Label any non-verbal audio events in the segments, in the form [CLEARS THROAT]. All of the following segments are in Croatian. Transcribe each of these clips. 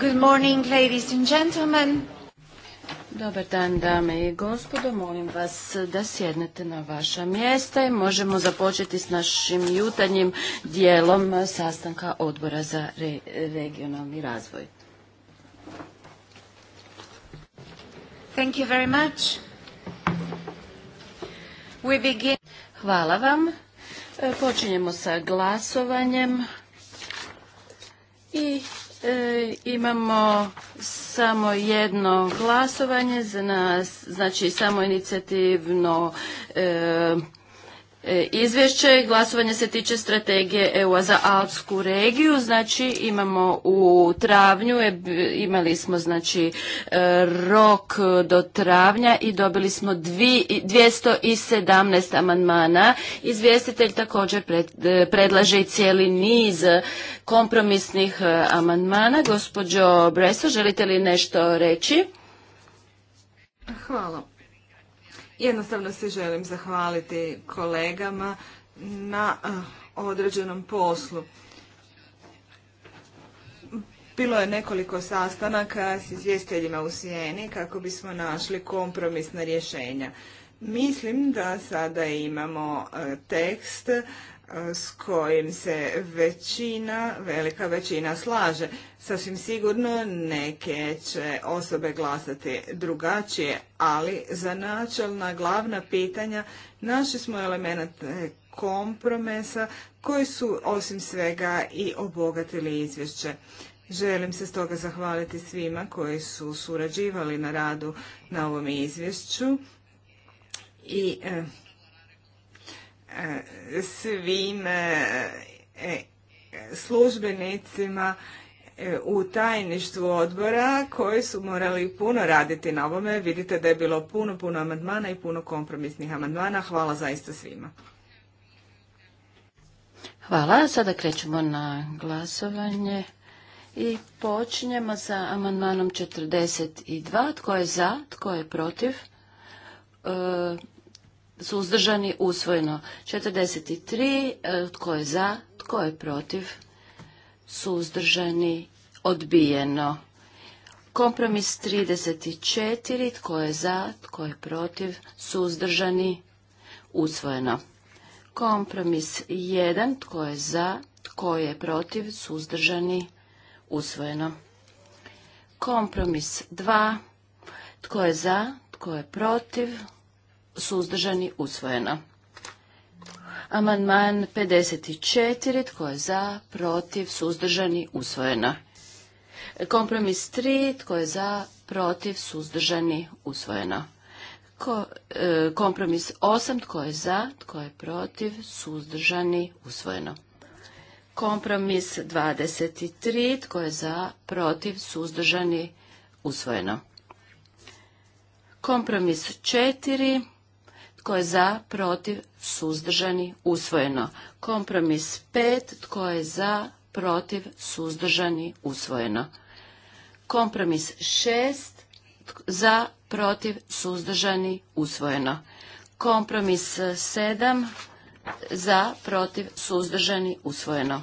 Good morning, ladies and gentlemen. Dobar dan, dame i gospodo. Molim vas da sjednete na vaša mjesta i možemo započeti s našim jutarnjim dijelom sastanka odbora za regionalni razvoj. Thank you very much. We begin... Hvala vam. E, počinjemo sa glasovanjem i E, imamo samo jedno glasovanje, znači samo inicijativno e, E, izvješće. Glasovanje se tiče strategije EU-a za Alpsku regiju. Znači imamo u travnju, imali smo znači e, rok do travnja i dobili smo 217 amandmana. Izvjestitelj također e, predlaže i cijeli niz kompromisnih amandmana. Gospođo Breso, želite li nešto reći? Hvala. Jednostavno se želim zahvaliti kolegama na eh, određenom poslu. Bilo je nekoliko sastanaka s izvjestiteljima u Sijeni kako bismo našli kompromisna rješenja. Mislim da sada imamo eh, tekst s kojim se većina, velika većina slaže. Sasvim sigurno neke će osobe glasati drugačije, ali za načelna glavna pitanja naši smo element kompromesa koji su osim svega i obogatili izvješće. Želim se stoga zahvaliti svima koji su surađivali na radu na ovom izvješću i eh, svim e, e, službenicima e, u tajništvu odbora koji su morali puno raditi na ovome. Vidite da je bilo puno, puno amandmana i puno kompromisnih amandmana. Hvala zaista svima. Hvala. Sada krećemo na glasovanje i počinjemo sa amandmanom 42. Tko je za? Tko je protiv? suzdržani, usvojeno. 43, e, tko je za, tko je protiv, suzdržani, odbijeno. Kompromis 34, tko je za, tko je protiv, suzdržani, usvojeno. Kompromis 1, tko je za, tko je protiv, suzdržani, usvojeno. Kompromis 2, tko je za, tko je protiv, suzdržani, usvojeno. Amandman 54. Tko je za, protiv, suzdržani, usvojeno. Kompromis 3. Tko je za, protiv, suzdržani, usvojeno. E, kompromis 8. Tko je za, tko je protiv, suzdržani, usvojeno. Kompromis 23. Tko je za, protiv, suzdržani, usvojeno. Kompromis 4. Tko je za, protiv, suzdržani, usvojeno. Kompromis 5. Tko je za, protiv, suzdržani, usvojeno. Kompromis 6. Za, protiv, suzdržani, usvojeno. Kompromis 7. Za, protiv, suzdržani, usvojeno.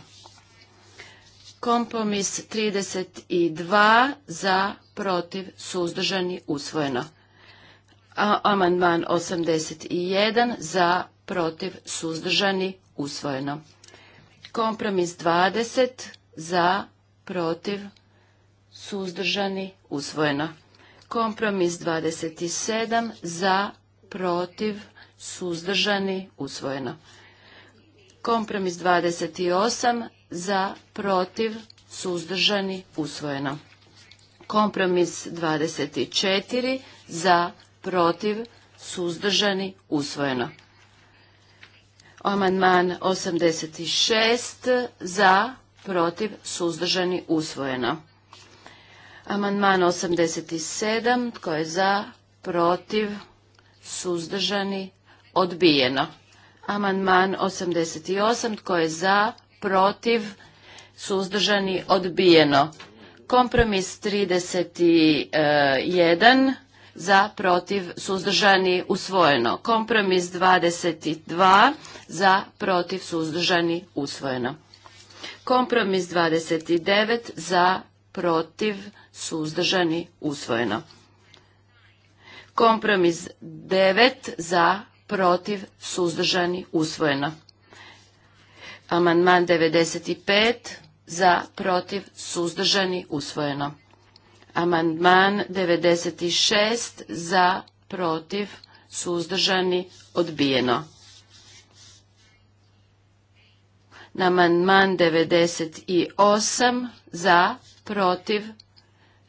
Kompromis 32. Za, protiv, suzdržani, usvojeno. Amandman 81 za protiv suzdržani usvojeno. Kompromis 20 za protiv suzdržani usvojeno. Kompromis 27 za protiv suzdržani usvojeno. Kompromis 28 za protiv suzdržani usvojeno. Kompromis 24 za protiv, suzdržani, usvojeno. Amandman 86 za, protiv, suzdržani, usvojeno. Amandman 87, tko je za, protiv, suzdržani, odbijeno. Amandman 88, tko je za, protiv, suzdržani, odbijeno. Kompromis 31, za protiv suzdržani usvojeno. Kompromis 22 za protiv suzdržani usvojeno. Kompromis 29 za protiv suzdržani usvojeno. Kompromis 9 za protiv suzdržani usvojeno. Amandman 95 za protiv suzdržani usvojeno. Amandman 96 za, protiv, suzdržani, odbijeno. Na amandman 98 za, protiv,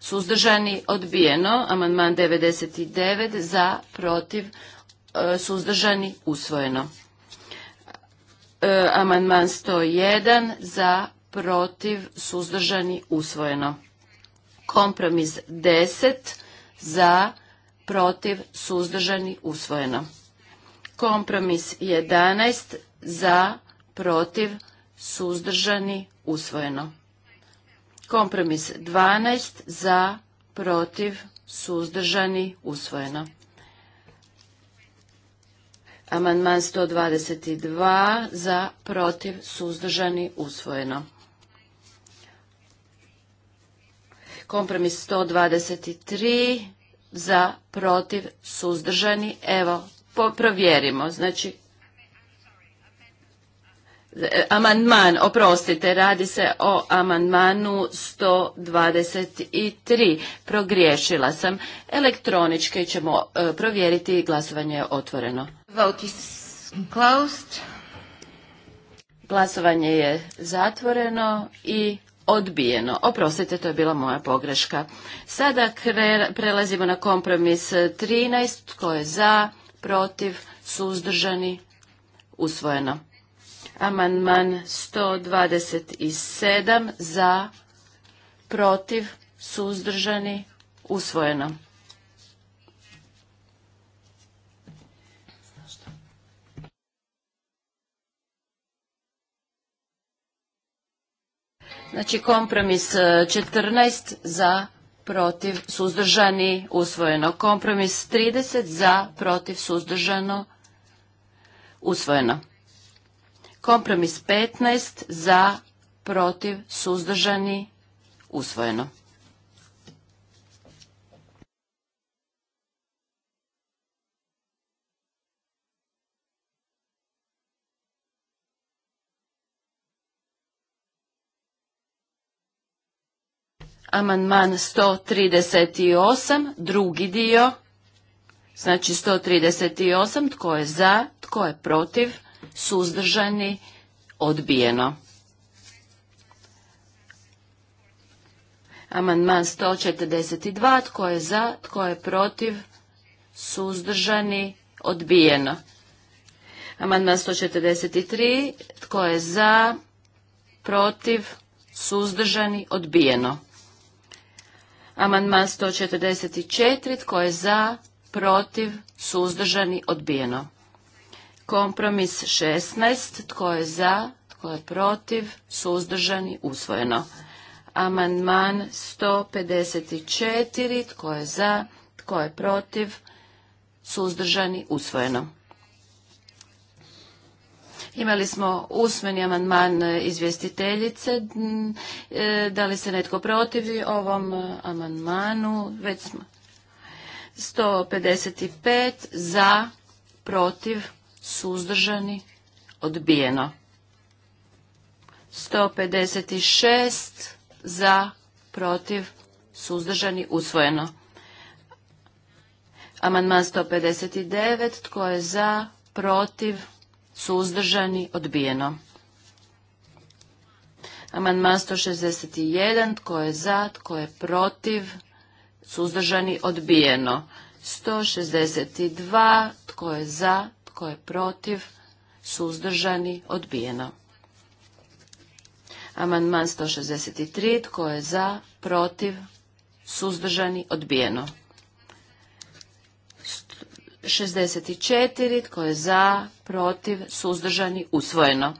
suzdržani, odbijeno. Amandman 99 e, e, za, protiv, suzdržani, usvojeno. amandman 101 za, protiv, suzdržani, usvojeno. Kompromis 10 za, protiv, suzdržani, usvojeno. Kompromis 11 za, protiv, suzdržani, usvojeno. Kompromis 12 za, protiv, suzdržani, usvojeno. Amandman 122 za, protiv, suzdržani, usvojeno. Kompromis 123 za protiv suzdržani. Evo, provjerimo. Znači, e, Amandman, oprostite, radi se o amandmanu 123. Progriješila sam. Elektroničke ćemo e, provjeriti, glasovanje je otvoreno. Vote is closed. Glasovanje je zatvoreno i odbijeno. Oprostite, to je bila moja pogreška. Sada prelazimo na kompromis 13. Tko je za, protiv, suzdržani, usvojeno. Amandman 127 za, protiv, suzdržani, usvojeno. Znači kompromis 14 e, za, protiv, suzdržani, usvojeno. Kompromis 30 za, protiv, suzdržano, usvojeno. Kompromis 15 za, protiv, suzdržani, usvojeno. Amandman 138, drugi dio, znači 138, tko je za, tko je protiv, suzdržani, odbijeno. Amandman 142, tko je za, tko je protiv, suzdržani, odbijeno. Amandman 143, tko je za, protiv, suzdržani, odbijeno. Amandman 144. Tko je za? Protiv? Suzdržani? Odbijeno. Kompromis 16. Tko je za? Tko je protiv? Suzdržani? Usvojeno. Amandman 154. Tko je za? Tko je protiv? Suzdržani? Usvojeno. Imali smo usmeni amandman e, izvjestiteljice. Mm, e, da li se netko protivi ovom e, amandmanu? Već smo. 155 za, protiv, suzdržani, odbijeno. 156 za, protiv, suzdržani, usvojeno. Amandman 159, tko je za, protiv, suzdržani, odbijeno. Amandman 161, tko je za, tko je protiv, suzdržani, odbijeno. 162, tko je za, tko je protiv, suzdržani, odbijeno. Amandman 163, tko je za, protiv, suzdržani, odbijeno. 164. Tko je za, protiv, suzdržani, usvojeno.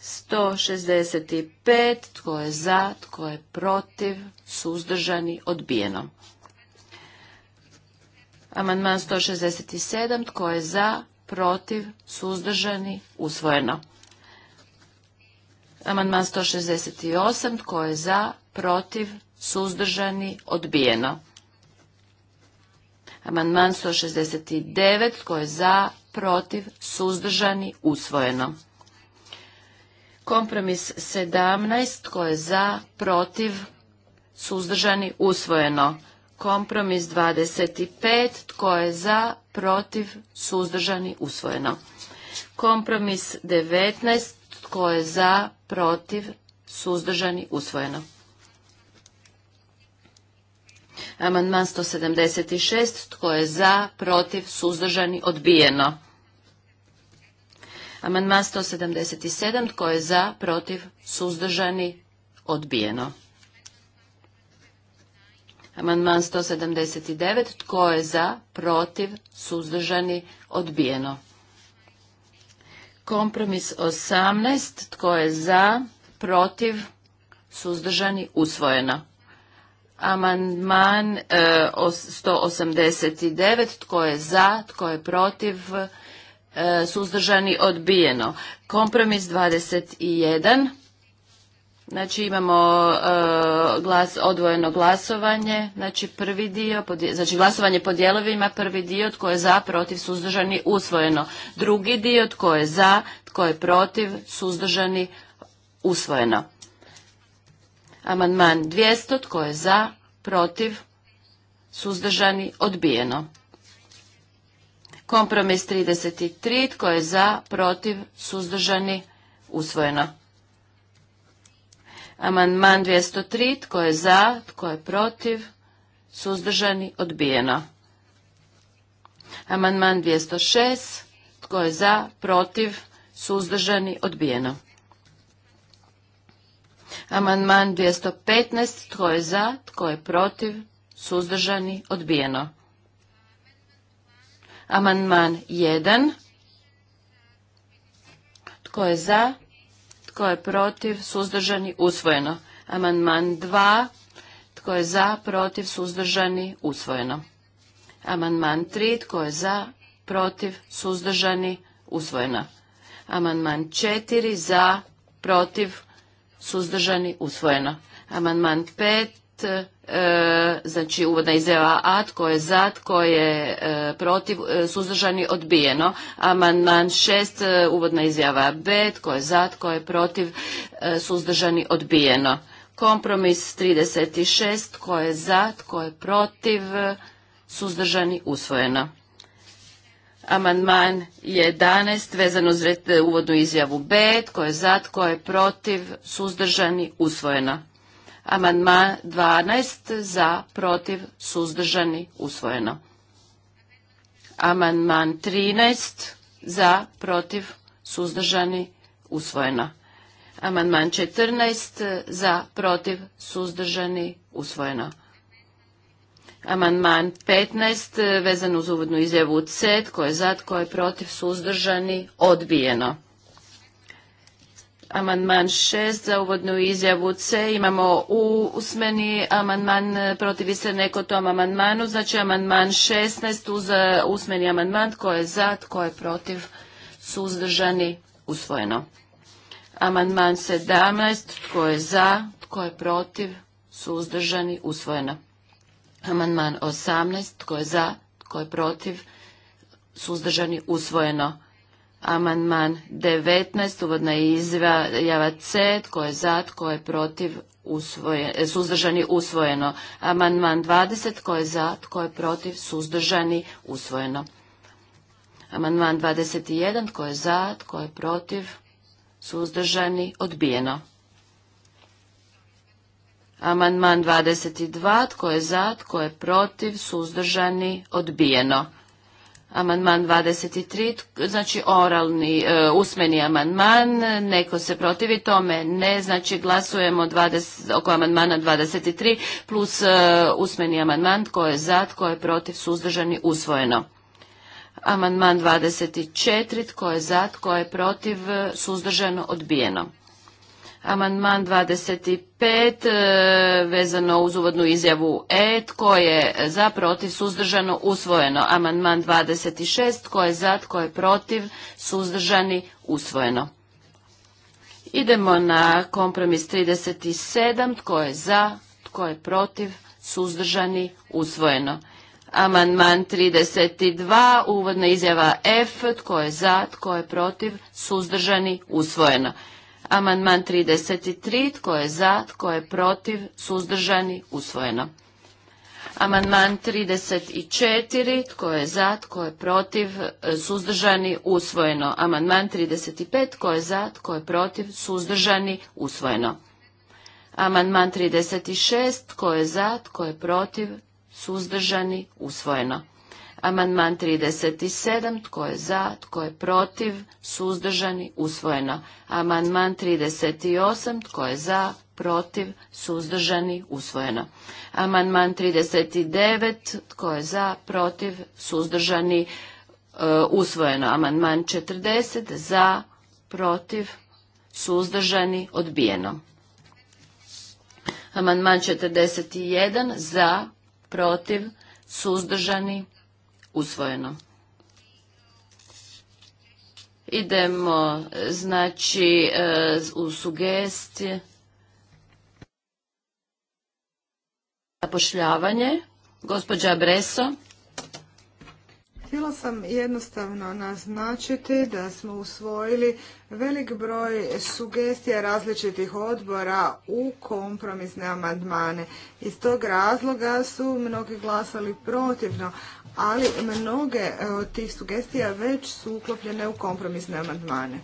165. Tko je za, tko je protiv, suzdržani, odbijeno. Amandman 167. Tko je za, protiv, suzdržani, usvojeno. Amandman 168. Tko je za, protiv, suzdržani, odbijeno. Amandman 169. Tko je za? Protiv? Suzdržani? Usvojeno. Kompromis 17. Tko je za? Protiv? Suzdržani? Usvojeno. Kompromis 25. Tko je za? Protiv? Suzdržani? Usvojeno. Kompromis 19. Tko je za? Protiv? Suzdržani? Usvojeno. Amandman 176. Tko je za, protiv, suzdržani, odbijeno. Amandman 177. Tko je za, protiv, suzdržani, odbijeno. Amandman 179. Tko je za, protiv, suzdržani, odbijeno. Kompromis 18. Tko je za, protiv, suzdržani, usvojeno. Amandman 189. E, tko je za? Tko je protiv? E, suzdržani odbijeno. Kompromis 21. Znači imamo e, odvojeno glasovanje, znači prvi dio, znači glasovanje po dijelovima, prvi dio tko je za, protiv, suzdržani, usvojeno. Drugi dio tko je za, tko je protiv, suzdržani, usvojeno. Amandman 200. Tko je za? Protiv? Suzdržani? Odbijeno. Kompromis 33. Tko je za? Protiv? Suzdržani? Usvojeno. Amandman 203. Tko je za? Tko je protiv? Suzdržani? Odbijeno. Amandman 206. Tko je za? Protiv? Suzdržani? Odbijeno. Amandman 215. Tko je za? Tko je protiv? Suzdržani? Odbijeno. Amandman 1. Tko je za? Tko je protiv? Suzdržani? Usvojeno. Amandman 2. Tko je za? Protiv? Suzdržani? Usvojeno. Amandman 3. Tko je za? Protiv? Suzdržani? Usvojeno. Amandman 4. Za? Protiv? suzdržani, usvojeno. Amandman 5, e, znači uvodna izjava A, tko je za, tko je e, protiv, e, suzdržani, odbijeno. Amandman 6, uvodna izjava B, tko je za, tko je protiv, suzdržani, odbijeno. Kompromis 36, tko je za, tko je protiv, suzdržani, usvojeno. Amandman 11 vezano uz uvodnu izjavu B, tko je za, tko je protiv, suzdržani, usvojeno. Amandman 12 za, protiv, suzdržani, usvojeno. Amandman 13 za, protiv, suzdržani, usvojeno. Amandman 14 za, protiv, suzdržani, usvojeno. Amandman 15 e, vezan uz uvodnu izjavu C, tko je za, tko je protiv, suzdržani, odbijeno. Amandman 6 za uvodnu izjavu C imamo u usmeni amandman e, protivi se neko tom amandmanu, znači amandman 16 uz e, usmeni amandman tko je za, tko je protiv, suzdržani, usvojeno. Amandman 17 tko je za, tko je protiv, suzdržani, usvojeno. Amandman 18. Tko je za? Tko je protiv? Suzdržani usvojeno. Amandman 19. Uvodna izjava C. Tko je za? Tko je protiv? E, suzdržani usvojeno. Amandman 20. Tko je za? Tko je protiv? Suzdržani usvojeno. Amandman 21. Tko je za? Tko je protiv? Suzdržani odbijeno. Amandman 22. Tko je za? Tko je protiv? Suzdržani? Odbijeno. Amandman 23. Znači oralni, e, usmeni amandman. Neko se protivi tome? Ne. Znači glasujemo oko amandmana 23 plus e, usmeni amandman. Tko je za? Tko je protiv? Suzdržani? Usvojeno. Amandman 24. Tko je za? Tko je protiv? Suzdržano? Odbijeno. Amandman 25 e, vezano uz uvodnu izjavu E. Tko je za, protiv, suzdržano, usvojeno. Amandman 26. Tko je za, tko je protiv, suzdržani, usvojeno. Idemo na kompromis 37. Tko je za, tko je protiv, suzdržani, usvojeno. Amandman 32. Uvodna izjava F. Tko je za, tko je protiv, suzdržani, usvojeno. Amandman 33. Tko je za? Tko je protiv? Suzdržani? Usvojeno. Amandman 34. Tko je za? Tko je protiv? Suzdržani? Usvojeno. Amandman 35. Tko je za? Tko je protiv? Suzdržani? Usvojeno. Amandman 36. Tko je za? Tko je protiv? Suzdržani? Usvojeno. Amandman 37. Tko je za? Tko je protiv? Suzdržani? Usvojeno. Amandman 38. Tko je za? Protiv? Suzdržani? Usvojeno. Amandman 39. Tko je za? Protiv? Suzdržani? E, usvojeno. Amandman 40. Za? Protiv? Suzdržani? Odbijeno. Amandman 41. Za? Protiv? Suzdržani? usvojeno. Idemo, znači, e, u sugestije. Zapošljavanje, Gospodža Breso. Htjela sam jednostavno naznačiti da smo usvojili velik broj sugestija različitih odbora u kompromisne amandmane. Iz tog razloga su mnogi glasali protivno, ali mnoge e, od tih sugestija već su uklopljene u kompromisne amandmane.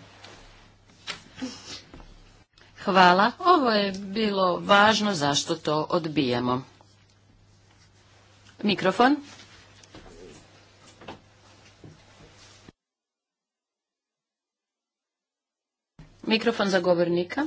Hvala. Ovo je bilo važno zašto to odbijamo. Mikrofon. Mikrofon za govornika.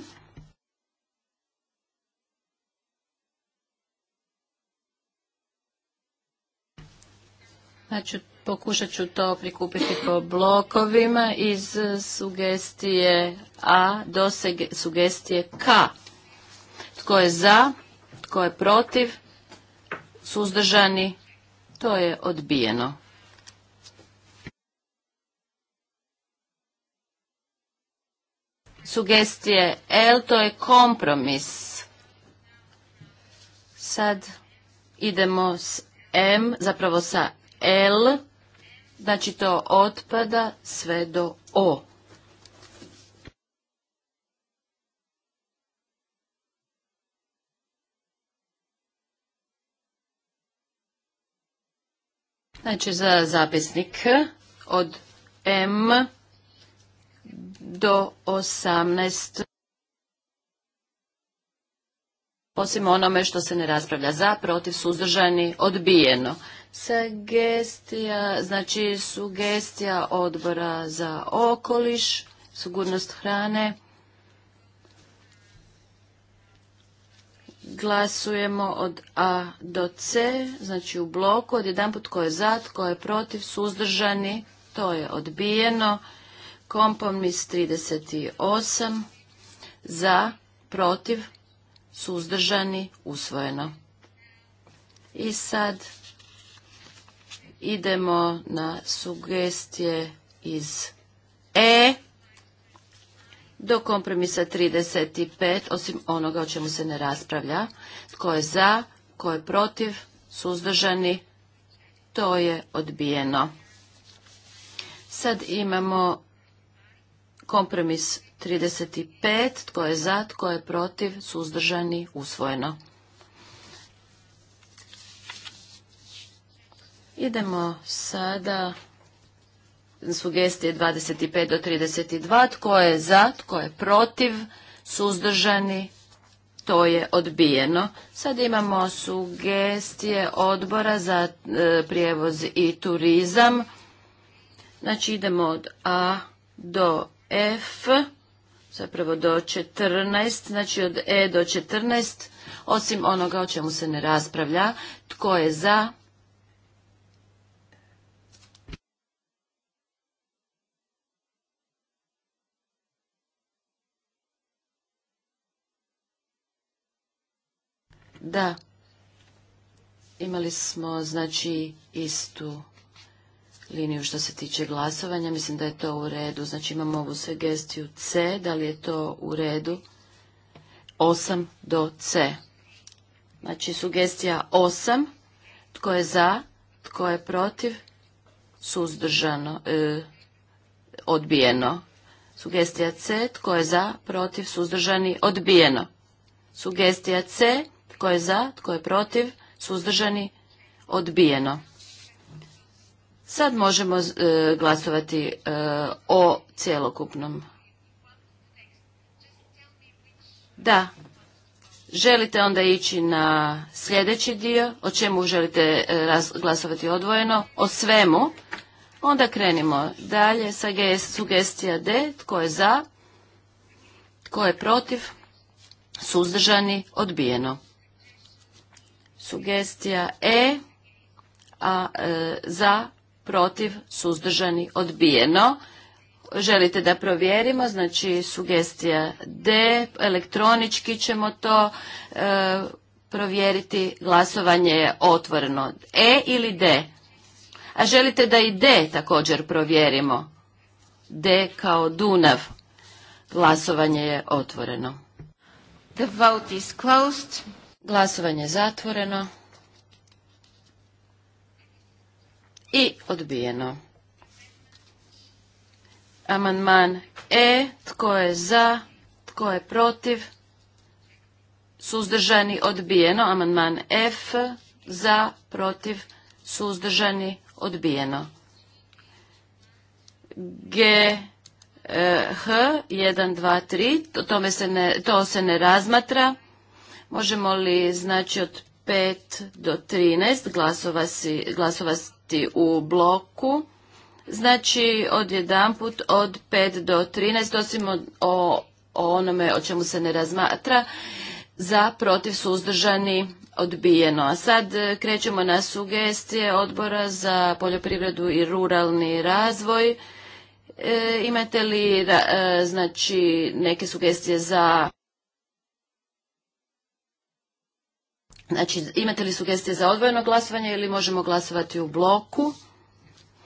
Znači, pokušat ću to prikupiti po blokovima iz sugestije A do sugestije K. Tko je za, tko je protiv, suzdržani, to je odbijeno. Sugestije L, to je kompromis. Sad idemo s M, zapravo sa L, znači to otpada sve do O. Znači za zapisnik od M do 18 osim onome što se ne raspravlja za, protiv, suzdržani, odbijeno. Sugestija, znači sugestija odbora za okoliš, sigurnost hrane. Glasujemo od A do C, znači u bloku, od jedan put ko je za, tko je protiv, suzdržani, to je odbijeno. Kompromis 38, za, protiv, suzdržani, usvojeno. I sad idemo na sugestije iz E do kompromisa 35, osim onoga o čemu se ne raspravlja. Tko je za, tko je protiv, suzdržani, to je odbijeno. Sad imamo kompromis 35, tko je za, tko je protiv, suzdržani, usvojeno. Idemo sada sugestije 25 do 32. Tko je za, tko je protiv, suzdržani, to je odbijeno. Sad imamo sugestije odbora za e, prijevoz i turizam. Znači idemo od A do F, zapravo do 14, znači od E do 14, osim onoga o čemu se ne raspravlja. Tko je za, Da, imali smo znači istu liniju što se tiče glasovanja. Mislim da je to u redu. Znači imamo ovu sugestiju C. Da li je to u redu? 8 do C. Znači sugestija 8. Tko je za? Tko je protiv? Suzdržano. E, odbijeno. Sugestija C. Tko je za? Protiv? Suzdržani? Odbijeno. Sugestija C. Tko je za? Tko je protiv? Suzdržani? Odbijeno. Sad možemo e, glasovati e, o cijelokupnom. Da. Želite onda ići na sljedeći dio, o čemu želite e, glasovati odvojeno, o svemu. Onda krenimo dalje sa sugestija D, tko je za, tko je protiv, suzdržani, odbijeno. Sugestija E, a e, za, protiv, suzdržani, odbijeno. Želite da provjerimo, znači sugestija D, elektronički ćemo to e, provjeriti, glasovanje je otvoreno. E ili D? A želite da i D također provjerimo? D kao Dunav. Glasovanje je otvoreno. The vote is closed. Glasovanje je zatvoreno. I odbijeno. Amandman E. Tko je za? Tko je protiv? Suzdržani odbijeno. Amandman F. Za, protiv, suzdržani odbijeno. G. Eh, H, 1, 2, 3, to, se ne, to se ne razmatra. Možemo li znači od 5 do 13 glasovati, u bloku? Znači od jedan put od 5 do 13, osim o, onome o čemu se ne razmatra, za protiv suzdržani odbijeno. A sad e, krećemo na sugestije odbora za poljoprivredu i ruralni razvoj. E, imate li e, znači neke sugestije za Znači, imate li sugestije za odvojeno glasovanje ili možemo glasovati u bloku?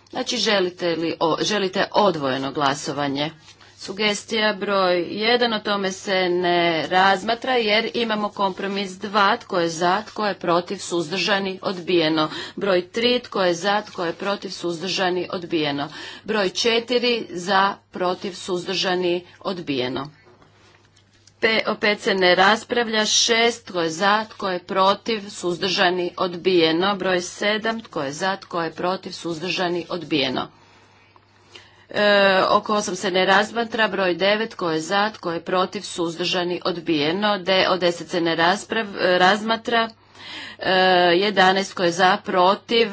Znači, želite, li, o, želite odvojeno glasovanje? Sugestija broj 1, o tome se ne razmatra jer imamo kompromis 2, tko je za, tko je protiv, suzdržani, odbijeno. Broj 3, tko je za, tko je protiv, suzdržani, odbijeno. Broj 4, za, protiv, suzdržani, odbijeno. Pe, opet se ne raspravlja. Šest, tko je za, tko je protiv, suzdržani, odbijeno. Broj sedam, tko je za, tko je protiv, suzdržani, odbijeno. E, oko 8 se ne razmatra, broj 9 tko je za, tko je protiv, suzdržani, odbijeno, De, od deset se ne rasprav, e, razmatra, e, 11 tko je za, protiv,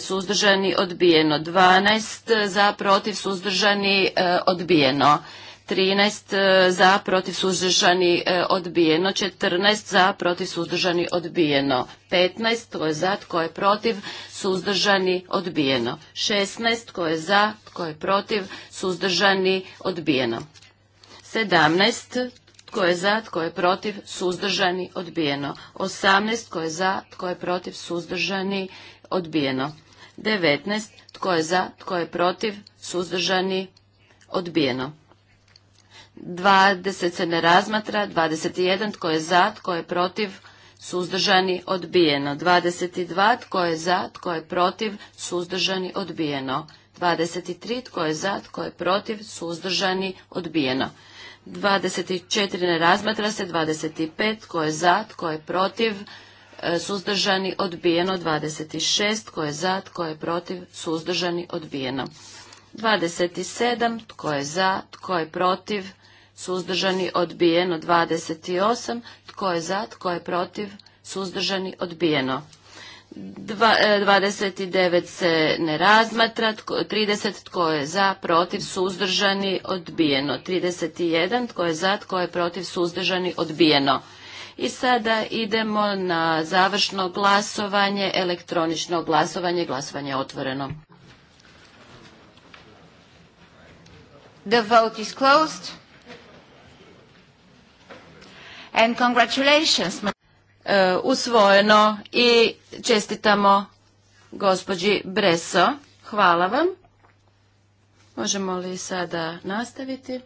suzdržani, odbijeno, 12 za, protiv, suzdržani, e, odbijeno. 13 za protiv suzdržani odbijeno, 14 za protiv suzdržani odbijeno, 15 tko je za, tko je protiv, suzdržani odbijeno, 16 tko je za, tko je protiv, suzdržani odbijeno, 17 tko je za, tko je protiv, suzdržani odbijeno, 18 tko je za, tko je protiv, suzdržani odbijeno, 19 tko je za, tko je protiv, suzdržani odbijeno. 20 se ne razmatra, 21 tko je za, tko je protiv, suzdržani, odbijeno. 22 tko je za, tko je protiv, suzdržani, odbijeno. 23 tko je za, tko je protiv, suzdržani, odbijeno. 24 ne razmatra se, 25 tko je za, tko je protiv, suzdržani, odbijeno. 26 tko je za, tko je protiv, suzdržani, odbijeno. 27 tko je za, tko je protiv, suzdržani, odbijeno. 28. Tko je za, tko je protiv, suzdržani, odbijeno. 29 e, se ne razmatra, 30 tko je za, protiv, suzdržani, odbijeno. 31 tko je za, tko je protiv, suzdržani, odbijeno. I sada idemo na završno glasovanje, elektronično glasovanje, glasovanje otvoreno. The vote is closed and congratulations. E, usvojeno i čestitamo gospođi Breso. Hvala vam. Možemo li sada nastaviti?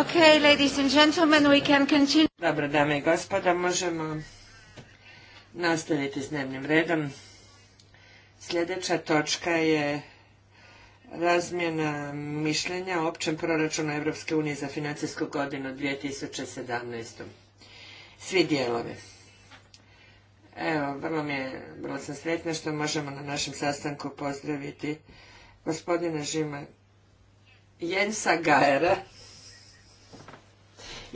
Okay, Dobro, dame i gospoda, možemo nastaviti s dnevnim redom. Sljedeća točka je razmjena mišljenja o općem proračunu Europske unije za financijsku godinu 2017. Svi dijelove. Evo, vrlo, mi je, vrlo sam sretna što možemo na našem sastanku pozdraviti gospodina Žima Jensa Gajera,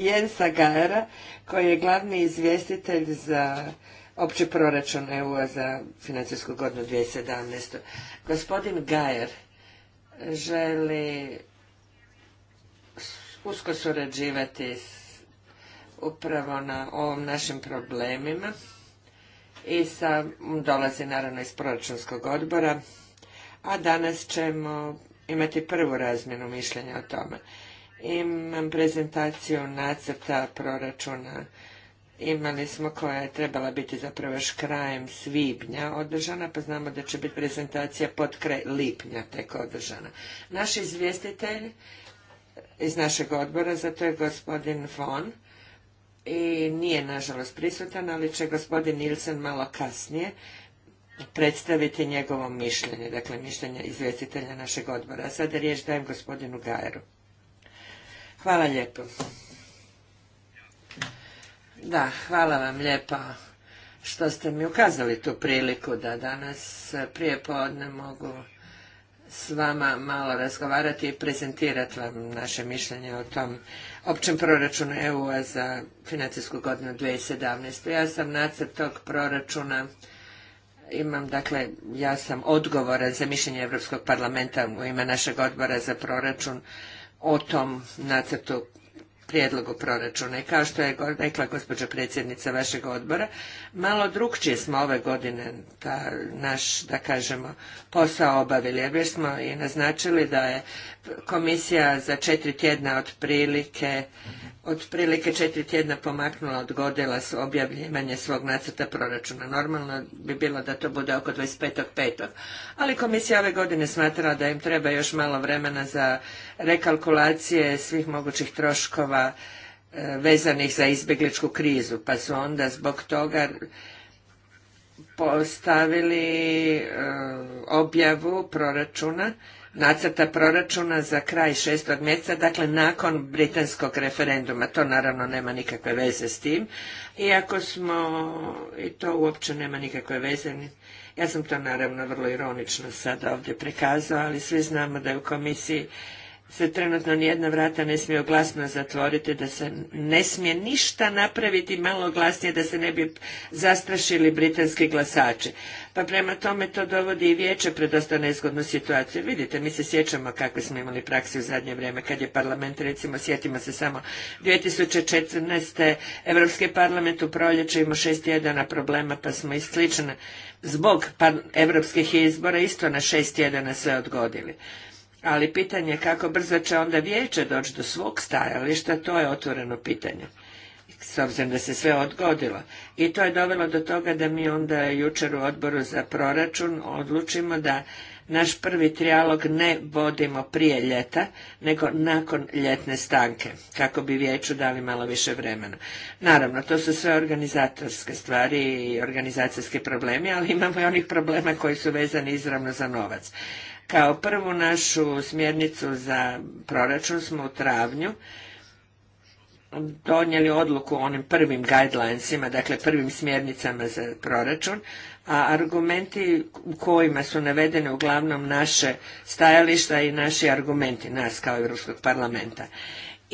Jensa Gajera koji je glavni izvjestitelj za opći proračun EU-a za financijsku godinu 2017. Gospodin Gajer želi usko surađivati upravo na ovom našim problemima i sa, dolazi naravno iz proračunskog odbora, a danas ćemo imati prvu razmjenu mišljenja o tome. Imam prezentaciju nacrta proračuna. Imali smo koja je trebala biti zapravo još krajem svibnja održana, pa znamo da će biti prezentacija pod kraj lipnja tek održana. Naš izvjestitelj iz našeg odbora, zato je gospodin Von, i nije nažalost prisutan, ali će gospodin Nilsen malo kasnije predstaviti njegovo mišljenje, dakle mišljenje izvjestitelja našeg odbora. sada riječ dajem gospodinu Gajeru. Hvala lijepo. Da, hvala vam lijepa što ste mi ukazali tu priliku da danas prije poodne mogu s vama malo razgovarati i prezentirati vam naše mišljenje o tom općem proračunu EU-a za financijsku godinu 2017. Ja sam nacrt tog proračuna imam, dakle, ja sam odgovoran za mišljenje Europskog parlamenta u ime našeg odbora za proračun o tom nacrtu prijedlogu proračuna. I kao što je rekla gospođa predsjednica vašeg odbora, malo drukčije smo ove godine ta, naš, da kažemo, posao obavili. Jer smo i naznačili da je komisija za četiri tjedna otprilike otprilike četiri tjedna pomaknula, odgodila objavljivanje svog nacrta proračuna. Normalno bi bilo da to bude oko 25.5. Ali komisija ove godine smatrala da im treba još malo vremena za rekalkulacije svih mogućih troškova e, vezanih za izbjegličku krizu, pa su onda zbog toga postavili e, objavu proračuna, nacrta proračuna za kraj šestog mjeseca, dakle nakon britanskog referenduma. To naravno nema nikakve veze s tim, iako smo, i to uopće nema nikakve veze, ja sam to naravno vrlo ironično sada ovdje prikazao, ali svi znamo da je u komisiji se trenutno nijedna vrata ne smiju glasno zatvoriti, da se ne smije ništa napraviti malo glasnije da se ne bi zastrašili britanski glasači. Pa prema tome to dovodi i vijeće pred dosta nezgodnu situaciju. Vidite, mi se sjećamo kakve smo imali praksi u zadnje vrijeme kad je parlament, recimo sjetimo se samo 2014. Europski parlament u proljeće imao šest tjedana problema pa smo i slično zbog europskih izbora isto na šest tjedana sve odgodili ali pitanje kako brzo će onda vijeće doći do svog stajališta, to je otvoreno pitanje s obzirom da se sve odgodilo. I to je dovelo do toga da mi onda jučer u odboru za proračun odlučimo da naš prvi trijalog ne vodimo prije ljeta, nego nakon ljetne stanke, kako bi vijeću dali malo više vremena. Naravno, to su sve organizatorske stvari i organizacijski problemi, ali imamo i onih problema koji su vezani izravno za novac. Kao prvu našu smjernicu za proračun smo u travnju donijeli odluku o onim prvim guidelinesima, dakle prvim smjernicama za proračun, a argumenti u kojima su navedene uglavnom naše stajališta i naši argumenti nas kao Europskog parlamenta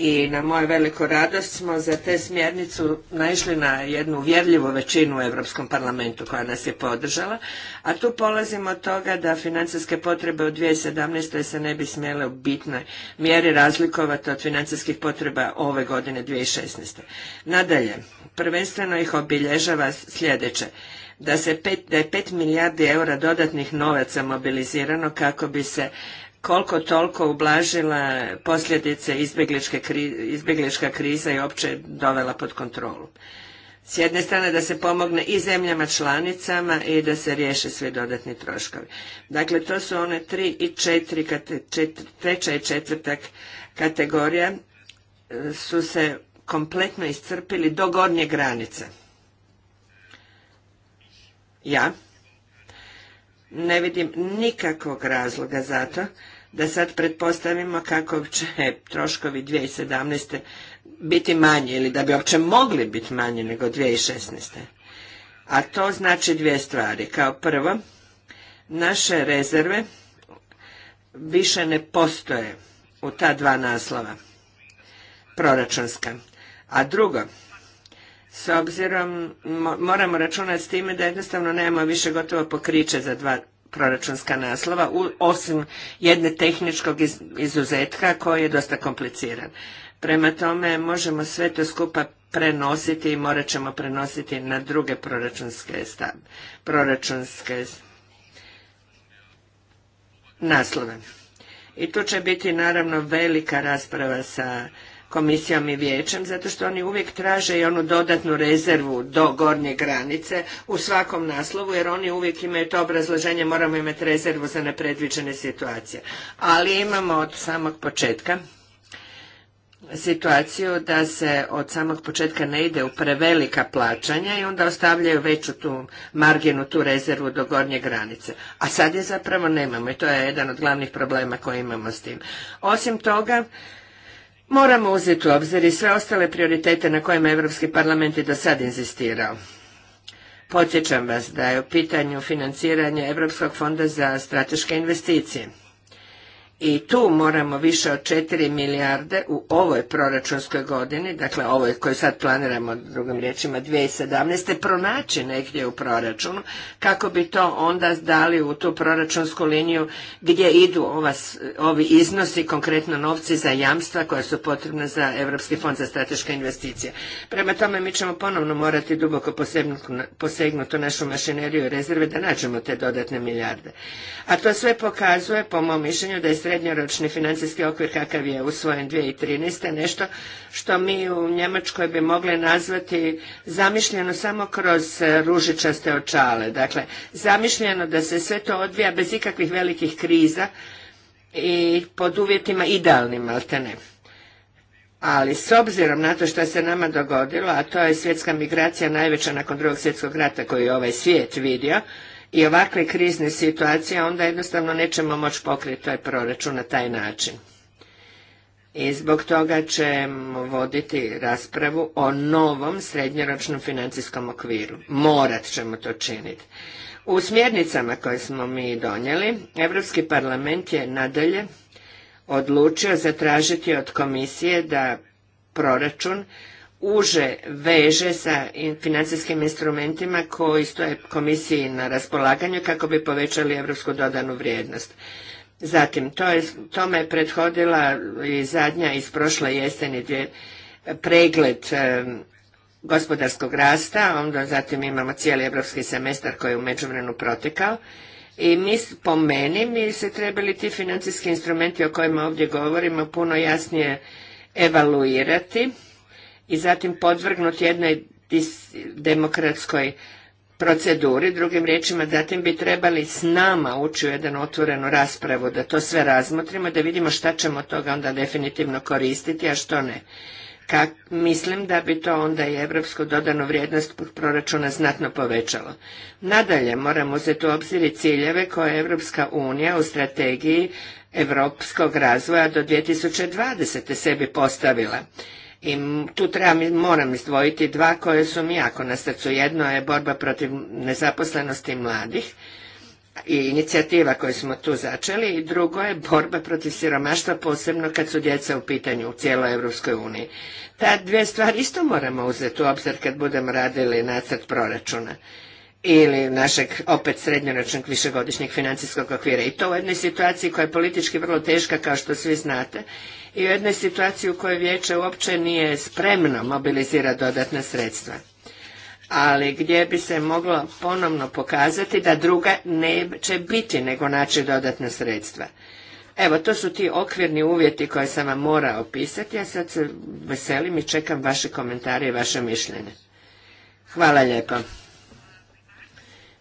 i na moju veliku radost smo za te smjernicu naišli na jednu uvjerljivu većinu u Europskom parlamentu koja nas je podržala, a tu polazimo od toga da financijske potrebe u 2017. se ne bi smjele u bitnoj mjeri razlikovati od financijskih potreba ove godine 2016. Nadalje, prvenstveno ih obilježava sljedeće da, se pet, da je 5 milijardi eura dodatnih novaca mobilizirano kako bi se koliko toliko ublažila posljedice izbjeglička kriza i opće dovela pod kontrolu. S jedne strane da se pomogne i zemljama članicama i da se riješe svi dodatni troškovi. Dakle, to su one tri i četiri, treća i četvrta kategorija e, su se kompletno iscrpili do gornje granice. Ja ne vidim nikakvog razloga za to da sad pretpostavimo kako će troškovi 2017. biti manji ili da bi uopće mogli biti manji nego 2016. A to znači dvije stvari. Kao prvo, naše rezerve više ne postoje u ta dva naslova proračunska. A drugo, s obzirom moramo računati s time da jednostavno nemamo više gotovo pokriće za dva proračunska naslova, u, osim jedne tehničkog izuzetka koji je dosta kompliciran. Prema tome možemo sve to skupa prenositi i morat ćemo prenositi na druge proračunske, proračunske naslove. I tu će biti naravno velika rasprava sa komisijom i vijećem, zato što oni uvijek traže i onu dodatnu rezervu do gornje granice u svakom naslovu, jer oni uvijek imaju to obrazloženje, moramo imati rezervu za nepredviđene situacije. Ali imamo od samog početka situaciju da se od samog početka ne ide u prevelika plaćanja i onda ostavljaju veću tu marginu, tu rezervu do gornje granice. A sad je zapravo nemamo i to je jedan od glavnih problema koje imamo s tim. Osim toga, Moramo uzeti u obzir i sve ostale prioritete na kojima Europski parlament je do sad inzistirao. Podsjećam vas da je u pitanju financiranja Europskog fonda za strateške investicije i tu moramo više od 4 milijarde u ovoj proračunskoj godini, dakle ovoj koju sad planiramo drugim riječima 2017. pronaći negdje u proračunu kako bi to onda dali u tu proračunsku liniju gdje idu ovi iznosi, konkretno novci za jamstva koja su potrebna za Europski fond za strateške investicije. Prema tome mi ćemo ponovno morati duboko posegnuti našu mašineriju i rezerve da nađemo te dodatne milijarde. A to sve pokazuje, po mom mišljenju, da je srednjoročni financijski okvir kakav je usvojen 2013. nešto što mi u Njemačkoj bi mogli nazvati zamišljeno samo kroz e, ružičaste očale. Dakle, zamišljeno da se sve to odvija bez ikakvih velikih kriza i pod uvjetima idealnim, ne. Ali s obzirom na to što se nama dogodilo, a to je svjetska migracija najveća nakon drugog svjetskog rata koju je ovaj svijet vidio, i ovakve krizne situacije, onda jednostavno nećemo moći pokriti taj proračun na taj način. I zbog toga ćemo voditi raspravu o novom srednjoročnom financijskom okviru. Morat ćemo to činiti. U smjernicama koje smo mi donijeli, Europski parlament je nadalje odlučio zatražiti od komisije da proračun uže veže sa financijskim instrumentima koji stoje komisiji na raspolaganju kako bi povećali evropsku dodanu vrijednost. Zatim, to tome je prethodila i zadnja iz prošle jeseni pregled gospodarskog rasta, onda zatim imamo cijeli evropski semestar koji je u međuvremenu protekao. I mi, po meni, mi se trebali ti financijski instrumenti o kojima ovdje govorimo puno jasnije evaluirati i zatim podvrgnut jednoj demokratskoj proceduri, drugim riječima, zatim bi trebali s nama ući u jednu otvorenu raspravu, da to sve razmotrimo, da vidimo šta ćemo toga onda definitivno koristiti, a što ne. Kak, mislim da bi to onda i evropsku dodanu vrijednost proračuna znatno povećalo. Nadalje moramo uzeti u obzir ciljeve koje Evropska unija u strategiji evropskog razvoja do 2020. sebi postavila i tu trebam, moram izdvojiti dva koje su mi jako na srcu. Jedno je borba protiv nezaposlenosti mladih i inicijativa koju smo tu začeli i drugo je borba protiv siromaštva posebno kad su djeca u pitanju u cijeloj Europskoj uniji. Ta dvije stvari isto moramo uzeti u obzir kad budemo radili nacrt proračuna ili našeg opet srednjoročnog višegodišnjeg financijskog okvira. I to u jednoj situaciji koja je politički vrlo teška kao što svi znate i u jednoj situaciji u kojoj vijeće uopće nije spremno mobilizira dodatna sredstva. Ali gdje bi se moglo ponovno pokazati da druga neće biti nego naći dodatna sredstva. Evo, to su ti okvirni uvjeti koje sam vam morao opisati, a sad se veselim i čekam vaše komentare i vaše mišljenje. Hvala lijepo.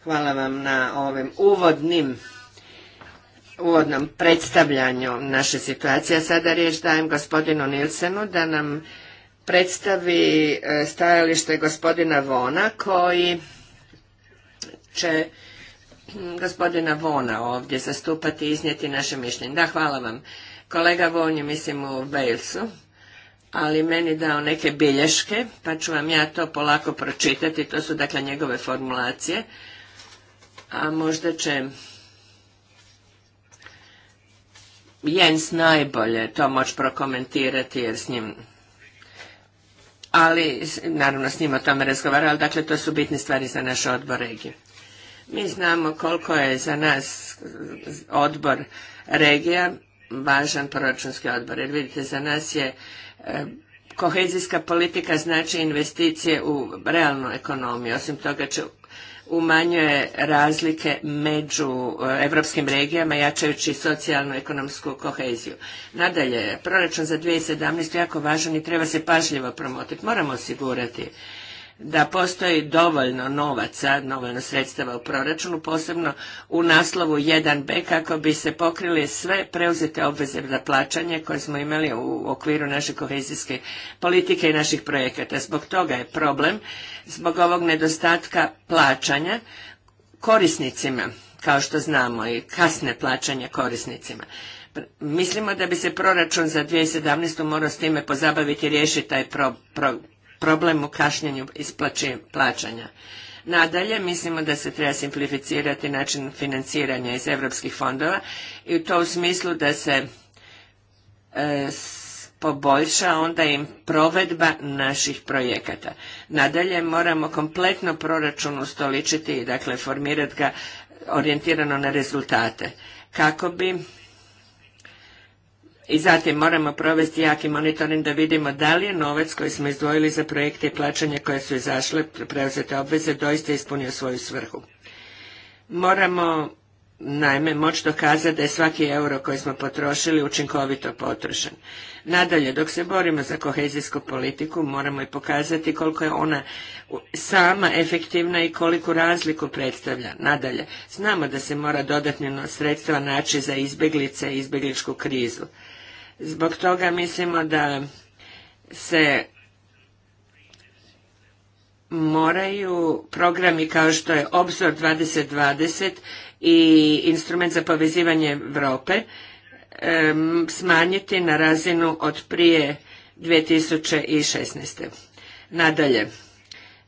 Hvala vam na ovim uvodnim uvodnom predstavljanju naše situacije. Sada riječ dajem gospodinu Nilsenu da nam predstavi e, stajalište gospodina Vona koji će hm, gospodina Vona ovdje zastupati i iznijeti naše mišljenje. Da, hvala vam. Kolega Von je, mislim, u Walesu, ali meni dao neke bilješke, pa ću vam ja to polako pročitati. To su, dakle, njegove formulacije a možda će Jens najbolje to moći prokomentirati jer s njim ali naravno s njim o tome ali dakle to su bitne stvari za naš odbor regije. Mi znamo koliko je za nas odbor regija važan proračunski odbor, jer vidite za nas je e, kohezijska politika znači investicije u realnu ekonomiju, osim toga će umanjuje razlike među europskim eh, regijama jačajući socijalnu ekonomsku koheziju. Nadalje, proračun za 2017. jako važan i treba se pažljivo promotiti. Moramo osigurati da postoji dovoljno novaca, dovoljno sredstava u proračunu, posebno u naslovu 1b kako bi se pokrile sve preuzete obveze za plaćanje koje smo imali u okviru naše kohezijske politike i naših projekata. Zbog toga je problem, zbog ovog nedostatka plaćanja korisnicima, kao što znamo, i kasne plaćanja korisnicima. Mislimo da bi se proračun za 2017. morao s time pozabaviti i riješiti taj problem problem u kašnjenju isplaće plaćanja. Nadalje, mislimo da se treba simplificirati način financiranja iz europskih fondova i u to u smislu da se e, poboljša onda im provedba naših projekata. Nadalje, moramo kompletno proračun ustoličiti i dakle formirati ga orijentirano na rezultate kako bi i zatim moramo provesti jaki monitoring da vidimo da li je novac koji smo izdvojili za projekte i plaćanja koje su izašle, preuzete obveze, doista ispunio svoju svrhu. Moramo naime moć dokazati da je svaki euro koji smo potrošili učinkovito potrošen. Nadalje, dok se borimo za kohezijsku politiku, moramo i pokazati koliko je ona sama efektivna i koliku razliku predstavlja. Nadalje, znamo da se mora dodatno sredstva naći za izbjeglice i izbjegličku krizu. Zbog toga mislimo da se moraju programi kao što je Obzor 2020 i instrument za povezivanje Europe smanjiti na razinu od prije 2016. Nadalje,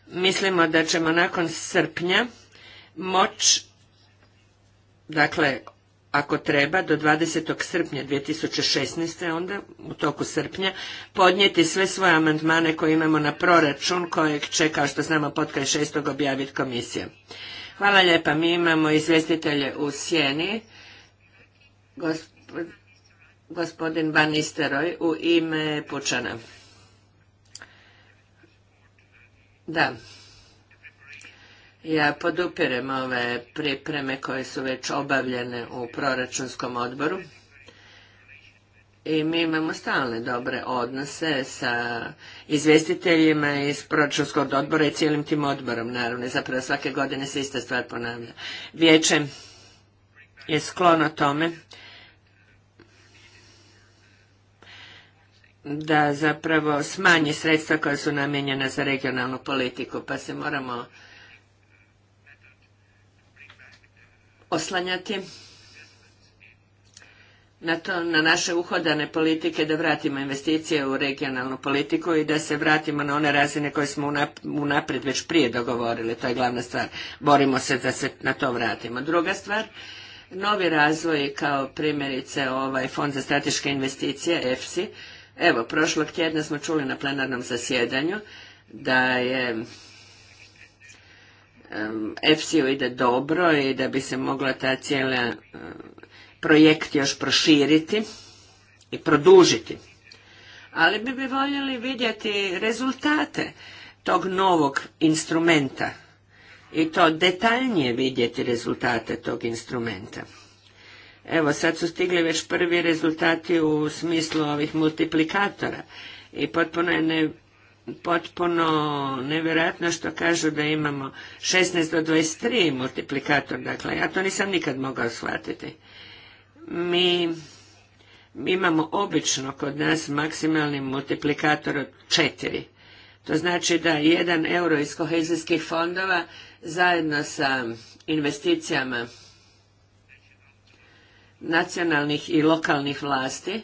mislimo da ćemo nakon srpnja moć, dakle ako treba, do 20. srpnja 2016. onda, u toku srpnja, podnijeti sve svoje amandmane koje imamo na proračun kojeg će, kao što znamo, potkraj 6. objaviti komisija. Hvala lijepa. Mi imamo izvjestitelje u Sjeni. gospodin Van Isteroj u ime Pučana. Da. Ja podupirem ove pripreme koje su već obavljene u proračunskom odboru i mi imamo stalne dobre odnose sa izvjestiteljima iz proračunskog odbora i cijelim tim odborom, naravno. zapravo svake godine se ista stvar ponavlja. Vijeće je sklono tome da zapravo smanji sredstva koja su namijenjena za regionalnu politiku, pa se moramo oslanjati na, to, na naše uhodane politike da vratimo investicije u regionalnu politiku i da se vratimo na one razine koje smo unaprijed već prije dogovorili. To je glavna stvar. Borimo se da se na to vratimo. Druga stvar, novi razvoj kao primjerice ovaj Fond za strateške investicije, EFSI. Evo, prošlog tjedna smo čuli na plenarnom zasjedanju da je efsi ide dobro i da bi se mogla ta cijela projekt još proširiti i produžiti. Ali bi bi voljeli vidjeti rezultate tog novog instrumenta i to detaljnije vidjeti rezultate tog instrumenta. Evo sad su stigli već prvi rezultati u smislu ovih multiplikatora i potpuno je ne potpuno nevjerojatno što kažu da imamo 16 do 23 multiplikator, dakle ja to nisam nikad mogao shvatiti. Mi imamo obično kod nas maksimalni multiplikator od 4. To znači da jedan euro iz kohezijskih fondova zajedno sa investicijama nacionalnih i lokalnih vlasti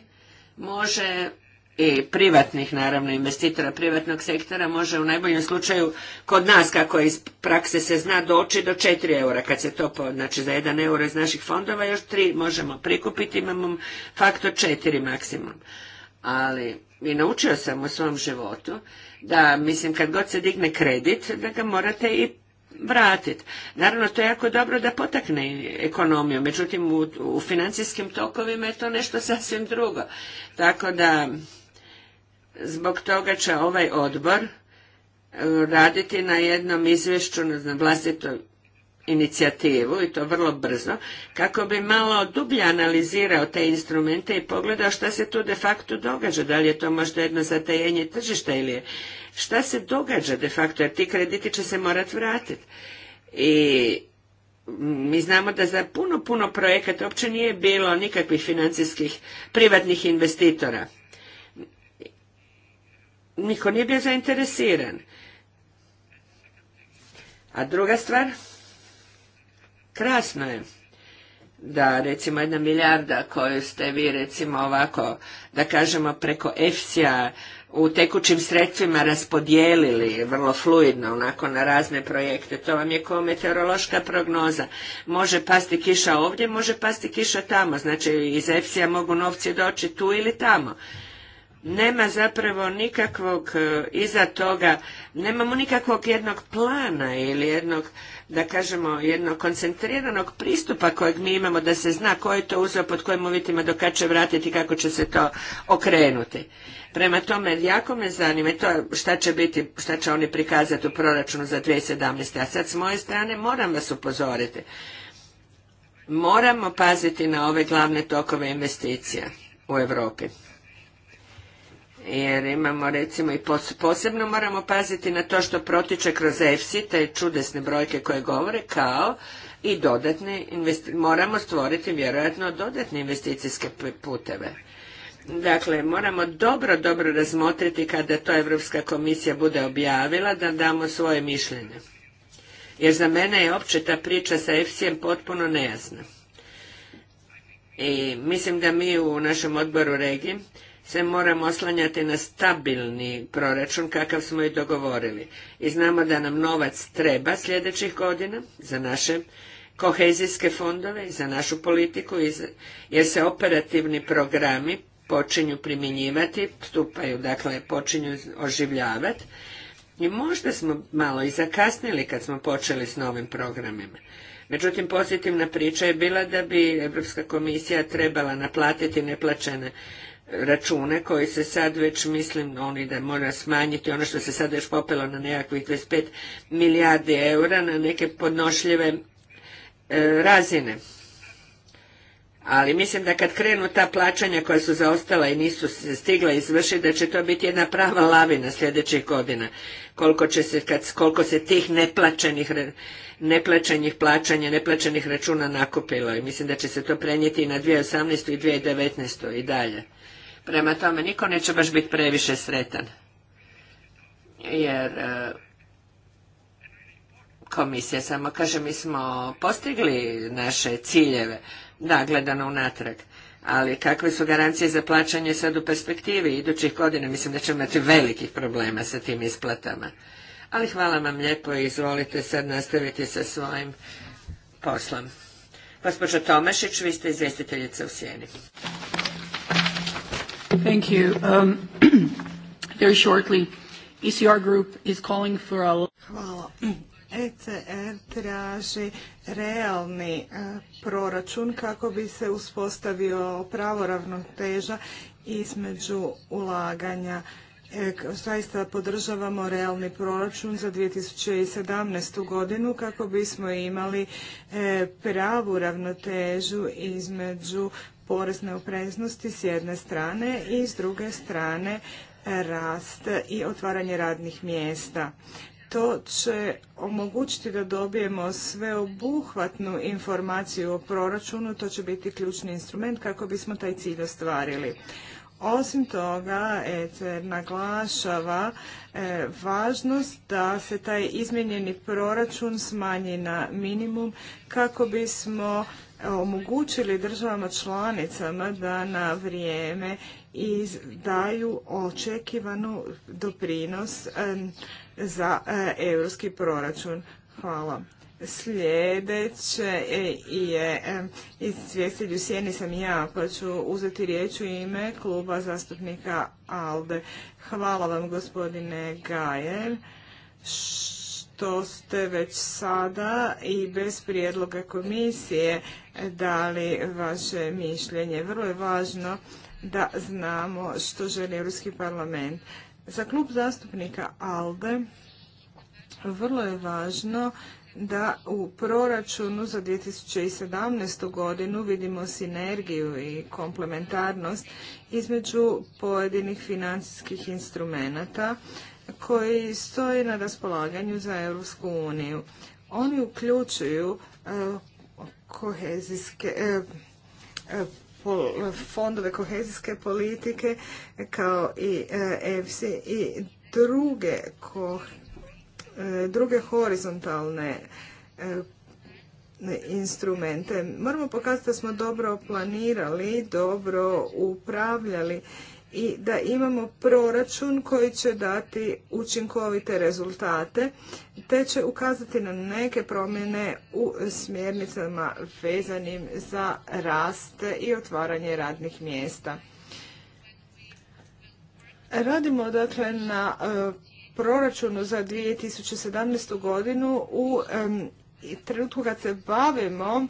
može i privatnih naravno investitora privatnog sektora može u najboljem slučaju kod nas kako iz prakse se zna doći do 4 eura kad se to znači za 1 euro iz naših fondova još 3 možemo prikupiti imamo faktor 4 maksimum ali i naučio sam u svom životu da mislim kad god se digne kredit da ga morate i vratiti. Naravno, to je jako dobro da potakne ekonomiju, međutim, u, u financijskim tokovima je to nešto sasvim drugo. Tako da, Zbog toga će ovaj odbor e, raditi na jednom izvješću na vlastitu inicijativu i to vrlo brzo kako bi malo dublje analizirao te instrumente i pogledao šta se tu de facto događa, da li je to možda jedno zatajenje tržišta ili je šta se događa de facto jer ti krediti će se morati vratiti. I mi znamo da za puno, puno projekata uopće nije bilo nikakvih financijskih privatnih investitora niko nije bio zainteresiran. A druga stvar, krasno je da recimo jedna milijarda koju ste vi recimo ovako, da kažemo preko EFSI-a u tekućim sredstvima raspodijelili vrlo fluidno onako na razne projekte. To vam je kao meteorološka prognoza. Može pasti kiša ovdje, može pasti kiša tamo. Znači iz EFSI-a mogu novci doći tu ili tamo nema zapravo nikakvog e, iza toga, nemamo nikakvog jednog plana ili jednog, da kažemo, jednog koncentriranog pristupa kojeg mi imamo da se zna ko je to uzeo, pod kojim uvjetima, do kad će vratiti, kako će se to okrenuti. Prema tome, jako me zanima to šta će biti, šta će oni prikazati u proračunu za 2017. A sad s moje strane moram vas upozoriti. Moramo paziti na ove glavne tokove investicija u Europi jer imamo recimo i posebno moramo paziti na to što protiče kroz EFSI, te čudesne brojke koje govore, kao i dodatne, moramo stvoriti vjerojatno dodatne investicijske puteve. Dakle, moramo dobro, dobro razmotriti kada to Europska komisija bude objavila da damo svoje mišljenje. Jer za mene je opće ta priča sa EFSI-em potpuno nejasna. I mislim da mi u našem odboru regije se moramo oslanjati na stabilni proračun kakav smo i dogovorili. I znamo da nam novac treba sljedećih godina za naše kohezijske fondove i za našu politiku jer se operativni programi počinju primjenjivati, stupaju, dakle počinju oživljavati i možda smo malo i zakasnili kad smo počeli s novim programima. Međutim, pozitivna priča je bila da bi Europska komisija trebala naplatiti neplaćene račune koji se sad već mislim oni da mora smanjiti ono što se sad već popelo na nekakvih 25 milijardi eura na neke podnošljive e, razine. Ali mislim da kad krenu ta plaćanja koja su zaostala i nisu se stigla izvršiti, da će to biti jedna prava lavina sljedećih godina. Koliko, će se, kad, koliko se tih neplaćenih, neplaćenih plaćanja, neplaćenih računa nakupilo. I mislim da će se to prenijeti i na 2018. i 2019. i dalje. Prema tome, niko neće baš biti previše sretan. Jer e, komisija samo kaže mi smo postigli naše ciljeve, da, gledano unatrag. Ali kakve su garancije za plaćanje sad u perspektivi idućih godina? Mislim da ćemo imati velikih problema sa tim isplatama. Ali hvala vam lijepo i izvolite sad nastaviti sa svojim poslom. Gospođo Tomašić, vi ste izvjestiteljica u Sjeni. Thank you. Um, [CLEARS THROAT] very shortly, ECR group is calling for a... Hvala. ECR [CLEARS THROAT] e traži realni e, proračun kako bi se uspostavio pravo ravnoteža između ulaganja. E, zaista podržavamo realni proračun za 2017. godinu kako bismo imali pravu ravnotežu između porezne opreznosti s jedne strane i s druge strane rast i otvaranje radnih mjesta. To će omogućiti da dobijemo sveobuhvatnu informaciju o proračunu, to će biti ključni instrument kako bismo taj cilj ostvarili. Osim toga, ECR naglašava e, važnost da se taj izmijenjeni proračun smanji na minimum kako bismo omogućili državama članicama da na vrijeme daju očekivanu doprinos za e, europski proračun. Hvala. Sljedeće e, je izvjestitelj u sjeni sam ja, pa ću uzeti riječ u ime kluba zastupnika ALDE. Hvala vam gospodine Gajer to ste već sada i bez prijedloga komisije dali vaše mišljenje. Vrlo je važno da znamo što želi Europski parlament. Za klub zastupnika ALDE vrlo je važno da u proračunu za 2017. godinu vidimo sinergiju i komplementarnost između pojedinih financijskih instrumenata koji stoji na raspolaganju za Europsku uniju. Oni uključuju e, kohezijske e, e, fondove kohezijske politike kao i EFSI i druge, druge horizontalne instrumente. Moramo pokazati da smo dobro planirali, dobro upravljali i da imamo proračun koji će dati učinkovite rezultate te će ukazati na neke promjene u smjernicama vezanim za rast i otvaranje radnih mjesta. Radimo dakle na e, proračunu za 2017. godinu u trenutku kad se bavimo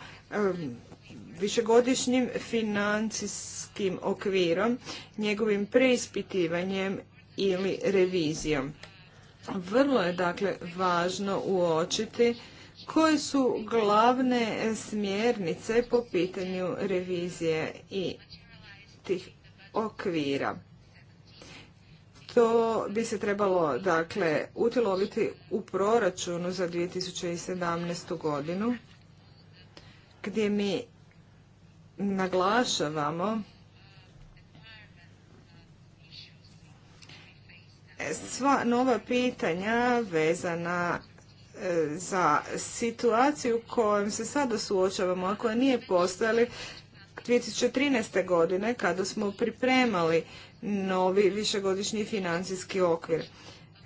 višegodišnjim financijskim tim okvirom, njegovim preispitivanjem ili revizijom. Vrlo je dakle važno uočiti koje su glavne smjernice po pitanju revizije i tih okvira. To bi se trebalo dakle utjeloviti u proračunu za 2017. godinu gdje mi naglašavamo E, sva nova pitanja vezana e, za situaciju kojom se sada suočavamo, a koja nije postojala 2013. godine kada smo pripremali novi višegodišnji financijski okvir.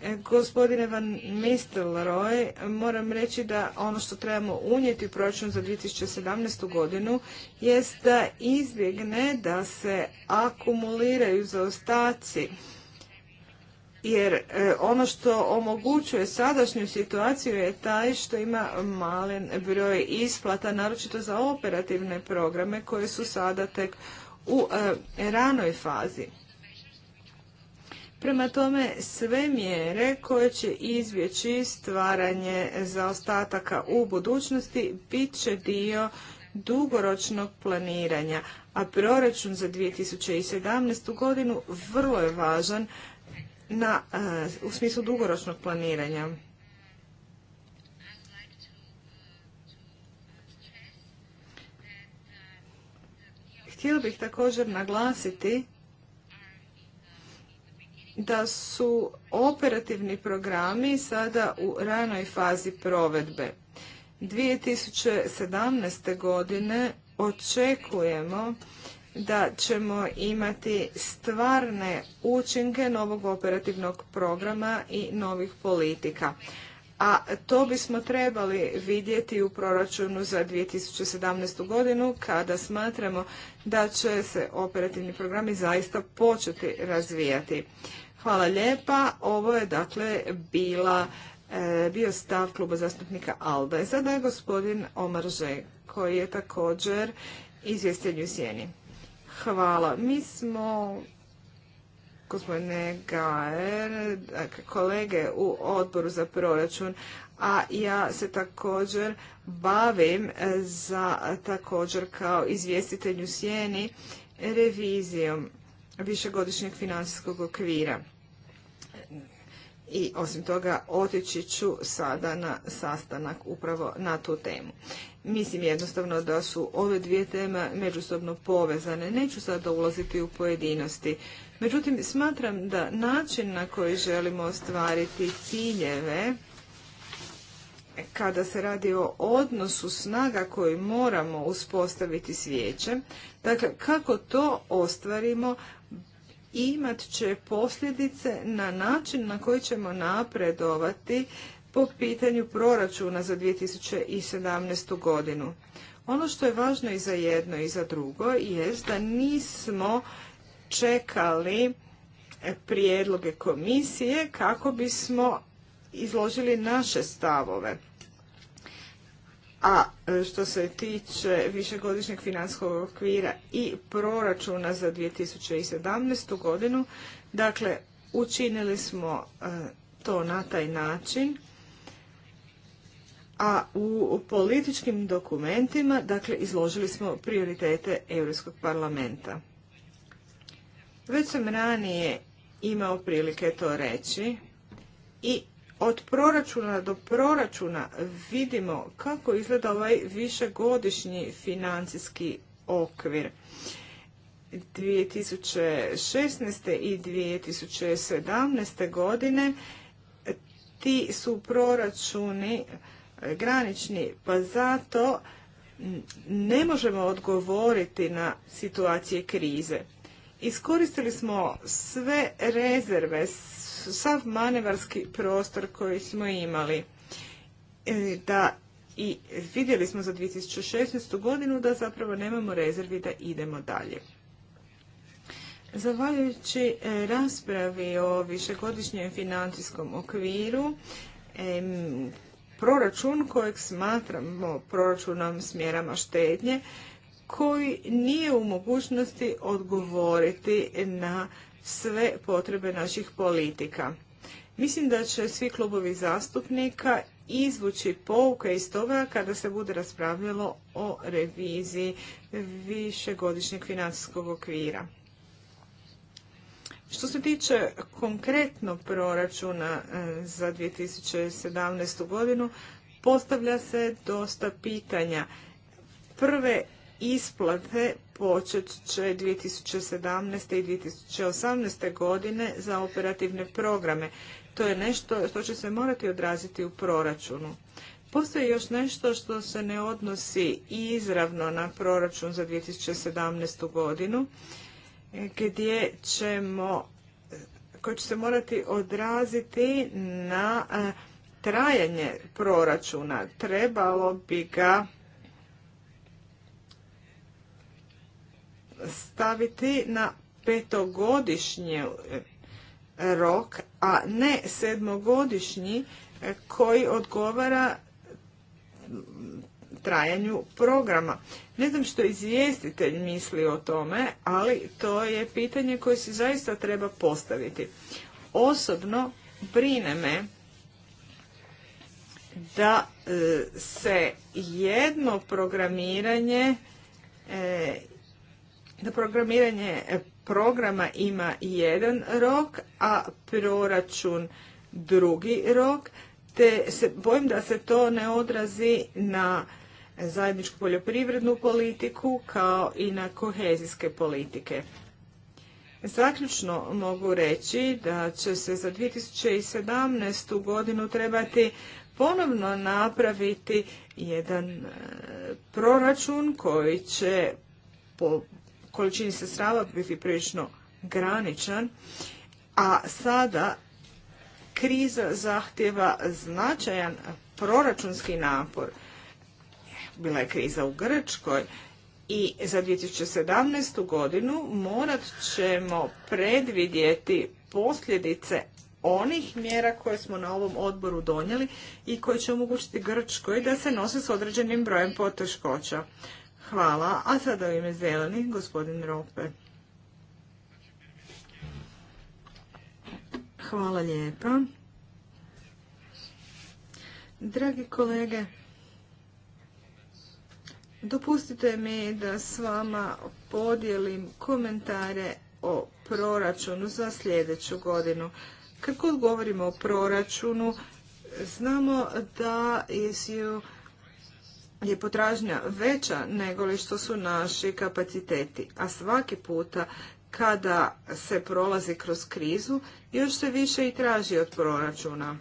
E, gospodine Van Mistelroj, moram reći da ono što trebamo unijeti u proračun za 2017. godinu jest da izbjegne da se akumuliraju zaostaci jer e, ono što omogućuje sadašnju situaciju je taj što ima malen broj isplata, naročito za operativne programe koje su sada tek u e, ranoj fazi. Prema tome, sve mjere koje će izvjeći stvaranje zaostataka u budućnosti bit će dio dugoročnog planiranja, a proračun za 2017. godinu vrlo je važan na, e, u smislu dugoročnog planiranja. Htjela bih također naglasiti da su operativni programi sada u ranoj fazi provedbe. 2017. godine očekujemo da ćemo imati stvarne učinke novog operativnog programa i novih politika. A to bismo trebali vidjeti u proračunu za 2017. godinu kada smatramo da će se operativni programi zaista početi razvijati. Hvala lijepa. Ovo je dakle bila, e, bio stav kluba zastupnika ALDA. Sada je gospodin Omar Žeg koji je također izvjestjenju u sjeni. Hvala. Mi smo, gospodine Gajer, dakle, kolege u odboru za proračun, a ja se također bavim za također kao izvjestitelj u sjeni revizijom višegodišnjeg financijskog okvira i osim toga otići ću sada na sastanak upravo na tu temu. Mislim jednostavno da su ove dvije teme međusobno povezane. Neću sada ulaziti u pojedinosti. Međutim, smatram da način na koji želimo ostvariti ciljeve kada se radi o odnosu snaga koji moramo uspostaviti s vijećem, dakle kako to ostvarimo imat će posljedice na način na koji ćemo napredovati po pitanju proračuna za 2017. godinu. Ono što je važno i za jedno i za drugo je da nismo čekali prijedloge komisije kako bismo izložili naše stavove. A e, što se tiče višegodišnjeg financijskog okvira i proračuna za 2017. godinu, dakle, učinili smo e, to na taj način, a u političkim dokumentima, dakle, izložili smo prioritete Europskog parlamenta. Već sam ranije imao prilike to reći i od proračuna do proračuna vidimo kako izgleda ovaj višegodišnji financijski okvir. 2016. i 2017. godine ti su proračuni e, granični, pa zato ne možemo odgovoriti na situacije krize. Iskoristili smo sve rezerve, sav manevarski prostor koji smo imali. E, da i vidjeli smo za 2016. godinu da zapravo nemamo rezervi da idemo dalje. Zahvaljujući e, raspravi o višegodišnjem financijskom okviru, proračun kojeg smatramo proračunom s mjerama štednje, koji nije u mogućnosti odgovoriti na sve potrebe naših politika. Mislim da će svi klubovi zastupnika izvući pouke iz toga kada se bude raspravljalo o reviziji višegodišnjeg financijskog okvira. Što se tiče konkretno proračuna e, za 2017. godinu, postavlja se dosta pitanja. Prve isplate počet će 2017. i 2018. godine za operativne programe. To je nešto što će se morati odraziti u proračunu. Postoji još nešto što se ne odnosi izravno na proračun za 2017. godinu, gdje ćemo, koji će se morati odraziti na trajanje proračuna. Trebalo bi ga staviti na petogodišnji e, rok, a ne sedmogodišnji e, koji odgovara trajanju programa. Ne znam što izvjestitelj misli o tome, ali to je pitanje koje se zaista treba postaviti. Osobno brine me da e, se jedno programiranje da programiranje programa ima jedan rok, a proračun drugi rok, te se bojim da se to ne odrazi na zajedničku poljoprivrednu politiku kao i na kohezijske politike. Zaključno mogu reći da će se za 2017. godinu trebati ponovno napraviti jedan e, proračun koji će po količini sredstava biti prilično graničan, a sada kriza zahtjeva značajan proračunski napor. Bila je kriza u Grčkoj i za 2017. godinu morat ćemo predvidjeti posljedice onih mjera koje smo na ovom odboru donijeli i koje će omogućiti Grčkoj da se nose s određenim brojem poteškoća. Hvala. A sada u ime zelenih, gospodin Rope. Hvala lijepa. Dragi kolege, dopustite mi da s vama podijelim komentare o proračunu za sljedeću godinu. Kako govorimo o proračunu, znamo da su je potražnja veća nego li što su naši kapaciteti. A svaki puta kada se prolazi kroz krizu, još se više i traži od proračuna.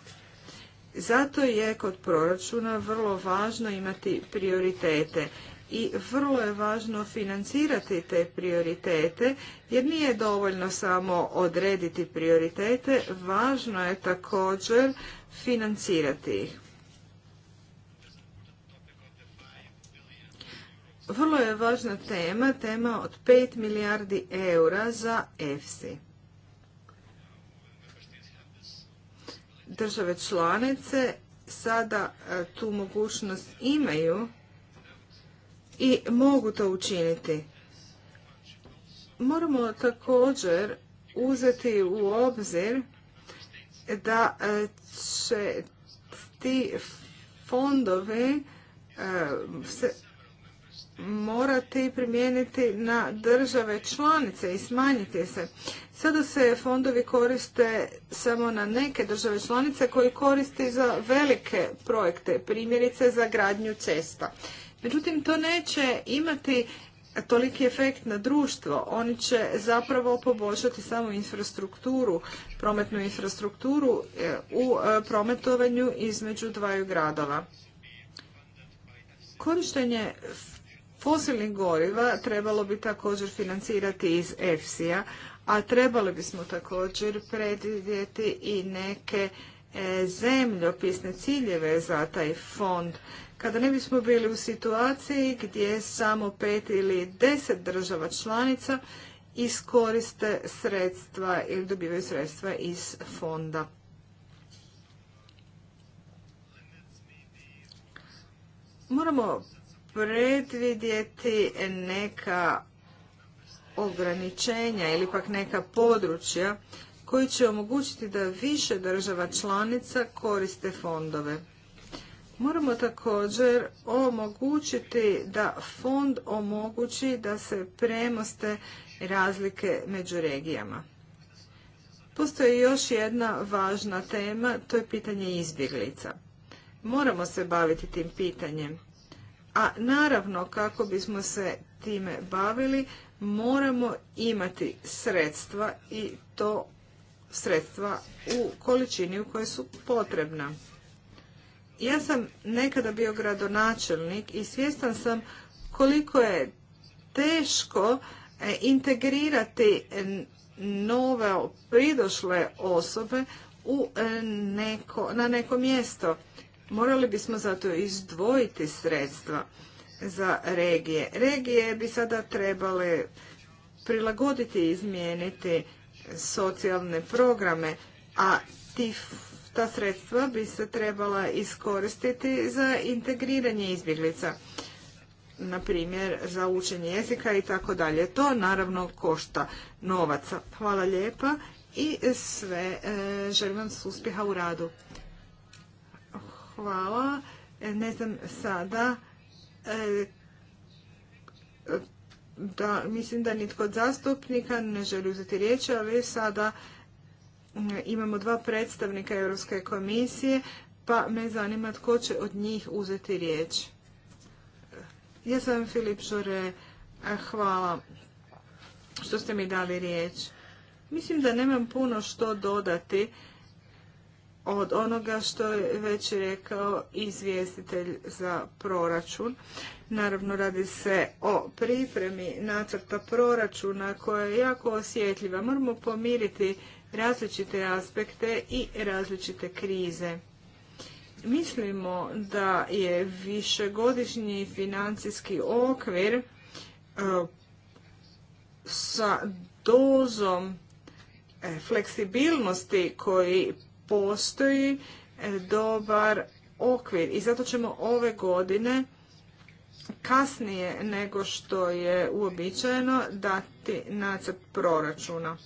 Zato je kod proračuna vrlo važno imati prioritete i vrlo je važno financirati te prioritete jer nije dovoljno samo odrediti prioritete, važno je također financirati ih. Vrlo je važna tema, tema od 5 milijardi eura za EFSI. Države članice sada e, tu mogućnost imaju i mogu to učiniti. Moramo također uzeti u obzir da e, će ti fondove se morati primijeniti na države članice i smanjiti se. Sada se fondovi koriste samo na neke države članice koji koriste za velike projekte, primjerice za gradnju cesta. Međutim, to neće imati toliki efekt na društvo. Oni će zapravo poboljšati samo infrastrukturu, prometnu infrastrukturu e, u e, prometovanju između dvaju gradova. Korištenje Fosilnih goriva trebalo bi također financirati iz EFSI-a, a trebali bismo također predvidjeti i neke e, zemljopisne ciljeve za taj fond. Kada ne bismo bili u situaciji gdje samo pet ili deset država članica iskoriste sredstva ili dobivaju sredstva iz fonda. Moramo predvidjeti neka ograničenja ili pak neka područja koji će omogućiti da više država članica koriste fondove. Moramo također omogućiti da fond omogući da se premoste razlike među regijama. Postoji još jedna važna tema, to je pitanje izbjeglica. Moramo se baviti tim pitanjem. A naravno kako bismo se time bavili moramo imati sredstva i to sredstva u količini u kojoj su potrebna. Ja sam nekada bio gradonačelnik i svjestan sam koliko je teško e, integrirati nove pridošle osobe u e, neko, na neko mjesto. Morali bismo zato izdvojiti sredstva za regije. Regije bi sada trebale prilagoditi i izmijeniti socijalne programe, a ti, ta sredstva bi se trebala iskoristiti za integriranje izbjeglica, na primjer za učenje jezika i tako dalje. To naravno košta novaca. Hvala lijepa i sve e, želim vam uspjeha u radu. Hvala. E, ne znam sada e, mislim da nitko od zastupnika ne želi uzeti riječ, ali sada imamo dva predstavnika Europske komisije, pa me zanima tko će od njih uzeti riječ. Ja sam Filip Žore, e, hvala što ste mi dali riječ. Mislim da nemam puno što dodati od onoga što je već rekao izvjestitelj za proračun. Naravno radi se o pripremi nacrta proračuna koja je jako osjetljiva. Moramo pomiriti različite aspekte i različite krize. Mislimo da je višegodišnji financijski okvir e, sa dozom e, fleksibilnosti koji postoji e, dobar okvir i zato ćemo ove godine kasnije nego što je uobičajeno dati nacrt proračuna.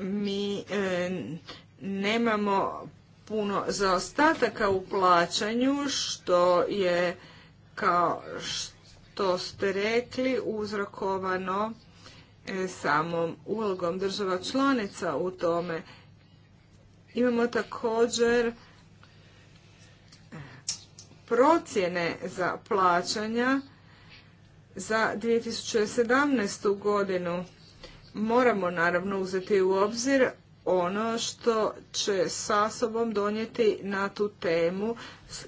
Mi e, nemamo puno zaostataka u plaćanju što je kao što ste rekli uzrokovano E, samom ulogom država članica u tome. Imamo također e, procjene za plaćanja za 2017. godinu. Moramo naravno uzeti u obzir ono što će sa sobom donijeti na tu temu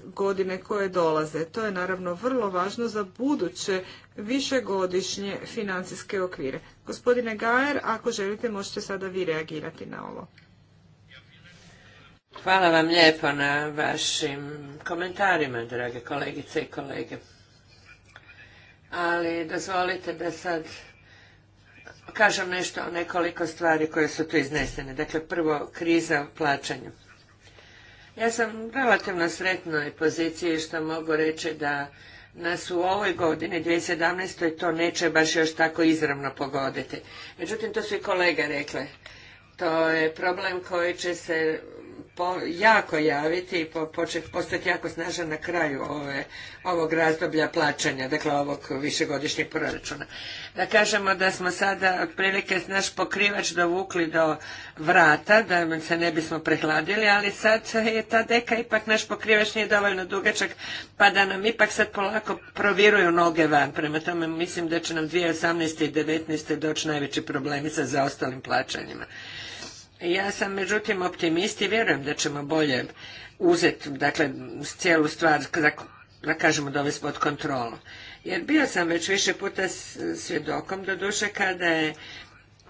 godine koje dolaze. To je naravno vrlo važno za buduće višegodišnje financijske okvire. Gospodine Gajer, ako želite možete sada vi reagirati na ovo. Hvala vam lijepo na vašim komentarima, drage kolegice i kolege. Ali dozvolite da sad kažem nešto o nekoliko stvari koje su tu iznesene. Dakle, prvo, kriza u plaćanju. Ja sam relativno sretnoj poziciji što mogu reći da nas u ovoj godini, 2017. to neće baš još tako izravno pogoditi. Međutim, to su i kolege rekle. To je problem koji će se po, jako javiti i početi postati jako snažan na kraju ove, ovog razdoblja plaćanja, dakle ovog višegodišnjeg proračuna. Da kažemo da smo sada otprilike naš pokrivač dovukli do vrata, da se ne bismo prehladili, ali sad je ta deka ipak naš pokrivač nije dovoljno dugačak, pa da nam ipak sad polako proviruju noge van. Prema tome mislim da će nam 2018. i 2019. doći najveći problemi sa zaostalim plaćanjima. Ja sam međutim optimist i vjerujem da ćemo bolje uzeti, dakle, cijelu stvar, da, kažemo, dovesti pod kontrolu. Jer bio sam već više puta svjedokom, doduše, kada je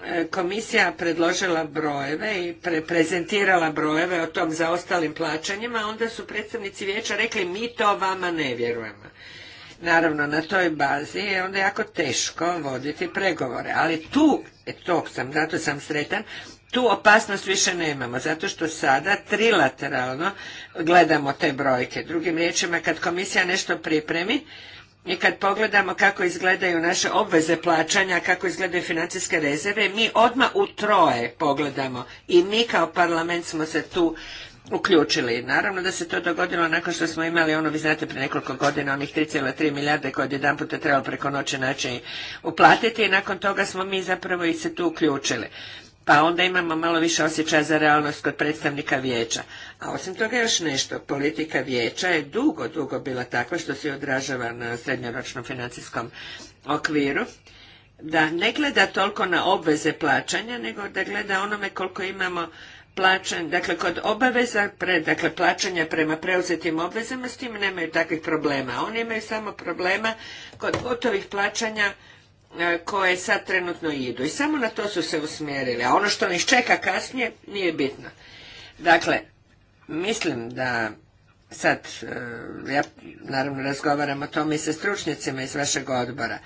e, komisija predložila brojeve i pre prezentirala brojeve o tom ostalim plaćanjima, onda su predstavnici vijeća rekli mi to vama ne vjerujemo. Naravno, na toj bazi je onda jako teško voditi pregovore, ali tu, e, to sam, zato sam sretan, tu opasnost više nemamo, zato što sada trilateralno gledamo te brojke. Drugim riječima, kad komisija nešto pripremi, i kad pogledamo kako izgledaju naše obveze plaćanja, kako izgledaju financijske rezerve, mi odmah u troje pogledamo i mi kao parlament smo se tu uključili. Naravno da se to dogodilo nakon što smo imali ono, vi znate, pre nekoliko godina onih 3,3 milijarde koje je jedan puta trebalo preko noći naći uplatiti i nakon toga smo mi zapravo i se tu uključili pa onda imamo malo više osjećaja za realnost kod predstavnika vijeća. A osim toga još nešto, politika vijeća je dugo, dugo bila takva što se odražava na srednjoročnom financijskom okviru, da ne gleda toliko na obveze plaćanja, nego da gleda onome koliko imamo plaćanja, dakle kod obaveza, dakle plaćanja prema preuzetim obvezama, s tim nemaju takvih problema. Oni imaju samo problema kod gotovih plaćanja E, koje sad trenutno idu. I samo na to su se usmjerili. A ono što ih čeka kasnije nije bitno. Dakle, mislim da sad, e, ja naravno razgovaram o tome i sa stručnjacima iz vašeg odbora,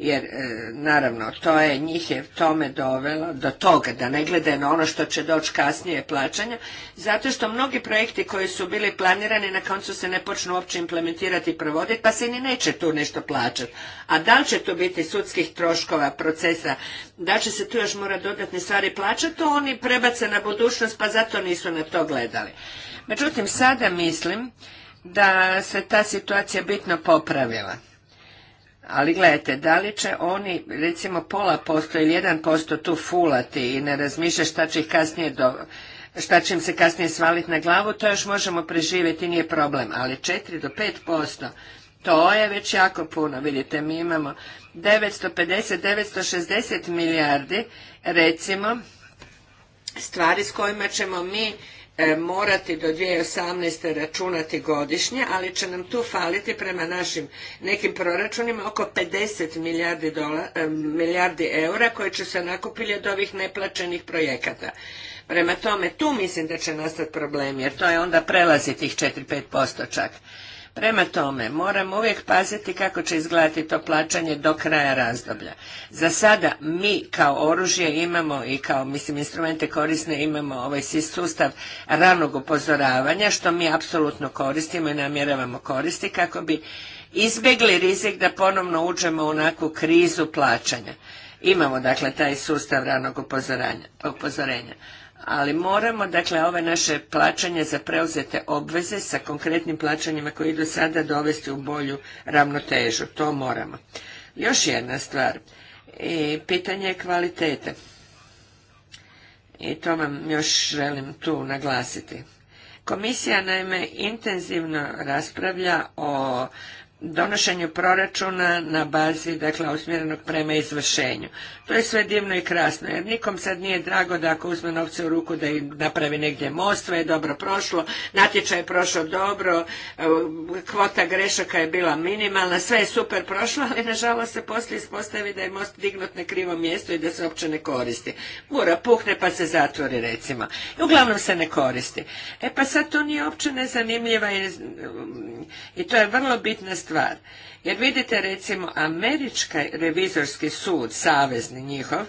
jer e, naravno to je njih je tome dovelo do toga da ne gledaju na ono što će doći kasnije plaćanja zato što mnogi projekti koji su bili planirani na koncu se ne počnu uopće implementirati i provoditi pa se ni neće tu nešto plaćati a da li će tu biti sudskih troškova procesa da će se tu još mora dodatne stvari plaćati to oni prebace na budućnost pa zato nisu na to gledali međutim sada mislim da se ta situacija bitno popravila ali gledajte, da li će oni recimo pola posto ili jedan posto tu fulati i ne razmišlja šta će ih kasnije do, šta će im se kasnije svaliti na glavu, to još možemo preživjeti, nije problem. Ali 4 do 5 posto, to je već jako puno. Vidite, mi imamo 950, 960 milijardi, recimo, stvari s kojima ćemo mi E, morati do 2018. računati godišnje, ali će nam tu faliti prema našim nekim proračunima oko 50 e, milijardi, eura koje će se nakupiti od ovih neplaćenih projekata. Prema tome, tu mislim da će nastati problem, jer to je onda prelazi tih 4-5% čak. Prema tome, moramo uvijek paziti kako će izgledati to plaćanje do kraja razdoblja. Za sada mi kao oružje imamo i kao mislim instrumente korisne imamo ovaj sustav ranog upozoravanja što mi apsolutno koristimo i namjeravamo koristiti kako bi izbjegli rizik da ponovno uđemo u onakvu krizu plaćanja. Imamo dakle taj sustav ranog upozorenja ali moramo dakle ove naše plaćanje za preuzete obveze sa konkretnim plaćanjima koji idu sada dovesti u bolju ravnotežu. To moramo. Još jedna stvar. pitanje je kvalitete. I to vam još želim tu naglasiti. Komisija naime intenzivno raspravlja o donošenju proračuna na bazi, dakle, usmjerenog prema izvršenju. To je sve divno i krasno, jer nikom sad nije drago da ako uzme novce u ruku da im napravi negdje most, sve je dobro prošlo, natječaj je prošao dobro, e, kvota grešaka je bila minimalna, sve je super prošlo, ali nažalost se poslije ispostavi da je most dignut na krivo mjesto i da se uopće ne koristi. Mura puhne pa se zatvori, recimo. I uglavnom se ne koristi. E pa sad to nije uopće nezanimljiva i, to je vrlo bitna stvar stvar. Jer vidite recimo američki revizorski sud, savezni njihov,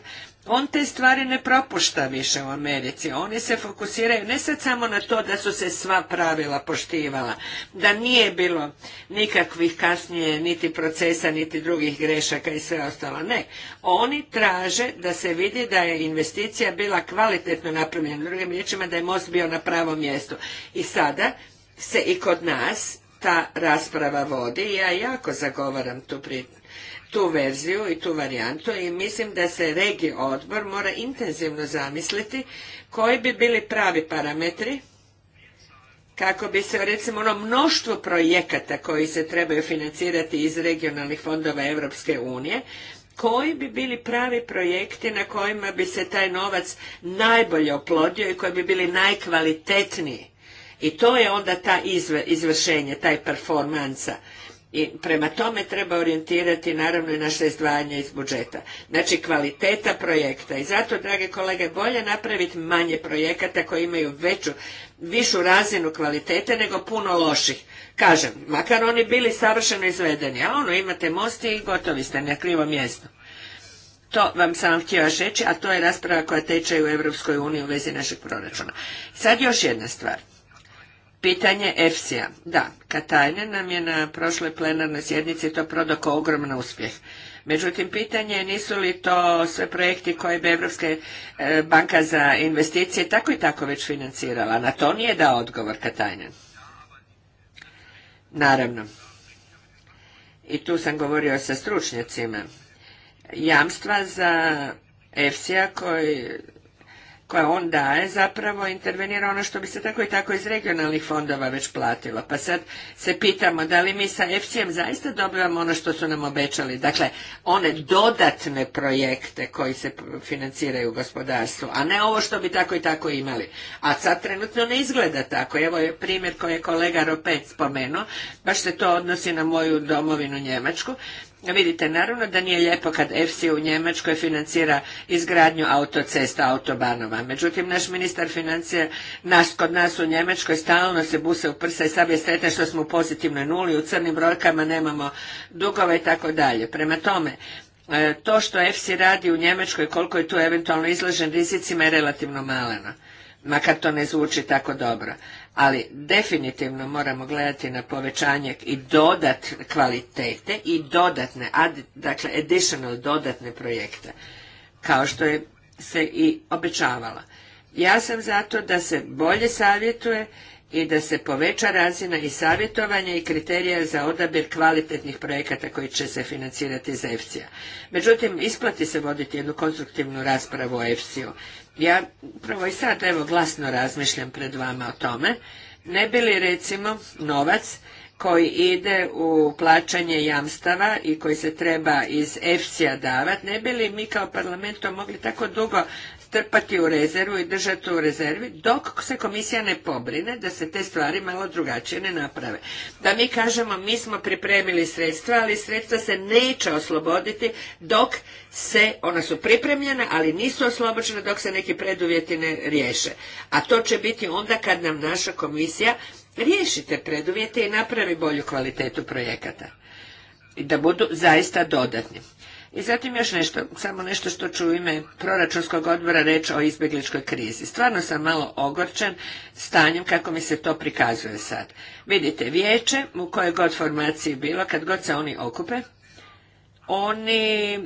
on te stvari ne propušta više u Americi. Oni se fokusiraju ne sad samo na to da su se sva pravila poštivala, da nije bilo nikakvih kasnije niti procesa, niti drugih grešaka i sve ostalo. Ne. Oni traže da se vidi da je investicija bila kvalitetno napravljena. Drugim riječima da je most bio na pravom mjestu. I sada se i kod nas ta rasprava vodi. Ja jako zagovaram tu, tu verziju i tu varijantu i mislim da se regi odbor mora intenzivno zamisliti koji bi bili pravi parametri kako bi se recimo ono mnoštvo projekata koji se trebaju financirati iz regionalnih fondova Europske unije, koji bi bili pravi projekti na kojima bi se taj novac najbolje oplodio i koji bi bili najkvalitetniji i to je onda ta izvršenje, taj performansa. I prema tome treba orijentirati naravno i naše izdvajanje iz budžeta. Znači kvaliteta projekta. I zato, drage kolege, bolje napraviti manje projekata koji imaju veću, višu razinu kvalitete nego puno loših. Kažem, makar oni bili savršeno izvedeni, a ono imate most i gotovi ste na krivom mjestu. To vam sam htio još reći, a to je rasprava koja teče u Europskoj uniji u vezi našeg proračuna. Sad još jedna stvar. Pitanje EFSI-a. Da, Katajne nam je na prošloj plenarnoj sjednici to kao ogroman uspjeh. Međutim, pitanje je nisu li to sve projekti koje bi Evropska e, banka za investicije tako i tako već financirala. Na to nije dao odgovor Katajnen. Naravno. I tu sam govorio sa stručnjacima. Jamstva za EFSI-a koji koja on daje zapravo intervenira ono što bi se tako i tako iz regionalnih fondova već platilo. Pa sad se pitamo da li mi sa FCM zaista dobivamo ono što su nam obećali. Dakle, one dodatne projekte koji se financiraju u gospodarstvu, a ne ovo što bi tako i tako imali. A sad trenutno ne izgleda tako. Evo je primjer koji je kolega Ropet spomenuo, baš se to odnosi na moju domovinu Njemačku. Vidite, naravno da nije lijepo kad EFSI u Njemačkoj financira izgradnju autocesta, autobanova. Međutim, naš ministar financija kod nas u Njemačkoj stalno se buse u prsa i sad je sretan što smo u pozitivnoj nuli, u crnim brojkama nemamo dugova i tako dalje. Prema tome, e, to što EFSI radi u Njemačkoj, koliko je tu eventualno izložen rizicima je relativno maleno makar to ne zvuči tako dobro ali definitivno moramo gledati na povećanje i dodat kvalitete i dodatne, dakle additional dodatne projekte, kao što je se i obećavala. Ja sam zato da se bolje savjetuje i da se poveća razina i savjetovanja i kriterija za odabir kvalitetnih projekata koji će se financirati iz EFSI-a. Međutim, isplati se voditi jednu konstruktivnu raspravu o EFSI-u ja upravo i sad evo glasno razmišljam pred vama o tome, ne bi li recimo novac koji ide u plaćanje jamstava i koji se treba iz EFSI-a davati, ne bi li mi kao parlament to mogli tako dugo trpati u rezervu i držati u rezervi dok se komisija ne pobrine da se te stvari malo drugačije ne naprave. Da mi kažemo mi smo pripremili sredstva, ali sredstva se neće osloboditi dok se, ona su pripremljena, ali nisu oslobođena dok se neki preduvjeti ne riješe. A to će biti onda kad nam naša komisija riješi te preduvjete i napravi bolju kvalitetu projekata i da budu zaista dodatni. I zatim još nešto, samo nešto što ću u ime proračunskog odbora reći o izbjegličkoj krizi. Stvarno sam malo ogorčen stanjem kako mi se to prikazuje sad. Vidite, vijeće u kojoj god formaciji bilo, kad god se oni okupe, oni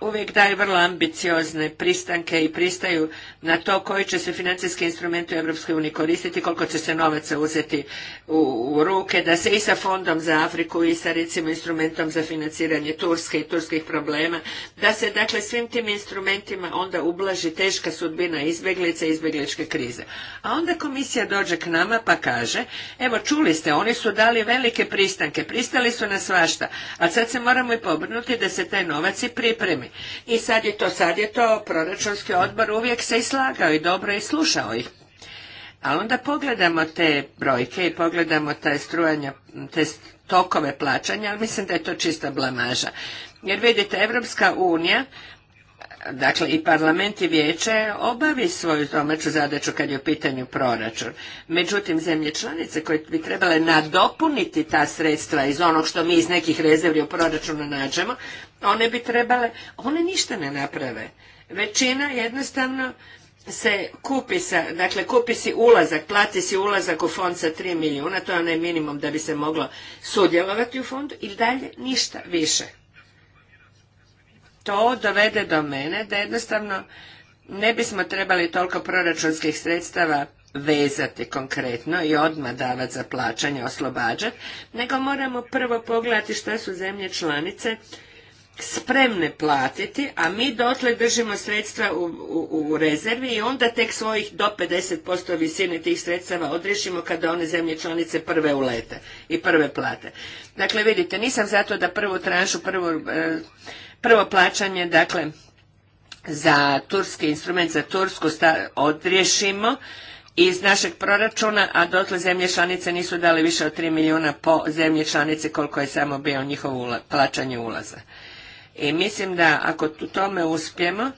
uvijek daje vrlo ambiciozne pristanke i pristaju na to koji će se financijski instrumenti u Europskoj uniji koristiti, koliko će se novaca uzeti u, ruke, da se i sa fondom za Afriku i sa recimo instrumentom za financiranje Turske i turskih problema, da se dakle svim tim instrumentima onda ublaži teška sudbina izbjeglica i izbjegličke krize. A onda komisija dođe k nama pa kaže, evo čuli ste, oni su dali velike pristanke, pristali su na svašta, a sad se moramo i pobrnuti da se taj novac i pripremi i sad je to, sad je to, proračunski odbor uvijek se i slagao i dobro i slušao ih. A onda pogledamo te brojke i pogledamo te strujanja, te tokove plaćanja, ali mislim da je to čista blamaža. Jer vidite, Evropska unija dakle i parlament i vijeće obavi svoju domaću zadaću kad je u pitanju proračun. Međutim, zemlje članice koje bi trebale nadopuniti ta sredstva iz onog što mi iz nekih rezervi u proračunu nađemo, one bi trebale, one ništa ne naprave. Većina jednostavno se kupi sa, dakle kupi si ulazak, plati si ulazak u fond sa 3 milijuna, to je onaj minimum da bi se moglo sudjelovati u fondu i dalje ništa više to dovede do mene da jednostavno ne bismo trebali toliko proračunskih sredstava vezati konkretno i odmah davati za plaćanje, oslobađati, nego moramo prvo pogledati što su zemlje članice spremne platiti, a mi dotle držimo sredstva u, u, rezervi i onda tek svojih do 50% visine tih sredstava odriješimo kada one zemlje članice prve ulete i prve plate. Dakle, vidite, nisam zato da prvu tranšu, prvu e, Prvo plaćanje, dakle, za turski instrument, za Tursku odriješimo iz našeg proračuna, a dotle zemlje članice nisu dali više od 3 milijuna po zemlje članice koliko je samo bio njihovo plaćanje ulaza. I mislim da ako u tome uspijemo,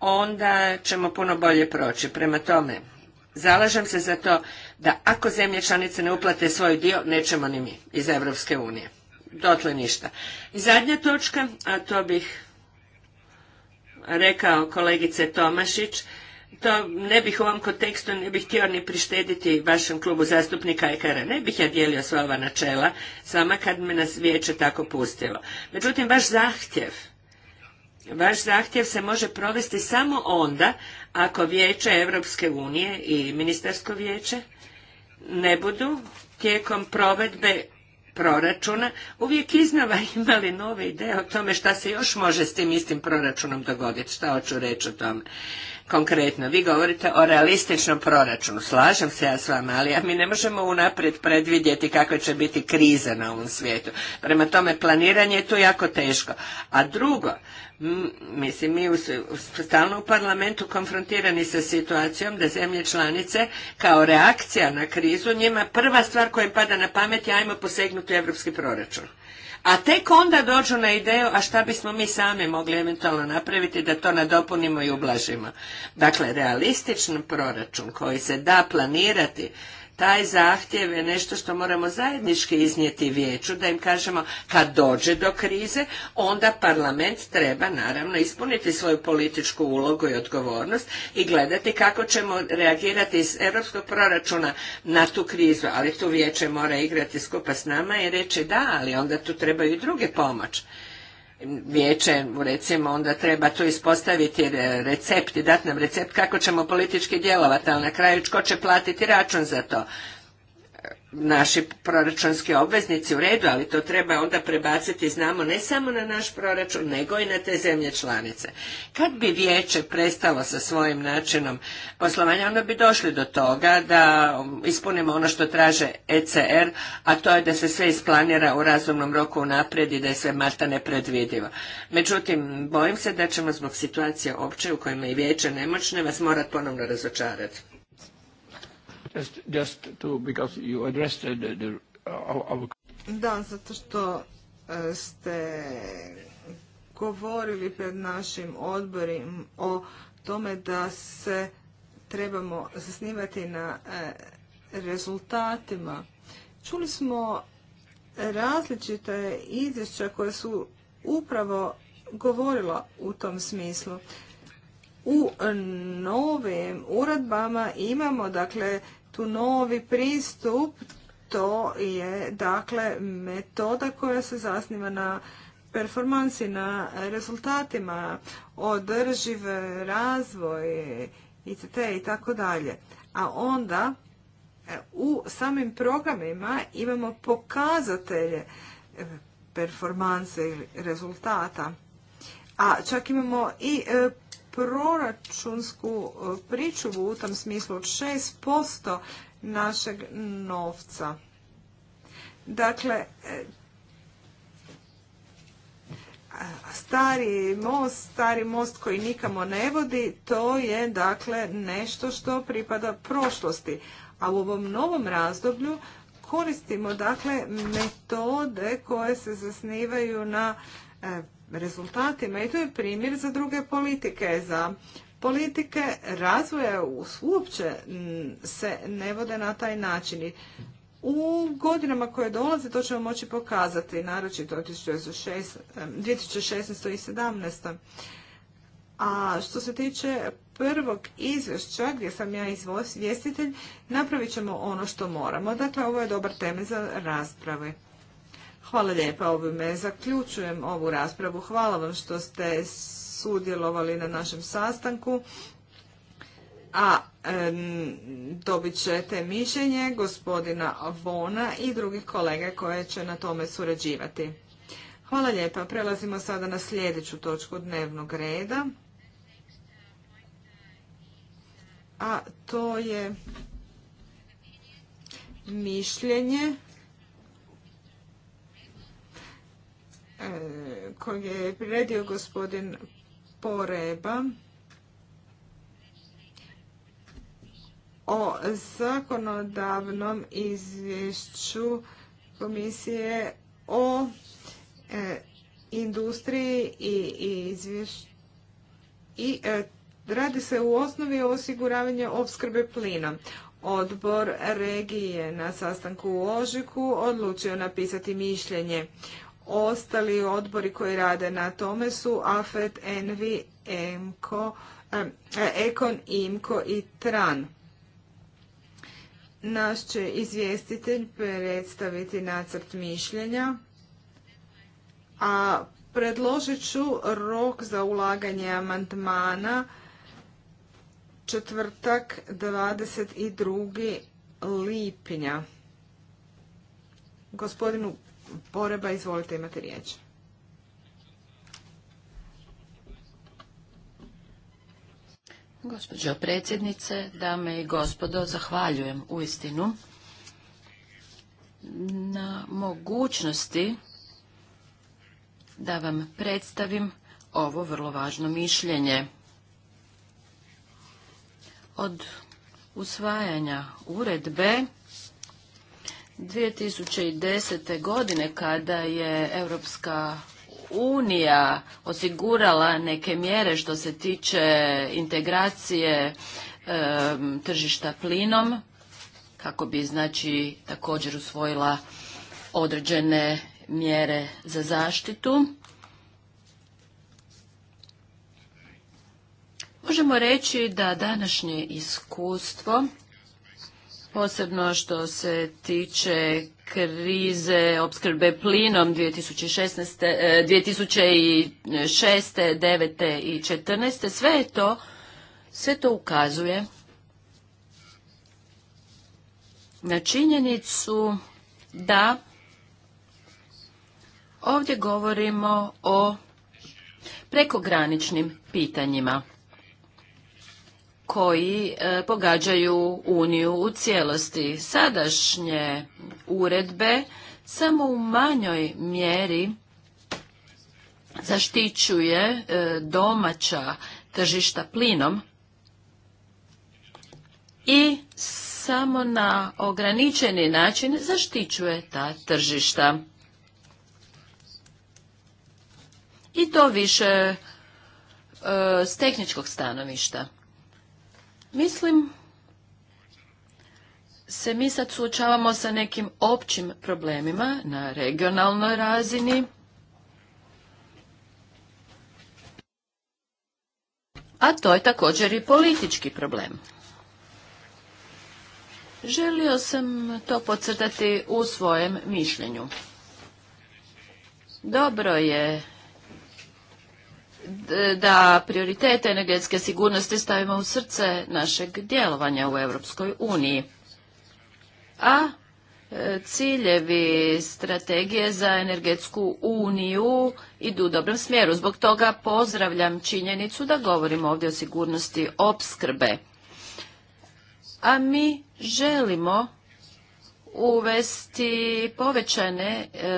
onda ćemo puno bolje proći. Prema tome, zalažem se za to da ako zemlje članice ne uplate svoj dio, nećemo ni mi iz Europske unije dotle ništa. I zadnja točka, a to bih rekao kolegice Tomašić, to ne bih u ovom kontekstu ne bih htio ni prištediti vašem klubu zastupnika Ekara. Ne bih ja dijelio sva ova načela s vama kad me nas vijeće tako pustilo. Međutim, vaš zahtjev vaš zahtjev se može provesti samo onda ako vijeće Europske unije i ministarsko vijeće ne budu tijekom provedbe proračuna, uvijek iznova [LAUGHS] imali nove ideje o tome šta se još može s tim istim proračunom dogoditi, šta hoću reći o tome konkretno. Vi govorite o realističnom proračunu. Slažem se ja s vama, ali mi ne možemo unaprijed predvidjeti kakve će biti krize na ovom svijetu. Prema tome, planiranje je tu jako teško. A drugo, mislim, mi stalno u parlamentu konfrontirani sa situacijom da zemlje članice kao reakcija na krizu njima prva stvar koja im pada na pamet je ajmo posegnuti europski evropski proračun a tek onda dođu na ideju a šta bismo mi sami mogli eventualno napraviti da to nadopunimo i ublažimo. Dakle, realističan proračun koji se da planirati taj zahtjev je nešto što moramo zajednički iznijeti vijeću, da im kažemo kad dođe do krize, onda parlament treba naravno ispuniti svoju političku ulogu i odgovornost i gledati kako ćemo reagirati iz europskog proračuna na tu krizu, ali tu vijeće mora igrati skupa s nama i reći da, ali onda tu trebaju i druge pomoći vijeće recimo onda treba tu ispostaviti recept i dati nam recept kako ćemo politički djelovati, ali na kraju tko će platiti račun za to naši proračunski obveznici u redu, ali to treba onda prebaciti, znamo, ne samo na naš proračun, nego i na te zemlje članice. Kad bi vijeće prestalo sa svojim načinom poslovanja, onda bi došli do toga da ispunimo ono što traže ECR, a to je da se sve isplanira u razumnom roku unaprijed i da je sve malta nepredvidivo. Međutim, bojim se da ćemo zbog situacije opće u kojima je vijeće nemoćne vas morat ponovno razočarati. Just, Da, zato što e, ste govorili pred našim odborim o tome da se trebamo zasnivati na e, rezultatima. Čuli smo različite izvješća koje su upravo govorila u tom smislu. U novim uredbama imamo dakle tu novi pristup, to je dakle metoda koja se zasniva na performansi, na rezultatima, održiv razvoj, ICT i tako dalje. A onda e, u samim programima imamo pokazatelje e, performanse ili rezultata. A čak imamo i e, proračunsku e, pričuvu u tom smislu od 6% našeg novca. Dakle, e, stari most, stari most koji nikamo ne vodi, to je dakle nešto što pripada prošlosti. A u ovom novom razdoblju koristimo dakle metode koje se zasnivaju na e, rezultatima i to je primjer za druge politike, za politike razvoja uopće se ne vode na taj način. u godinama koje dolaze to ćemo moći pokazati, naročito 2016. i 2017. A što se tiče prvog izvješća gdje sam ja izvjestitelj, napravit ćemo ono što moramo. Dakle, ovo je dobar temelj za rasprave. Hvala lijepa, ovime zaključujem ovu raspravu. Hvala vam što ste sudjelovali na našem sastanku. A dobit ćete mišljenje gospodina Vona i drugih kolega koje će na tome surađivati. Hvala lijepa. Prelazimo sada na sljedeću točku dnevnog reda. A to je mišljenje kojeg je priredio gospodin Poreba o zakonodavnom izvješću komisije o e, industriji i, izvješću i e, radi se u osnovi o osiguravanju opskrbe plina. Odbor regije na sastanku u Ožiku odlučio napisati mišljenje. Ostali odbori koji rade na tome su AFET, ENVI, e, Ekon, IMKO i TRAN. Naš će izvjestitelj predstaviti nacrt mišljenja, a predložit ću rok za ulaganje amandmana četvrtak 22. lipnja. Gospodinu Poreba, izvolite, imate riječ. Gospođo predsjednice, dame i gospodo, zahvaljujem u istinu na mogućnosti da vam predstavim ovo vrlo važno mišljenje. Od usvajanja uredbe 2010. godine kada je Europska unija osigurala neke mjere što se tiče integracije tržišta plinom kako bi znači također usvojila određene mjere za zaštitu. Možemo reći da današnje iskustvo posebno što se tiče krize opskrbe plinom 2016, 2006. 9. i 2014. Sve to, sve to ukazuje na činjenicu da ovdje govorimo o prekograničnim pitanjima koji e, pogađaju Uniju u cijelosti. Sadašnje uredbe samo u manjoj mjeri zaštićuje e, domaća tržišta plinom i samo na ograničeni način zaštićuje ta tržišta. I to više e, s tehničkog stanovišta. Mislim se mi sad suočavamo sa nekim općim problemima na regionalnoj razini. A to je također i politički problem. Želio sam to podcrtati u svojem mišljenju. Dobro je da prioritete energetske sigurnosti stavimo u srce našeg djelovanja u Europskoj uniji. A e, ciljevi strategije za energetsku uniju idu u dobrom smjeru. Zbog toga pozdravljam činjenicu da govorimo ovdje o sigurnosti opskrbe. A mi želimo uvesti povećane e,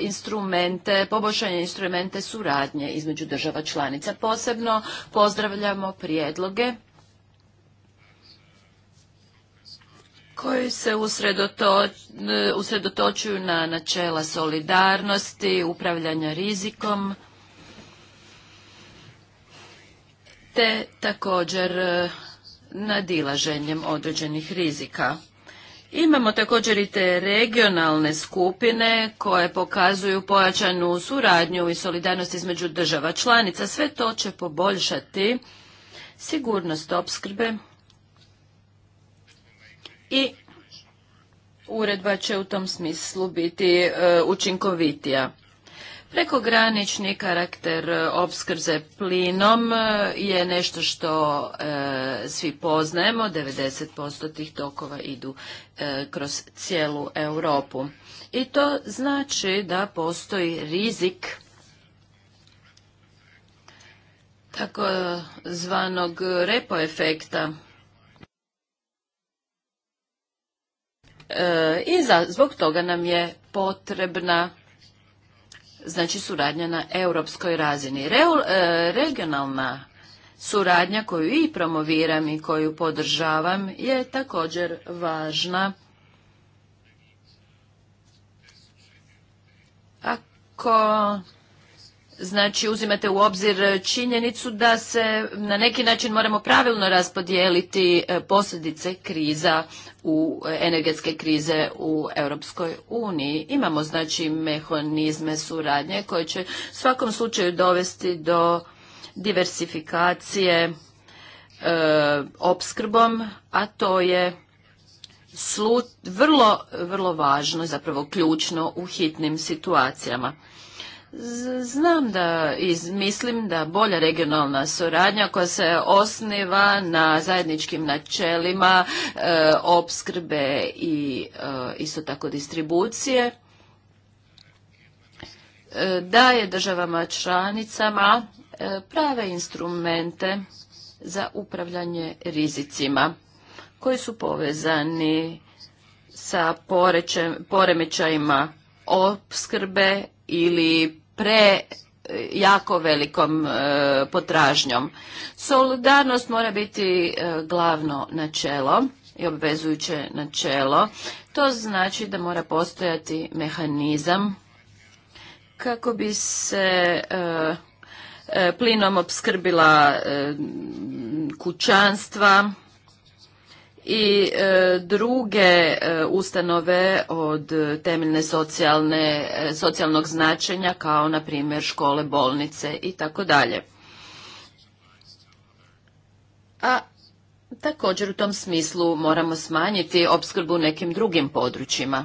instrumente, poboljšanje instrumente suradnje između država članica. Posebno pozdravljamo prijedloge koji se e, usredotočuju na načela solidarnosti, upravljanja rizikom, te također e, nadilaženjem određenih rizika. Imamo također i te regionalne skupine koje pokazuju pojačanu suradnju i solidarnost između država članica. Sve to će poboljšati sigurnost opskrbe i uredba će u tom smislu biti e, učinkovitija. Prekogranični karakter e, opskrbe plinom e, je nešto što e, svi poznajemo, 90% tih tokova idu kroz cijelu Europu. I to znači da postoji rizik tako zvanog repo efekta. I zbog toga nam je potrebna znači suradnja na europskoj razini. E, regionalna suradnja koju i promoviram i koju podržavam je također važna. Ako Znači uzimate u obzir e, činjenicu da se na neki način moramo pravilno raspodijeliti e, posljedice kriza u e, energetske krize u Europskoj uniji. Imamo znači mehanizme suradnje koje će u svakom slučaju dovesti do diversifikacije opskrbom, a to je vrlo, vrlo važno, zapravo ključno u hitnim situacijama. Znam da mislim da bolja regionalna suradnja koja se osniva na zajedničkim načelima e, opskrbe i e, isto tako distribucije e, daje državama članicama prave instrumente za upravljanje rizicima koji su povezani sa poremećajima opskrbe ili pre e, jako velikom e, potražnjom. Solidarnost mora biti e, glavno načelo i obvezujuće načelo. To znači da mora postojati mehanizam kako bi se plinom opskrbila kućanstva i e, druge e, ustanove od temeljne socijalne, e, socijalnog značenja kao na primjer škole, bolnice i tako dalje. A također u tom smislu moramo smanjiti opskrbu nekim drugim područjima.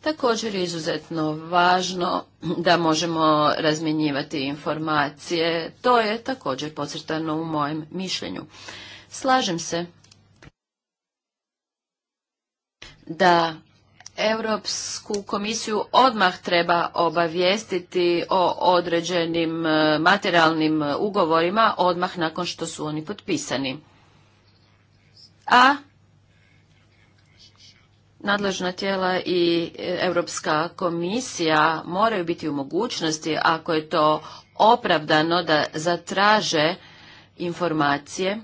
Također je izuzetno važno da možemo razmjenjivati informacije. To je također podcrtano u mojem mišljenju. Slažem se da Europsku komisiju odmah treba obavijestiti o određenim e, materijalnim ugovorima odmah nakon što su oni potpisani. A nadležna tijela i Europska komisija moraju biti u mogućnosti, ako je to opravdano, da zatraže informacije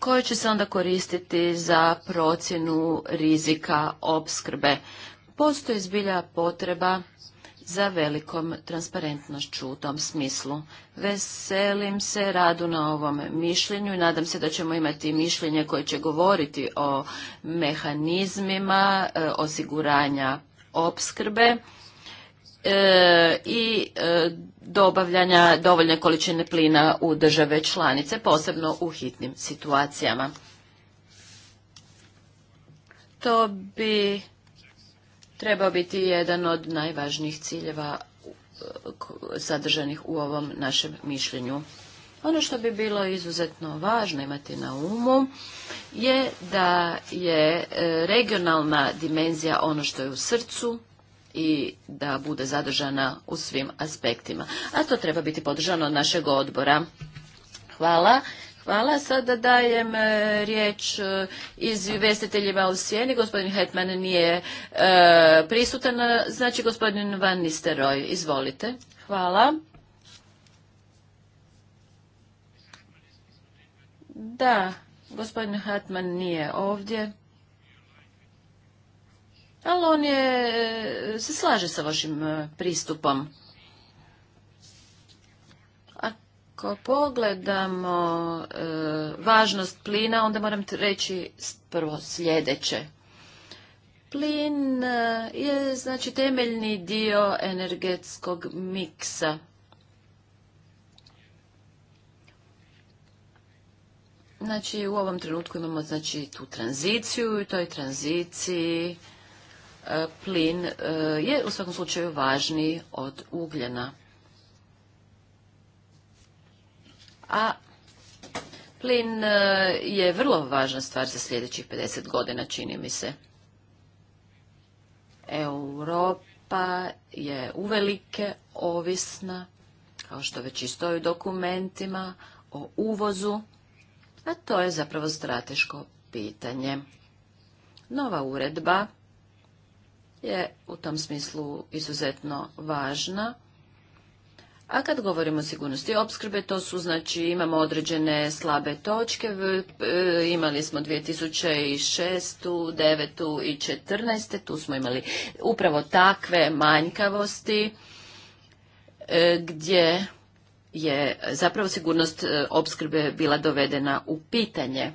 koje će se onda koristiti za procjenu rizika opskrbe. Postoji zbilja potreba za velikom transparentnošću u tom smislu. Veselim se radu na ovom mišljenju i nadam se da ćemo imati mišljenje koje će govoriti o mehanizmima e, osiguranja opskrbe E, i e, dobavljanja dovoljne količine plina u države članice, posebno u hitnim situacijama. To bi trebao biti jedan od najvažnijih ciljeva e, sadržanih u ovom našem mišljenju. Ono što bi bilo izuzetno važno imati na umu je da je regionalna dimenzija ono što je u srcu i da bude zadržana u svim aspektima. A to treba biti podržano od našeg odbora. Hvala. Hvala. Sada dajem e, riječ e, izvjestiteljima u sjeni. Gospodin Hetman nije e, prisutan. Znači, gospodin Van Nisteroj, izvolite. Hvala. Da, gospodin Hetman nije ovdje ali on je, e, se slaže sa vašim e, pristupom. Ako pogledamo e, važnost plina, onda moram reći prvo sljedeće. Plin je znači temeljni dio energetskog miksa. Znači u ovom trenutku imamo znači tu tranziciju i toj tranziciji E, plin e, je u svakom slučaju važniji od ugljena. A plin e, je vrlo važna stvar za sljedećih 50 godina, čini mi se. Europa je uvelike ovisna, kao što već i stoji u dokumentima, o uvozu, a to je zapravo strateško pitanje. Nova uredba je u tom smislu izuzetno važna. A kad govorimo o sigurnosti opskrbe, to su znači imamo određene slabe točke, e, imali smo 2006. 2009. i 2014. tu smo imali upravo takve manjkavosti e, gdje je zapravo sigurnost e, opskrbe bila dovedena u pitanje.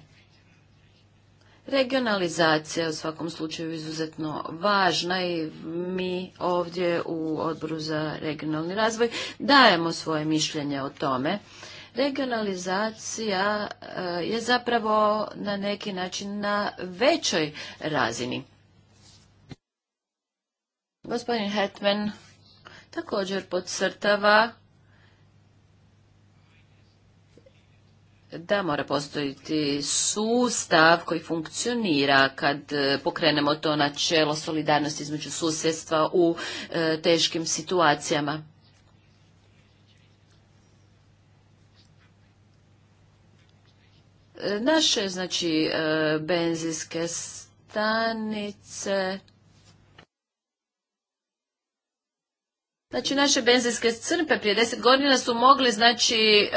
Regionalizacija je u svakom slučaju izuzetno važna i mi ovdje u Odboru za regionalni razvoj dajemo svoje mišljenje o tome. Regionalizacija eh, je zapravo na neki način na većoj razini. Gospodin Hetman također podcrtava da mora postojiti sustav koji funkcionira kad e, pokrenemo to načelo solidarnosti između susjedstva u e, teškim situacijama. E, naše, znači, benzijske benzinske stanice... Znači, naše benzinske crpe prije deset godina su mogli, znači,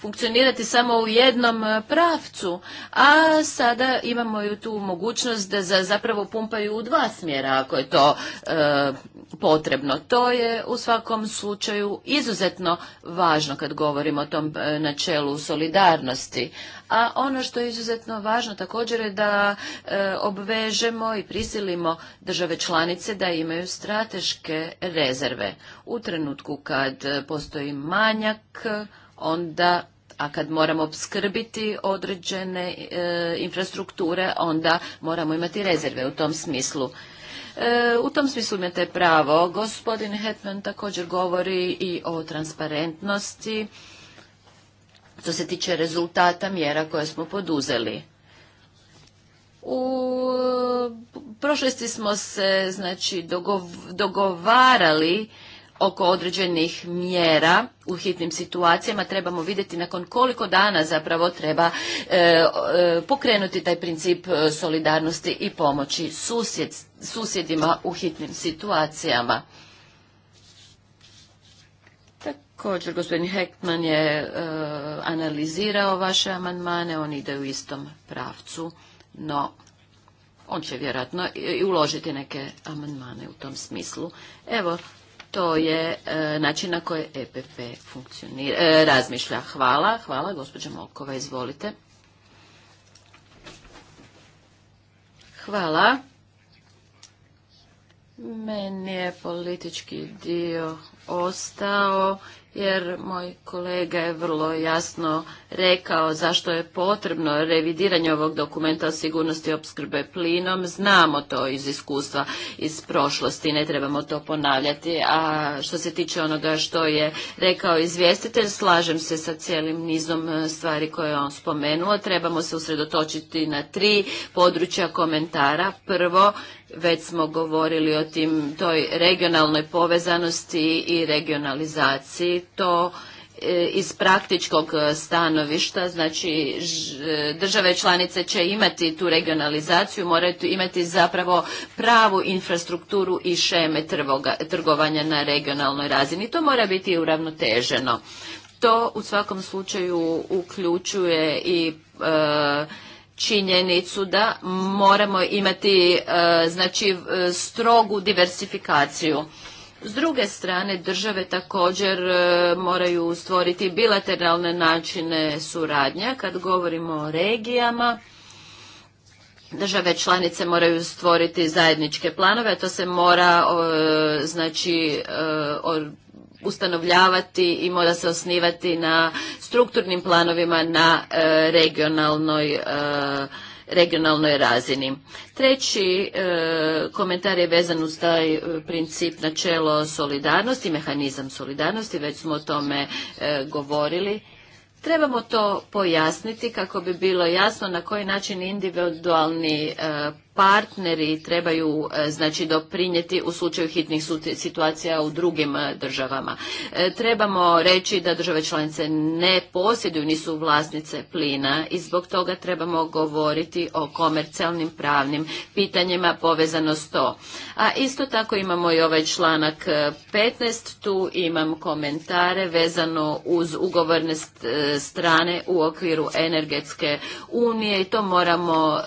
funkcionirati samo u jednom e, pravcu, a sada imamo ju tu mogućnost da za, zapravo pumpaju u dva smjera ako je to e, potrebno. To je u svakom slučaju izuzetno važno kad govorimo o tom e, načelu solidarnosti. A ono što je izuzetno važno također je da obvežemo i prisilimo države članice da imaju strateške rezerve. U trenutku kad postoji manjak onda a kad moramo obskrbiti određene e, infrastrukture, onda moramo imati rezerve u tom smislu. E, u tom smislu imate pravo. Gospodin Hetman također govori i o transparentnosti što se tiče rezultata mjera koje smo poduzeli. U prošlosti smo se znači, dogovarali oko određenih mjera u hitnim situacijama trebamo vidjeti nakon koliko dana zapravo treba e, e, pokrenuti taj princip e, solidarnosti i pomoći susjedima u hitnim situacijama. Također, gospodin Hektman je analizirao vaše amandmane, oni ide u istom pravcu, no on će vjerojatno i uložiti neke amandmane u tom smislu. Evo, to je e, način na koji EPP funkcionira, e, razmišlja. Hvala, hvala, gospođa Molkova, izvolite. Hvala. Meni je politički dio ostao jer moj kolega je vrlo jasno rekao zašto je potrebno revidiranje ovog dokumenta o sigurnosti opskrbe plinom. Znamo to iz iskustva iz prošlosti, ne trebamo to ponavljati. A što se tiče onoga što je rekao izvjestitelj, slažem se sa cijelim nizom e, stvari koje je on spomenuo. Trebamo se usredotočiti na tri područja komentara. Prvo, već smo govorili o tim toj regionalnoj povezanosti i regionalizaciji to e, iz praktičkog stanovišta znači e, države članice će imati tu regionalizaciju moraju imati zapravo pravu infrastrukturu i šeme trgovanja na regionalnoj razini to mora biti uravnoteženo to u svakom slučaju uključuje i e, činjenicu da moramo imati e, znači e, strogu diversifikaciju. S druge strane, države također e, moraju stvoriti bilateralne načine suradnja. Kad govorimo o regijama, države članice moraju stvoriti zajedničke planove, to se mora znači ustanovljavati i mora se osnivati na strukturnim planovima na e, regionalnoj e, regionalnoj razini. Treći e, komentar je vezan uz taj princip načelo solidarnosti, mehanizam solidarnosti, već smo o tome govorili. Trebamo to pojasniti kako bi bilo jasno na koji način individualni partneri trebaju e, znači doprinijeti u slučaju hitnih situacija u drugim e, državama. E, trebamo reći da države članice ne posjeduju, nisu vlasnice plina i zbog toga trebamo govoriti o komercijalnim pravnim pitanjima povezano s to. A isto tako imamo i ovaj članak 15, tu imam komentare vezano uz ugovorne strane u okviru energetske unije i to moramo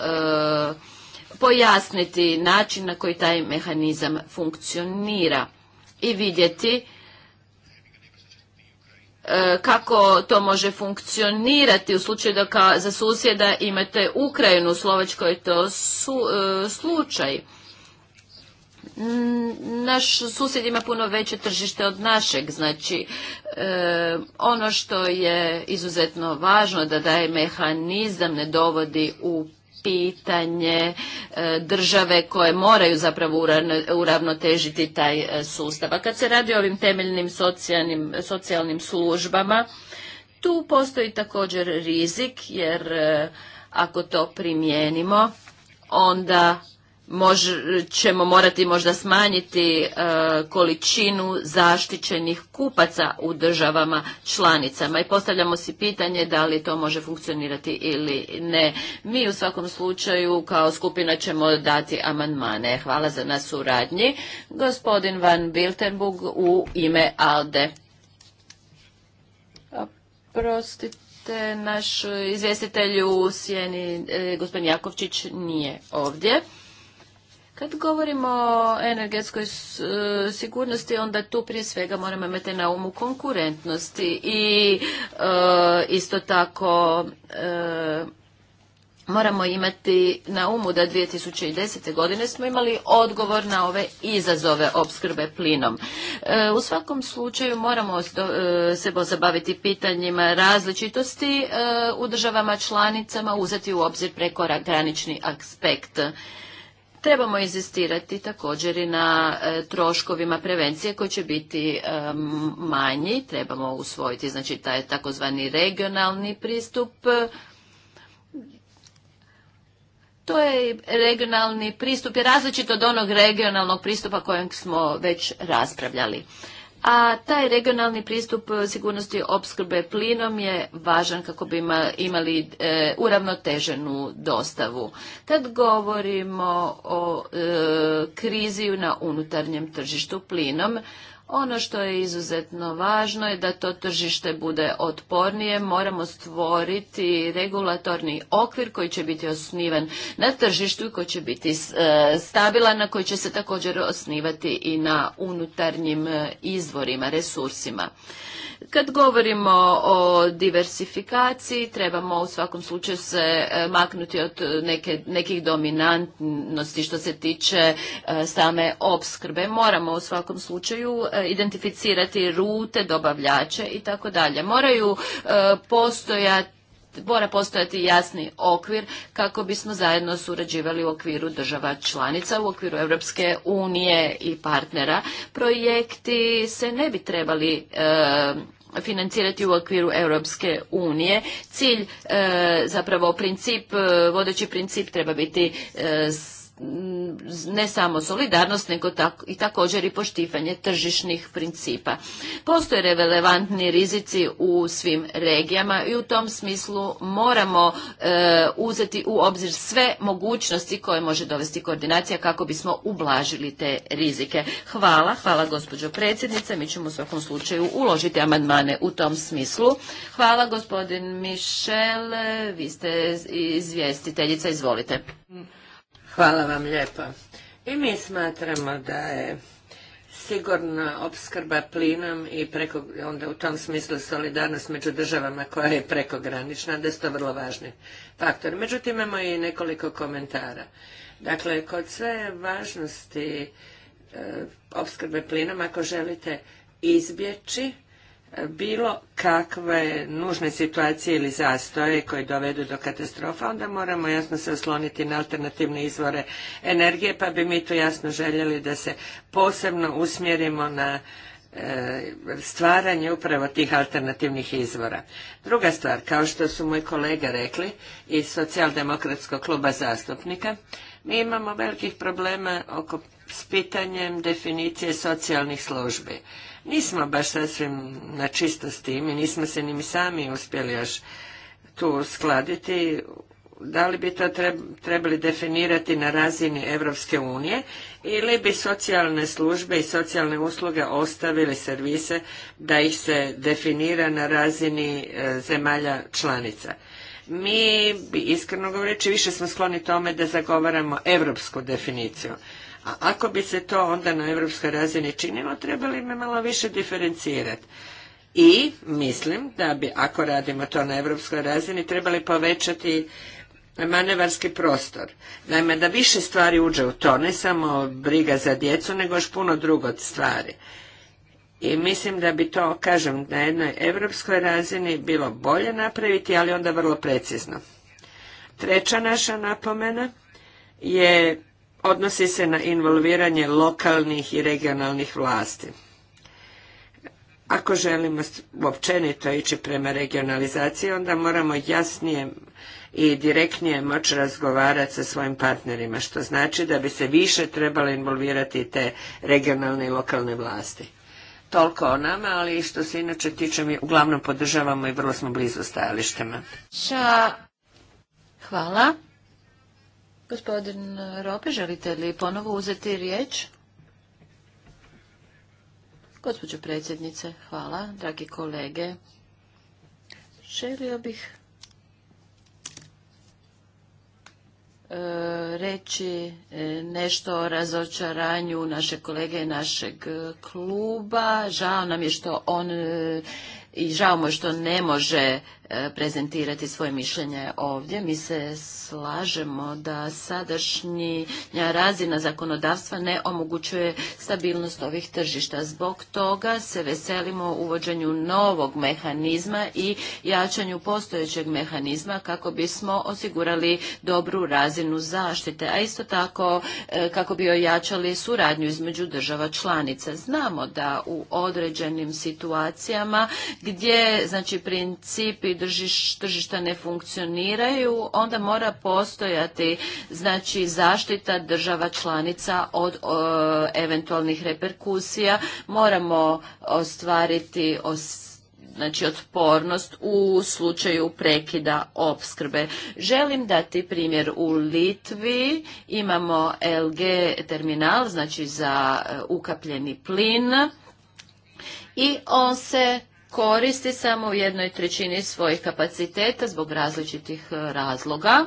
pojasniti način na koji taj mehanizam funkcionira i vidjeti e, kako to može funkcionirati u slučaju da za susjeda imate Ukrajinu, u Slovačkoj to su, e, slučaj. Naš susjed ima puno veće tržište od našeg, znači e, ono što je izuzetno važno da taj mehanizam ne dovodi u pitanje e, države koje moraju zapravo uravnotežiti taj e, sustav. A kad se radi o ovim temeljnim socijalnim, službama, tu postoji također rizik jer e, ako to primijenimo, onda mož, ćemo morati možda smanjiti e, količinu zaštićenih kupaca u državama članicama i postavljamo si pitanje da li to može funkcionirati ili ne. Mi u svakom slučaju kao skupina ćemo dati amandmane. Hvala za nas u radnji. Gospodin Van Biltenburg u ime ALDE. Prostite, naš izvjestitelj u Sjeni, e, gospodin Jakovčić, nije ovdje. Kad govorimo o energetskoj e, sigurnosti, onda tu prije svega moramo imati na umu konkurentnosti i e, isto tako e, moramo imati na umu da 2010. godine smo imali odgovor na ove izazove opskrbe plinom. u svakom slučaju moramo se pozabaviti pitanjima različitosti u državama članicama, uzeti u obzir preko granični aspekt Trebamo inzistirati također i na e, troškovima prevencije koji će biti e, manji. Trebamo usvojiti znači taj takozvani regionalni pristup. To je regionalni pristup, je različit od onog regionalnog pristupa kojeg smo već raspravljali a taj regionalni pristup e, sigurnosti opskrbe plinom je važan kako bi imali e, uravnoteženu dostavu. Kad govorimo o e, krizi na unutarnjem tržištu plinom, ono što je izuzetno važno je da to tržište bude otpornije, moramo stvoriti regulatorni okvir koji će biti osnivan na tržištu i koji će biti e, stabilan, na koji će se također osnivati i na unutarnjim e, izvorima, resursima. Kad govorimo o diversifikaciji, trebamo u svakom slučaju se e, maknuti od neke, nekih dominantnosti što se tiče e, same opskrbe. Moramo u svakom slučaju e, identificirati rute, dobavljače i tako dalje. Moraju postojati mora postojati jasni okvir kako bismo zajedno surađivali u okviru država članica, u okviru Europske unije i partnera. Projekti se ne bi trebali financirati u okviru Europske unije. Cilj, e, zapravo princip, e, vodeći princip treba biti e, ne samo solidarnost, nego i također i poštivanje tržišnih principa. Postoje relevantni rizici u svim regijama i u tom smislu moramo e, uzeti u obzir sve mogućnosti koje može dovesti koordinacija kako bismo ublažili te rizike. Hvala, hvala gospođo predsjednice, mi ćemo u svakom slučaju uložiti amandmane u tom smislu. Hvala gospodin Mišel, vi ste izvjestiteljica, izvolite. Mm. Hvala vam lijepo. I mi smatramo da je sigurna opskrba plinom i preko, onda u tom smislu solidarnost među državama koja je prekogranična, da je to vrlo važni faktor. Međutim, imamo i nekoliko komentara. Dakle, kod sve važnosti e, opskrbe plinom, ako želite izbjeći bilo kakve nužne situacije ili zastoje koji dovedu do katastrofa, onda moramo jasno se osloniti na alternativne izvore energije, pa bi mi tu jasno željeli da se posebno usmjerimo na e, stvaranje upravo tih alternativnih izvora. Druga stvar, kao što su moji kolege rekli iz socijaldemokratskog kluba zastupnika, mi imamo velikih problema oko s pitanjem definicije socijalnih službi. Nismo baš sasvim na čisto s tim i nismo se ni sami uspjeli još tu uskladiti. Da li bi to trebali definirati na razini Evropske unije ili bi socijalne službe i socijalne usluge ostavili servise da ih se definira na razini e, zemalja članica? Mi, iskreno govoreći, više smo skloni tome da zagovaramo evropsku definiciju. A ako bi se to onda na europskoj razini činilo, trebali bi malo više diferencirati. I mislim da bi, ako radimo to na europskoj razini, trebali povećati manevarski prostor. Naime, da više stvari uđe u to, ne samo briga za djecu, nego još puno drugo stvari. I mislim da bi to, kažem, na jednoj europskoj razini bilo bolje napraviti, ali onda vrlo precizno. Treća naša napomena je odnosi se na involviranje lokalnih i regionalnih vlasti. Ako želimo općenito ići prema regionalizaciji, onda moramo jasnije i direktnije moći razgovarati sa svojim partnerima, što znači da bi se više trebalo involvirati te regionalne i lokalne vlasti. Toliko o nama, ali što se inače tiče mi uglavnom podržavamo i vrlo smo blizu stajališta. Hvala. Gospodin Rope, želite li ponovo uzeti riječ? Gospođo predsjednice, hvala, dragi kolege. Želio bih e, reći e, nešto o razočaranju našeg kolege i našeg kluba. Žao nam je što on e, i žao mu je što ne može E, prezentirati svoje mišljenje ovdje. Mi se slažemo da sadašnja razina zakonodavstva ne omogućuje stabilnost ovih tržišta. Zbog toga se veselimo uvođenju novog mehanizma i jačanju postojećeg mehanizma kako bismo osigurali dobru razinu zaštite, a isto tako e, kako bi ojačali suradnju između država članica. Znamo da u određenim situacijama gdje znači principi tržišta ne funkcioniraju, onda mora postojati znači zaštita država članica od eventualnih reperkusija. Moramo ostvariti znači otpornost u slučaju prekida opskrbe. Želim dati primjer u Litvi imamo LG terminal znači za e, ukapljeni plin i on se koristi samo u jednoj trećini svojih kapaciteta zbog različitih e, razloga,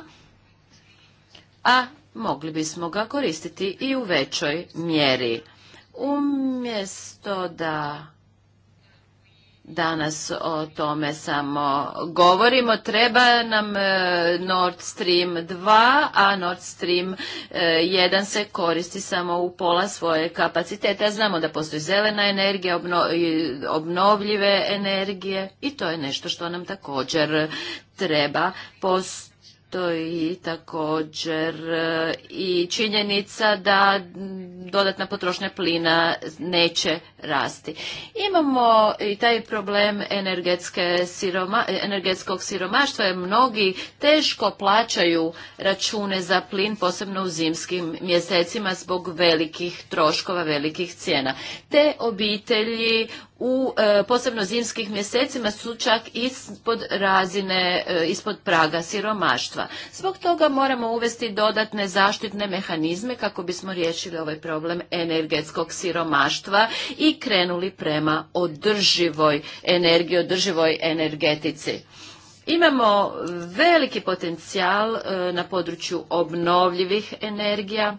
a mogli bismo ga koristiti i u većoj mjeri. Umjesto da danas o tome samo govorimo. Treba nam e, Nord Stream 2, a Nord Stream 1 e, se koristi samo u pola svoje kapacitete. znamo da postoji zelena energija, obnovljive energije i to je nešto što nam također treba postoji to i također e, i činjenica da dodatna potrošnja plina neće rasti. Imamo i taj problem siroma, energetskog siromaštva jer mnogi teško plaćaju račune za plin, posebno u zimskim mjesecima zbog velikih troškova, velikih cijena. Te obitelji u e, posebno zimskih mjesecima su čak ispod razine, e, ispod praga siromaštva. Zbog toga moramo uvesti dodatne zaštitne mehanizme kako bismo riješili ovaj problem energetskog siromaštva i krenuli prema održivoj energiji, održivoj energetici. Imamo veliki potencijal e, na području obnovljivih energija.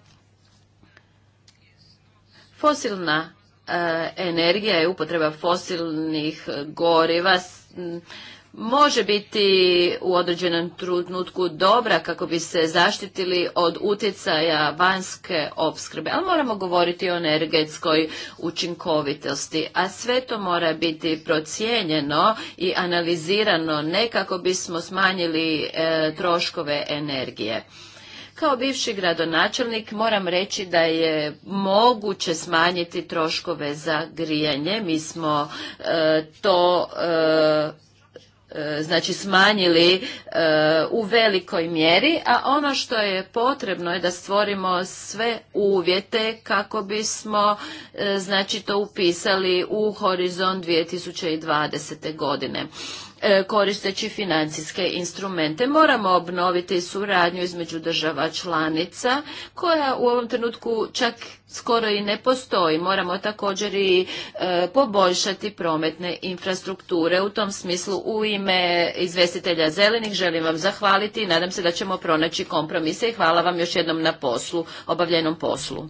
Fosilna E, energija i upotreba fosilnih goriva može biti u određenom trenutku dobra kako bi se zaštitili od utjecaja vanjske opskrbe, ali moramo govoriti o energetskoj učinkovitosti, a sve to mora biti procijenjeno i analizirano ne kako bismo smanjili e, troškove energije. Kao bivši gradonačelnik moram reći da je moguće smanjiti troškove za grijanje. Mi smo e, to e, e, znači smanjili u velikoj mjeri, a ono što je potrebno je da stvorimo sve uvjete kako bismo znači to upisali u horizont 2020. godine. E, koristeći financijske instrumente. Moramo obnoviti suradnju između država članica koja u ovom trenutku čak skoro i ne postoji. Moramo također i e, poboljšati prometne infrastrukture. U tom smislu u ime izvestitelja zelenih želim vam zahvaliti i nadam se da ćemo pronaći kompromise i hvala vam još jednom na poslu, obavljenom poslu.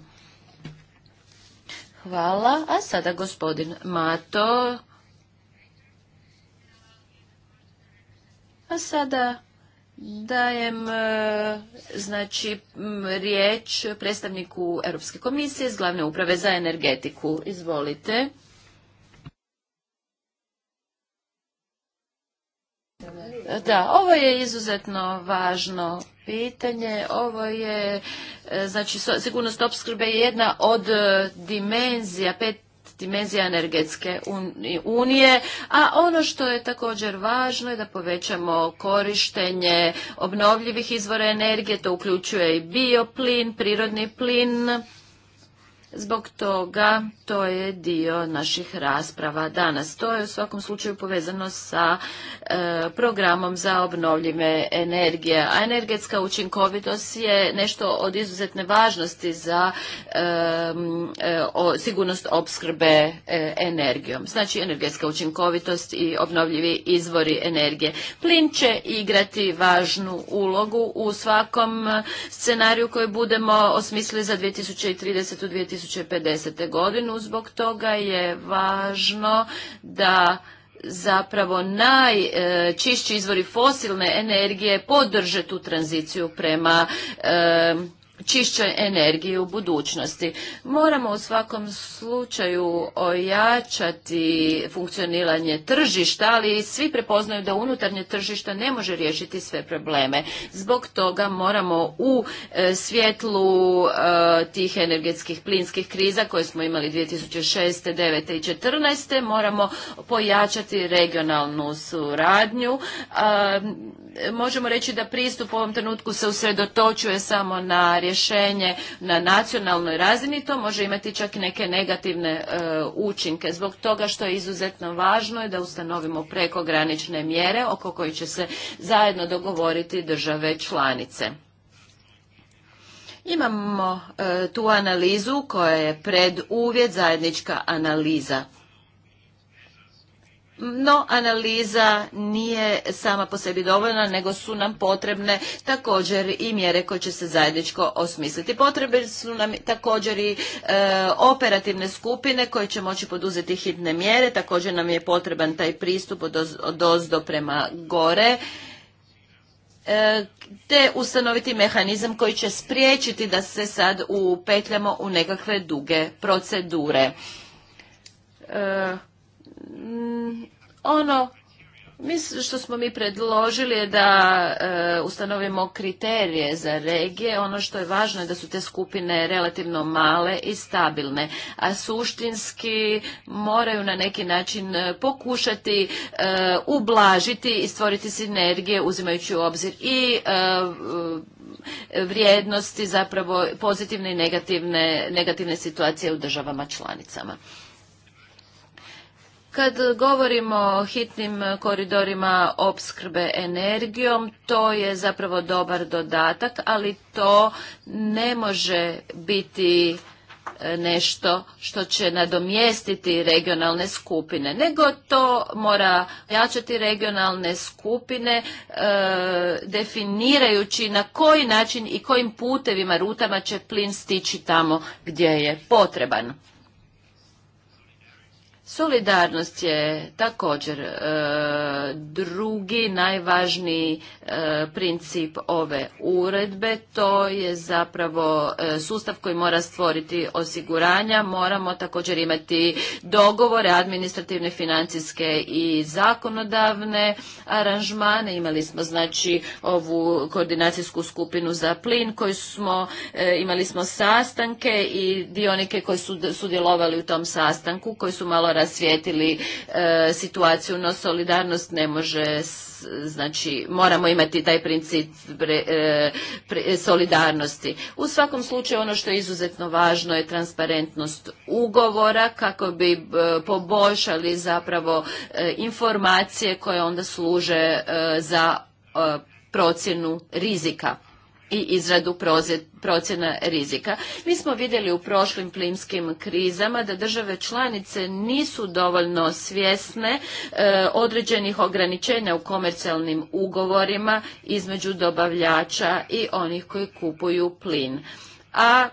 Hvala. A sada gospodin Mato A sada dajem e, znači riječ predstavniku Europske komisije iz glavne uprave za energetiku. Izvolite. Da, ovo je izuzetno važno pitanje. Ovo je, e, znači, sigurnost opskrbe je jedna od e, dimenzija, pet dimenzija energetske unije, a ono što je također važno je da povećamo korištenje obnovljivih izvora energije, to uključuje i bioplin, prirodni plin, Zbog toga to je dio naših rasprava danas. To je u svakom slučaju povezano sa e, programom za obnovljive energije. A energetska učinkovitost je nešto od izuzetne važnosti za e, e, sigurnost opskrbe energijom. Znači energetska učinkovitost i obnovljivi izvori energije. Plin će igrati važnu ulogu u svakom scenariju koji budemo osmislili za 2030. u 2030 2050. godinu. Zbog toga je važno da zapravo najčišći izvori fosilne energije podrže tu tranziciju prema čišće energije u budućnosti. Moramo u svakom slučaju ojačati funkcioniranje tržišta, ali svi prepoznaju da unutarnje tržišta ne može riješiti sve probleme. Zbog toga moramo u e, svjetlu e, tih energetskih plinskih kriza koje smo imali 2006. 2009. i 2014. moramo pojačati regionalnu suradnju. Možemo reći da pristup u ovom trenutku se usredotočuje samo na rješenje rješenje na nacionalnoj razini, to može imati čak i neke negativne e, učinke. Zbog toga što je izuzetno važno je da ustanovimo prekogranične mjere oko koji će se zajedno dogovoriti države članice. Imamo e, tu analizu koja je preduvjet zajednička analiza no, analiza nije sama po sebi dovoljna, nego su nam potrebne također i mjere koje će se zajedničko osmisliti. Potrebe su nam također i e, operativne skupine koje će moći poduzeti hitne mjere, također nam je potreban taj pristup od ozdo prema gore e, te ustanoviti mehanizam koji će spriječiti da se sad upetljamo u nekakve duge procedure. E, Mm, ono što smo mi predložili je da e, ustanovimo kriterije za regije. Ono što je važno je da su te skupine relativno male i stabilne, a suštinski moraju na neki način e, pokušati e, ublažiti i stvoriti sinergije uzimajući u obzir i vrijednosti zapravo pozitivne i negativne situacije u državama članicama. Kad govorimo o hitnim koridorima opskrbe energijom, to je zapravo dobar dodatak, ali to ne može biti e, nešto što će nadomjestiti regionalne skupine, nego to mora jačati regionalne skupine e, definirajući na koji način i kojim putevima, rutama će plin stići tamo gdje je potreban. Solidarnost je također e, drugi najvažniji e, princip ove uredbe, to je zapravo e, sustav koji mora stvoriti osiguranja, moramo također imati dogovore administrativne, financijske i zakonodavne aranžmane. Imali smo znači ovu koordinacijsku skupinu za plin koju smo, imali smo sastanke i dionike koji su sudjelovali u tom sastanku koji su malo rasvijetili e, situaciju, no solidarnost ne može, znači moramo imati taj princip e, solidarnosti. U svakom slučaju ono što je izuzetno važno je transparentnost ugovora kako bi e, poboljšali zapravo e, informacije koje onda služe za procjenu rizika i izradu procjena rizika. Mi smo vidjeli u prošlim plimskim krizama da države članice nisu dovoljno svjesne e, određenih ograničenja u komercijalnim ugovorima između dobavljača i onih koji kupuju plin. A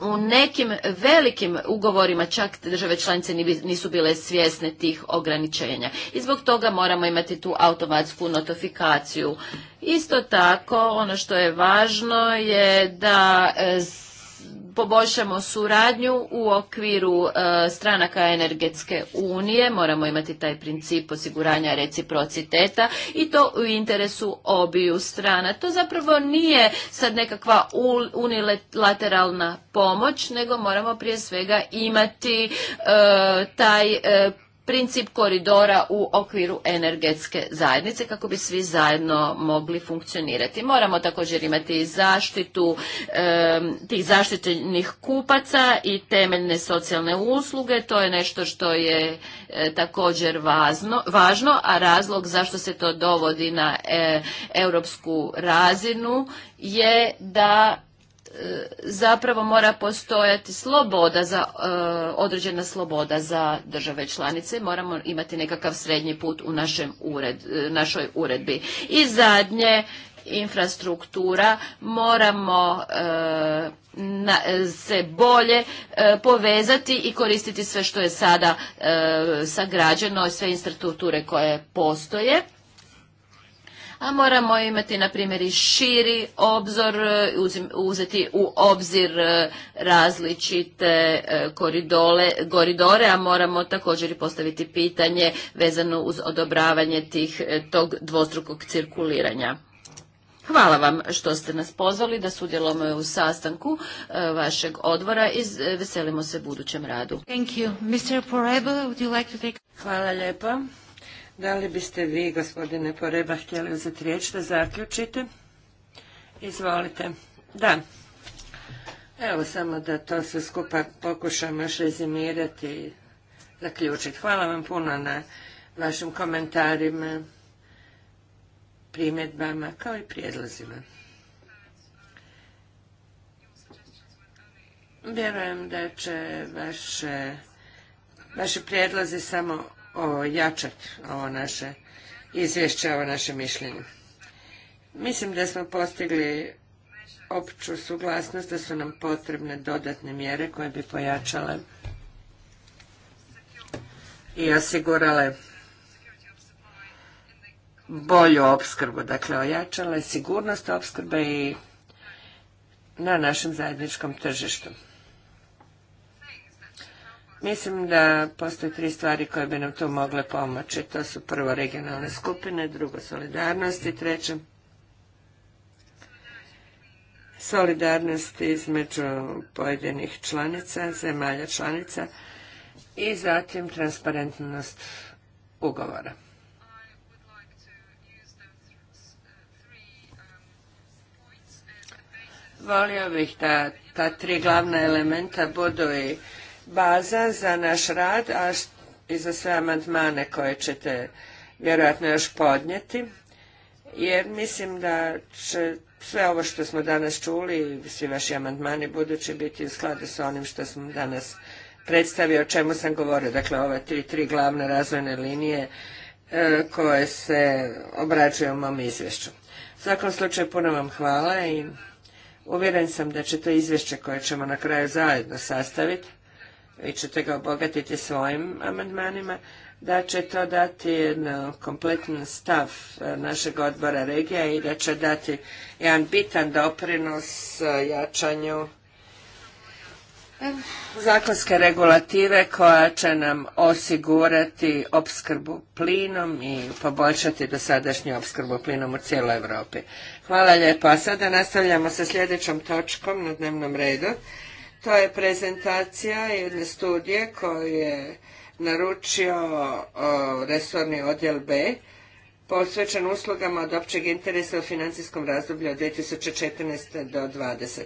u nekim velikim ugovorima čak države članice nisu bile svjesne tih ograničenja. I zbog toga moramo imati tu automatsku notifikaciju. Isto tako, ono što je važno je da e, poboljšamo suradnju u okviru e, stranaka energetske unije, moramo imati taj princip osiguranja reciprociteta i to u interesu obiju strana. To zapravo nije sad nekakva unilateralna pomoć, nego moramo prije svega imati e, taj e, princip koridora u okviru energetske zajednice kako bi svi zajedno mogli funkcionirati. Moramo također imati zaštitu tih zaštićenih kupaca i temeljne socijalne usluge. To je nešto što je e, također važno, a razlog zašto se to dovodi na e, europsku razinu je da zapravo mora postojati sloboda za e, određena sloboda za države članice moramo imati nekakav srednji put u e, našoj uredbi i zadnje infrastruktura moramo e, se bolje povezati i koristiti sve što je sada sagrađeno sve infrastrukture koje postoje a moramo imati na primjer i širi obzor, e, uzeti u obzir e, različite e, koridole, koridore, a moramo također i postaviti pitanje vezano uz odobravanje tih, tog dvostrukog cirkuliranja. Hvala vam što ste nas pozvali da sudjelujemo u sastanku vašeg odvora i veselimo se budućem radu. Hvala lijepa. Da li biste vi, gospodine Poreba, htjeli uzeti riječ da zaključite? Izvolite. Da. Evo samo da to sve skupa pokušam još rezimirati i zaključiti. Hvala vam puno na vašim komentarima, primjedbama kao i prijedlozima. Vjerujem da će vaše, prijedlozi samo ojačati ovo naše izvješće, ovo naše mišljenje. Mislim da smo postigli opću suglasnost da su nam potrebne dodatne mjere koje bi pojačale i osigurale bolju opskrbu, dakle ojačale sigurnost opskrbe i na našem zajedničkom tržištu. Mislim da postoje tri stvari koje bi nam to mogle pomoći. To su prvo regionalne skupine, drugo solidarnost i treće solidarnost između pojedinih članica, zemalja članica i zatim transparentnost ugovora. Volio bih da ta tri glavna elementa budu i baza za naš rad i za sve amandmane koje ćete vjerojatno još podnijeti jer mislim da će sve ovo što smo danas čuli i svi vaši amandmani budući biti u skladu sa onim što smo danas predstavio, o čemu sam govorio. Dakle, ove tri, tri glavne razvojne linije e, koje se obrađuju u mom izvješću. U svakom slučaju puno vam hvala i uvjeren sam da će to izvješće koje ćemo na kraju zajedno sastaviti vi ćete ga obogatiti svojim amandmanima, da će to dati jedan kompletan stav e, našeg odbora regija i da će dati jedan bitan doprinos e, jačanju e, zakonske regulative koja će nam osigurati opskrbu plinom i poboljšati dosadašnju opskrbu plinom u cijeloj Europi. Hvala lijepo. A sada nastavljamo sa sljedećom točkom na dnevnom redu, to je prezentacija jedne studije koju je naručio resorni odjel B posvećen uslugama od općeg interesa u financijskom razdoblju od 2014. do 2020.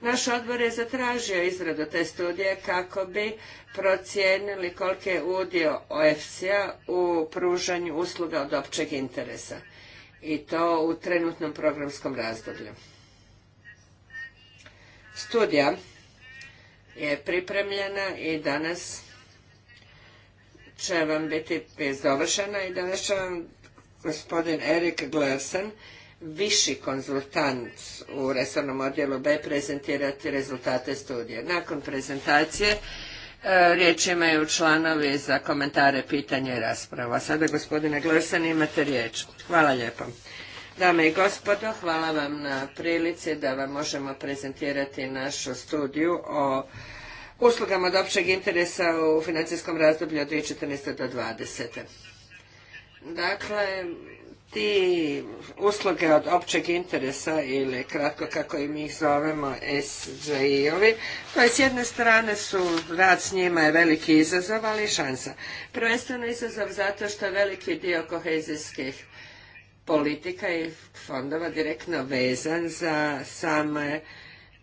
Naš odbor je zatražio izradu te studije kako bi procijenili koliki je udio OFC-a u pružanju usluga od općeg interesa i to u trenutnom programskom razdoblju. Studija je pripremljena i danas će vam biti završena i danas će vam gospodin Erik Glersen, viši konzultant u resornom odjelu B, prezentirati rezultate studije. Nakon prezentacije e, riječ imaju članovi za komentare, pitanje i raspravo. A sada, gospodine Glersen, imate riječ. Hvala lijepo. Dame i gospodo, hvala vam na prilici da vam možemo prezentirati našu studiju o uslugama od općeg interesa u financijskom razdoblju od 2014. do 2020. Dakle, ti usluge od općeg interesa ili kratko kako im ih zovemo SGI-ovi, koje s jedne strane su, rad s njima je veliki izazov, ali i šansa. Prvenstveno izazov zato što veliki dio kohezijskih politika i fondova direktno vezan za same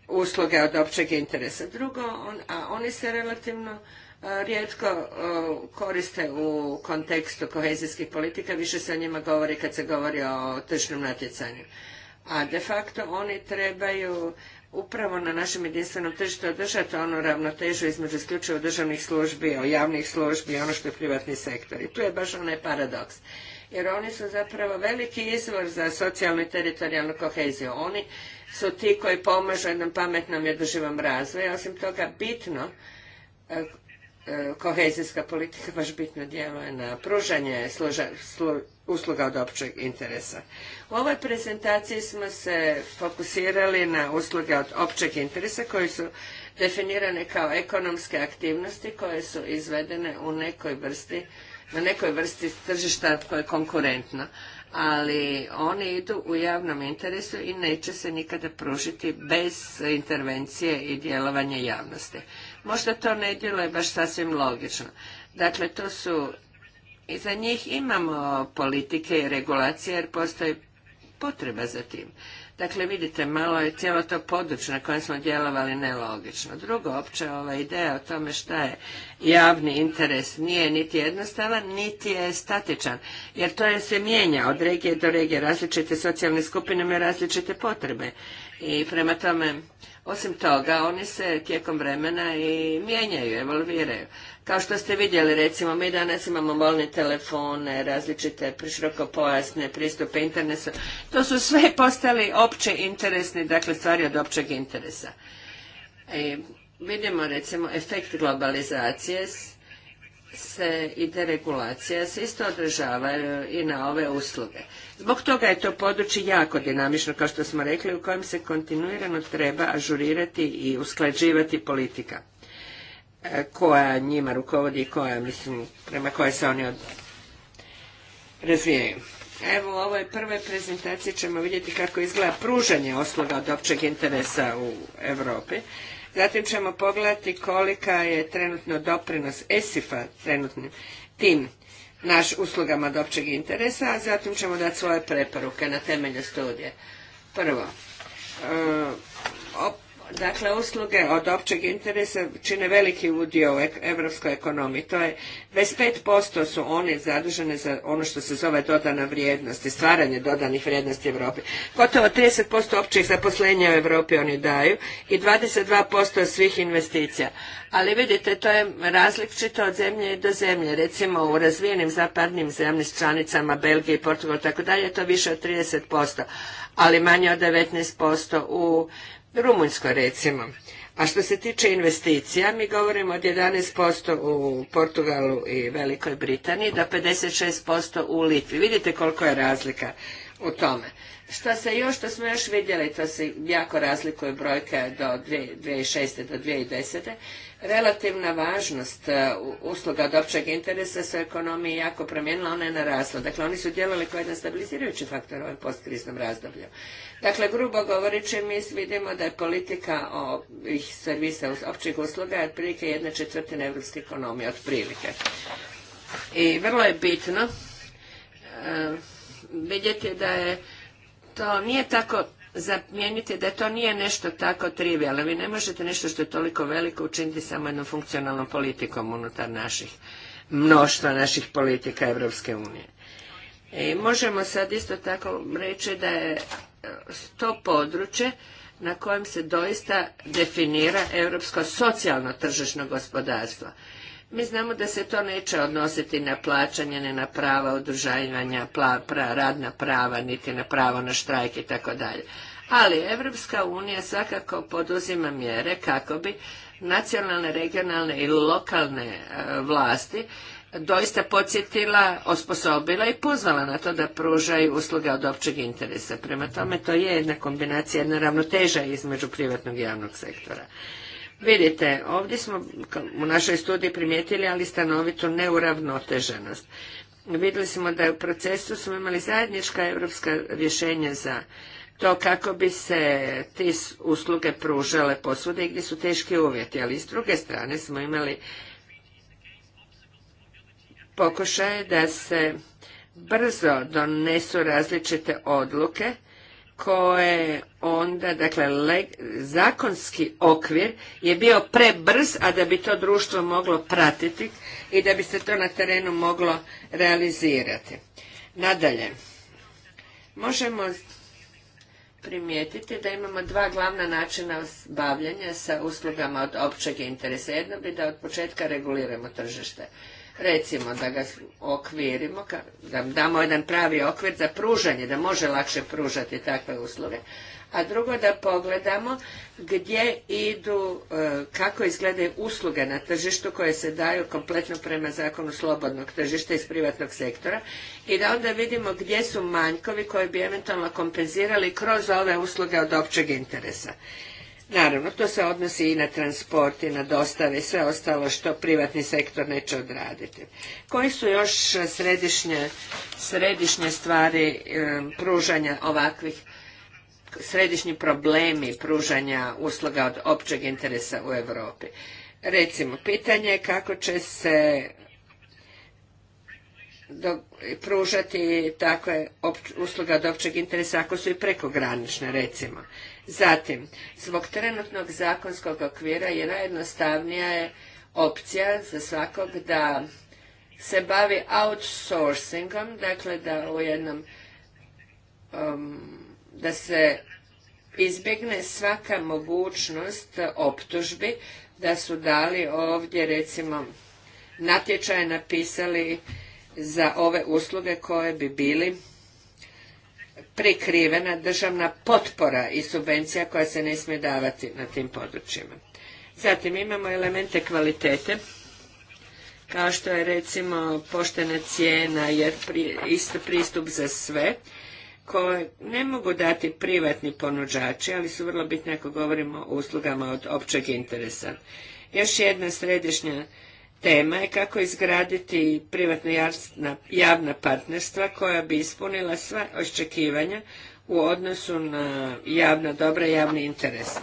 usluge od općeg interesa. Drugo, a oni se relativno e, rijetko e, koriste u kontekstu kohezijskih politika, više se o njima govori kad se govori o tržnom natjecanju. A de facto oni trebaju upravo na našem jedinstvenom tržištu održati onu ravnotežu između isključivo državnih službi, javnih službi i ono što je privatni sektor. I tu je baš onaj paradoks jer oni su zapravo veliki izvor za socijalnu i teritorijalnu koheziju. Oni su ti koji pomažu jednom pametnom i održivom razvoju. Osim toga, bitno e, e, kohezijska politika baš bitno djeluje na pružanje usluga od općeg interesa. U ovoj prezentaciji smo se fokusirali na usluge od općeg interesa koje su definirane kao ekonomske aktivnosti koje su izvedene u nekoj vrsti na nekoj vrsti tržišta koje je konkurentno. Ali oni idu u javnom interesu i neće se nikada pružiti bez intervencije i djelovanja javnosti. Možda to ne djeluje baš sasvim logično. Dakle, to su i za njih imamo politike i regulacije jer postoji potreba za tim. Dakle, vidite, malo je cijelo to područje na kojem smo djelovali nelogično. Drugo, opće ova ideja o tome šta je javni interes nije niti jednostavan, niti je statičan, jer to je se mijenja od regije do regije, različite socijalne skupine imaju različite potrebe. I prema tome, osim toga, oni se tijekom vremena i mijenjaju, evolviraju. Kao što ste vidjeli, recimo, mi danas imamo mobilne telefone, različite širokopojasne pristupe internetu. To su sve postali opće interesni, dakle stvari od općeg interesa. E, vidimo recimo efekt globalizacije se i deregulacija se isto održavaju e, i na ove usluge. Zbog toga je to područje jako dinamično, kao što smo rekli, u kojem se kontinuirano treba ažurirati i usklađivati politika koja njima rukovodi i koja, mislim, prema koje se oni razvijaju. Evo u ovoj prvoj prezentaciji ćemo vidjeti kako izgleda pružanje usluga od općeg interesa u Europi. Zatim ćemo pogledati kolika je trenutno doprinos ESIF-a trenutnim tim naš uslugama od općeg interesa, a zatim ćemo dati svoje preporuke na temelju studije. Prvo, e, Dakle, usluge od općeg interesa čine veliki udio u evropskoj ekonomiji. To je 25% su one zadužene za ono što se zove dodana vrijednost i stvaranje dodanih vrijednosti Europi. Gotovo 30% općih zaposlenja u Europi oni daju i 22% svih investicija. Ali vidite, to je različito od zemlje do zemlje. Recimo u razvijenim zapadnim zemljim članicama Belgije i Portugal, tako dalje, to više od 30%, ali manje od 19% u Rumunjskoj recimo. A što se tiče investicija, mi govorimo od 11% u Portugalu i Velikoj Britaniji do 56% u Litvi. Vidite koliko je razlika u tome. Što se još, što smo još vidjeli, to se jako razlikuje brojka do 2006. do 2010. Relativna važnost e, usluga od općeg interesa se ekonomije jako promijenila, ona je narasla. Dakle, oni su djelovali kao jedan stabilizirajući faktor u ovom postkriznom razdoblju. Dakle, grubo govoreći, mi vidimo da je politika ovih servisa općih usluga otprilike jedna četvrtina evropske ekonomije, otprilike. I vrlo je bitno e, vidjeti da je to nije tako zamijeniti da to nije nešto tako trivijalno. Vi ne možete nešto što je toliko veliko učiniti samo jednom funkcionalnom politikom unutar naših mnoštva naših politika Evropske unije. I e, možemo sad isto tako reći da je e, to područje na kojem se doista definira europsko socijalno tržišno gospodarstvo. Mi znamo da se to neće odnositi na plaćanje, ne na prava održavanja, radna prava, niti na pravo na štrajk i tako dalje. Ali Evropska unija svakako poduzima mjere kako bi nacionalne, regionalne i lokalne e, vlasti doista podsjetila, osposobila i pozvala na to da pružaju usluge od općeg interesa. Prema tome to je jedna kombinacija, jedna ravnoteža između privatnog i javnog sektora. Vidite, ovdje smo u našoj studiji primijetili, ali stanovitu neuravnoteženost. Vidjeli smo da u procesu smo imali zajednička europska rješenja za to kako bi se ti usluge pružale posude i gdje su teški uvjeti, ali s druge strane smo imali pokušaje da se brzo donesu različite odluke koje onda, dakle, zakonski okvir je bio prebrz, a da bi to društvo moglo pratiti i da bi se to na terenu moglo realizirati. Nadalje, možemo primijetiti da imamo dva glavna načina bavljanja sa uslugama od općeg interesa. Jedno bi da od početka reguliramo tržište recimo da ga okvirimo, da damo jedan pravi okvir za pružanje, da može lakše pružati takve usluge, a drugo da pogledamo gdje idu, e, kako izgledaju usluge na tržištu koje se daju kompletno prema zakonu slobodnog tržišta iz privatnog sektora i da onda vidimo gdje su manjkovi koji bi eventualno kompenzirali kroz ove usluge od općeg interesa. Naravno, to se odnosi i na transport i na dostave i sve ostalo što privatni sektor neće odraditi. Koji su još središnje, središnje stvari pružanja ovakvih, središnji problemi pružanja usluga od općeg interesa u Europi? Recimo, pitanje je kako će se do, pružati takve usluge od općeg interesa ako su i prekogranične, recimo Zatim, zbog trenutnog zakonskog okvira je najjednostavnija je opcija za svakog da se bavi outsourcingom, dakle da u jednom um, da se izbjegne svaka mogućnost optužbi da su dali ovdje recimo natječaje napisali za ove usluge koje bi bili prikrivena državna potpora i subvencija koja se ne smije davati na tim područjima. Zatim imamo elemente kvalitete, kao što je recimo poštena cijena, jer isto pristup za sve, koje ne mogu dati privatni ponuđači, ali su vrlo bitne ako govorimo o uslugama od općeg interesa. Još jedna središnja tema je kako izgraditi privatna javna partnerstva koja bi ispunila sva očekivanja u odnosu na javna dobra i javni interes.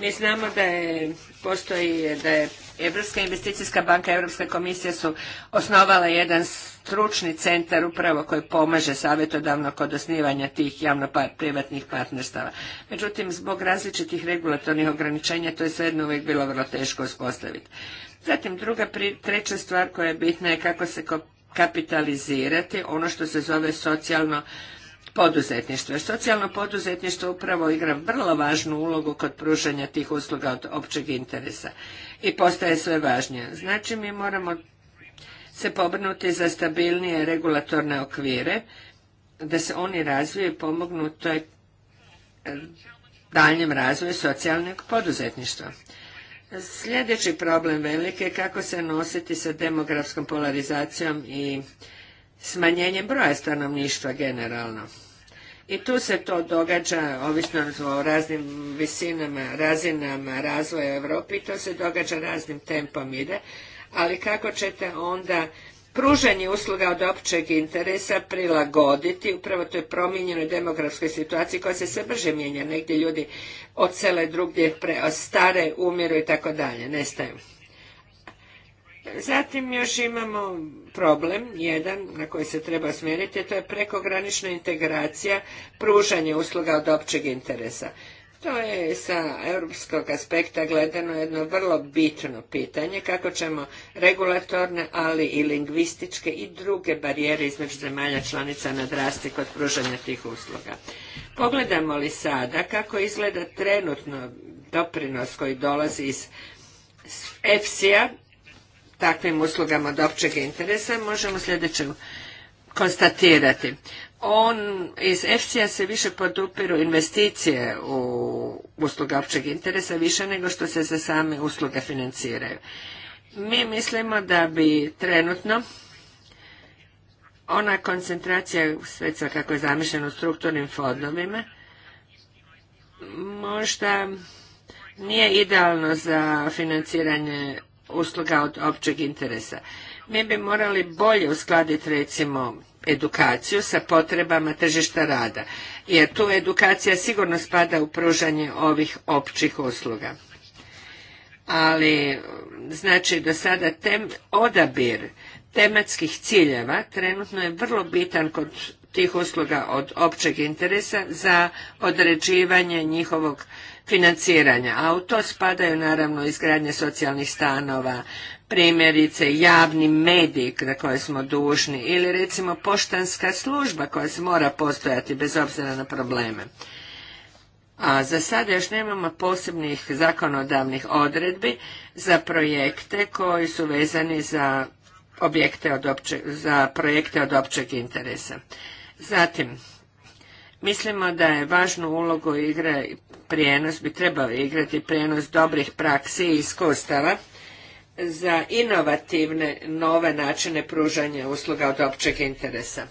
Mi znamo da je, postoji, da je Europska investicijska banka, Europska komisija su osnovala jedan stručni centar upravo koji pomaže savjetodavno kod osnivanja tih javno-privatnih partnerstava. Međutim, zbog različitih regulatornih ograničenja to je jedno uvijek bilo vrlo teško uspostaviti. Zatim, druga, treća stvar koja je bitna je kako se kapitalizirati ono što se zove socijalno poduzetništva. Socijalno poduzetništvo upravo igra vrlo važnu ulogu kod pružanja tih usluga od općeg interesa i postaje sve važnije. Znači mi moramo se pobrnuti za stabilnije regulatorne okvire, da se oni razviju i pomognu toj daljem razvoju socijalnog poduzetništva. Sljedeći problem velike je kako se nositi sa demografskom polarizacijom i smanjenjem broja stanovništva generalno. I tu se to događa, ovisno o raznim visinama, razinama razvoja Europi, i to se događa raznim tempom ide, ali kako ćete onda pružanje usluga od općeg interesa prilagoditi upravo je promijenjenoj demografskoj situaciji koja se sve brže mijenja, negdje ljudi odsele drugdje, pre, stare, umiru i tako dalje, nestaju. Zatim još imamo problem, jedan na koji se treba smjeriti to je prekogranična integracija pružanje usluga od općeg interesa. To je sa europskog aspekta gledano jedno vrlo bitno pitanje kako ćemo regulatorne, ali i lingvističke i druge barijere između zemalja članica nadrasti kod pružanja tih usluga. Pogledamo li sada kako izgleda trenutno doprinos koji dolazi iz EFSI-a takvim uslugama od općeg interesa, možemo sljedeće konstatirati. On, iz FCA a se više podupiru investicije u usluge općeg interesa više nego što se za same usluge financiraju. Mi mislimo da bi trenutno ona koncentracija sredstva kako je zamišljena u strukturnim fondovima možda nije idealno za financiranje usluga od općeg interesa. Mi bi morali bolje uskladiti recimo edukaciju sa potrebama tržišta rada, jer tu edukacija sigurno spada u pružanje ovih općih usluga. Ali znači do sada tem, odabir tematskih ciljeva trenutno je vrlo bitan kod tih usluga od općeg interesa za određivanje njihovog financiranja, a u to spadaju naravno izgradnje socijalnih stanova, primjerice javni medij na koje smo dužni ili recimo poštanska služba koja se mora postojati bez obzira na probleme. A za sada još nemamo posebnih zakonodavnih odredbi za projekte koji su vezani za objekte od za projekte od općeg interesa. Zatim, mislimo da je važnu ulogu igra prijenos bi trebali igrati prijenos dobrih praksi i iskustava za inovativne nove načine pružanja usluga od općeg interesa.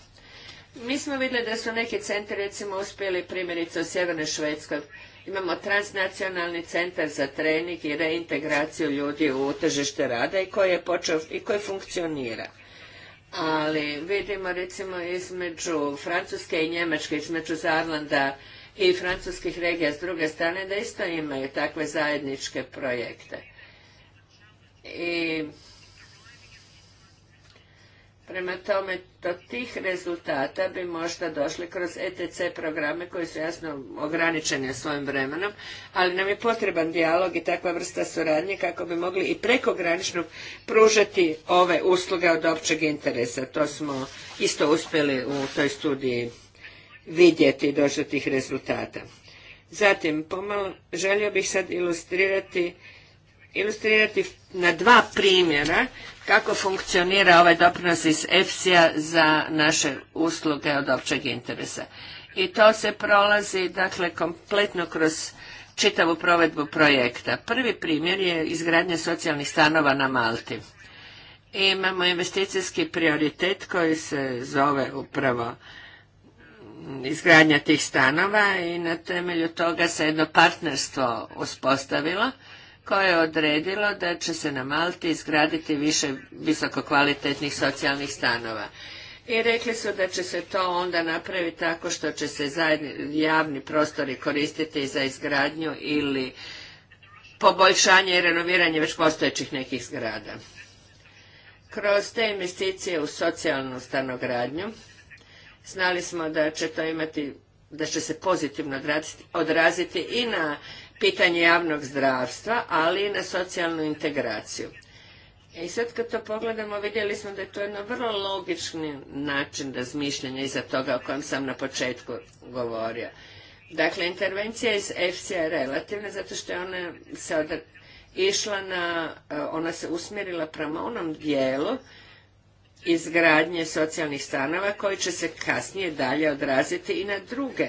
Mi smo vidjeli da su neki centri recimo uspjeli primjerice u Sjevernoj Švedskoj Imamo transnacionalni centar za trening i reintegraciju ljudi u tržište rada i koji je počeo i koji funkcionira. Ali vidimo recimo između Francuske i Njemačke, između Zarlanda i francuskih regija s druge strane da isto imaju takve zajedničke projekte. I prema tome do tih rezultata bi možda došli kroz ETC programe koji su jasno ograničeni svojim vremenom, ali nam je potreban dijalog i takva vrsta suradnje kako bi mogli i prekogranično pružati ove usluge od općeg interesa. To smo isto uspjeli u toj studiji vidjeti do tih rezultata. Zatim, pomalo, želio bih sad ilustrirati, ilustrirati na dva primjera kako funkcionira ovaj doprinos iz EFSI-a za naše usluge od općeg interesa. I to se prolazi, dakle, kompletno kroz čitavu provedbu projekta. Prvi primjer je izgradnja socijalnih stanova na Malti. Imamo investicijski prioritet koji se zove upravo izgradnja tih stanova i na temelju toga se jedno partnerstvo uspostavilo koje je odredilo da će se na Malti izgraditi više visokokvalitetnih socijalnih stanova. I rekli su da će se to onda napraviti tako što će se javni prostori koristiti za izgradnju ili poboljšanje i renoviranje već postojećih nekih zgrada. Kroz te investicije u socijalnu stanogradnju Znali smo da će to imati, da će se pozitivno odraziti i na pitanje javnog zdravstva, ali i na socijalnu integraciju. E, I sad kad to pogledamo, vidjeli smo da je to jedno vrlo logični način razmišljanja iza toga o kojem sam na početku govorio. Dakle, intervencija iz FC je relativna zato što je ona se išla na, e, ona se usmjerila prema onom dijelu izgradnje socijalnih stanova koji će se kasnije dalje odraziti i na druge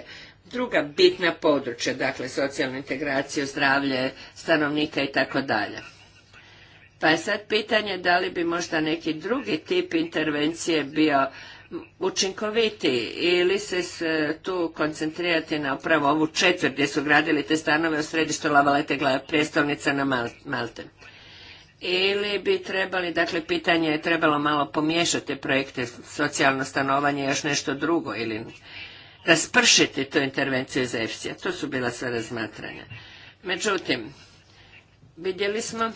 druga bitna područja, dakle socijalnu integraciju, zdravlje stanovnika i tako dalje. Pa je sad pitanje da li bi možda neki drugi tip intervencije bio učinkovitiji ili se e, tu koncentrirati na upravo ovu četvrt gdje su gradili te stanove u središtu Lavalete prijestolnica na Malten ili bi trebali, dakle pitanje je trebalo malo pomiješati projekte socijalno stanovanje i još nešto drugo ili raspršiti tu intervenciju iz EFSI-a. To su bila sve razmatranja. Međutim, vidjeli smo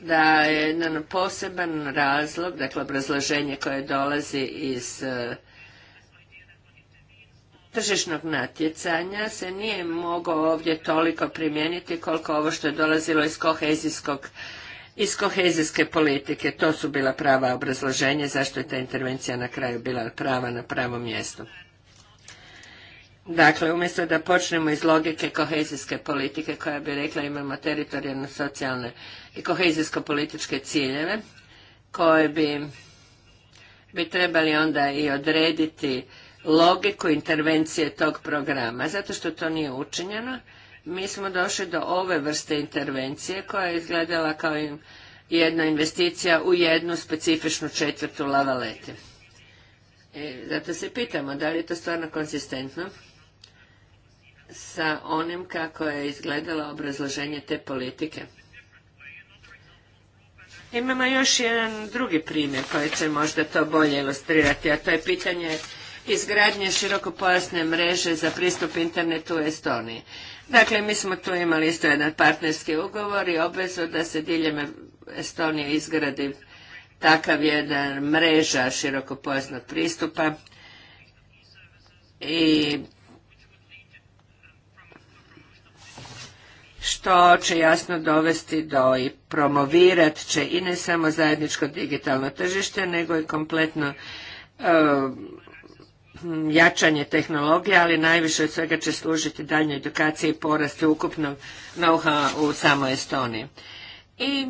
da je jedan poseban razlog, dakle obrazloženje koje dolazi iz eh, tržišnog natjecanja se nije mogao ovdje toliko primijeniti koliko ovo što je dolazilo iz kohezijskog iz kohezijske politike. To su bila prava obrazloženja zašto je ta intervencija na kraju bila prava na pravom mjestu. Dakle, umjesto da počnemo iz logike kohezijske politike koja bi rekla imamo teritorijalno socijalne i kohezijsko-političke ciljeve koje bi, bi trebali onda i odrediti logiku intervencije tog programa. Zato što to nije učinjeno, mi smo došli do ove vrste intervencije koja je izgledala kao jedna investicija u jednu specifičnu četvrtu lavalete. E, zato se pitamo da li je to stvarno konsistentno sa onim kako je izgledalo obrazloženje te politike. Imamo još jedan drugi primjer koji će možda to bolje ilustrirati, a to je pitanje izgradnje širokopojasne mreže za pristup internetu u Estoniji. Dakle, mi smo tu imali isto jedan partnerski ugovor i obvezu da se diljem Estonije izgradi takav jedan mreža širokopojasnog pristupa i što će jasno dovesti do i promovirat će i ne samo zajedničko digitalno tržište, nego i kompletno e, jačanje tehnologije, ali najviše od svega će služiti daljnjoj edukaciji i porasti ukupnog nauha u samoj Estoniji. I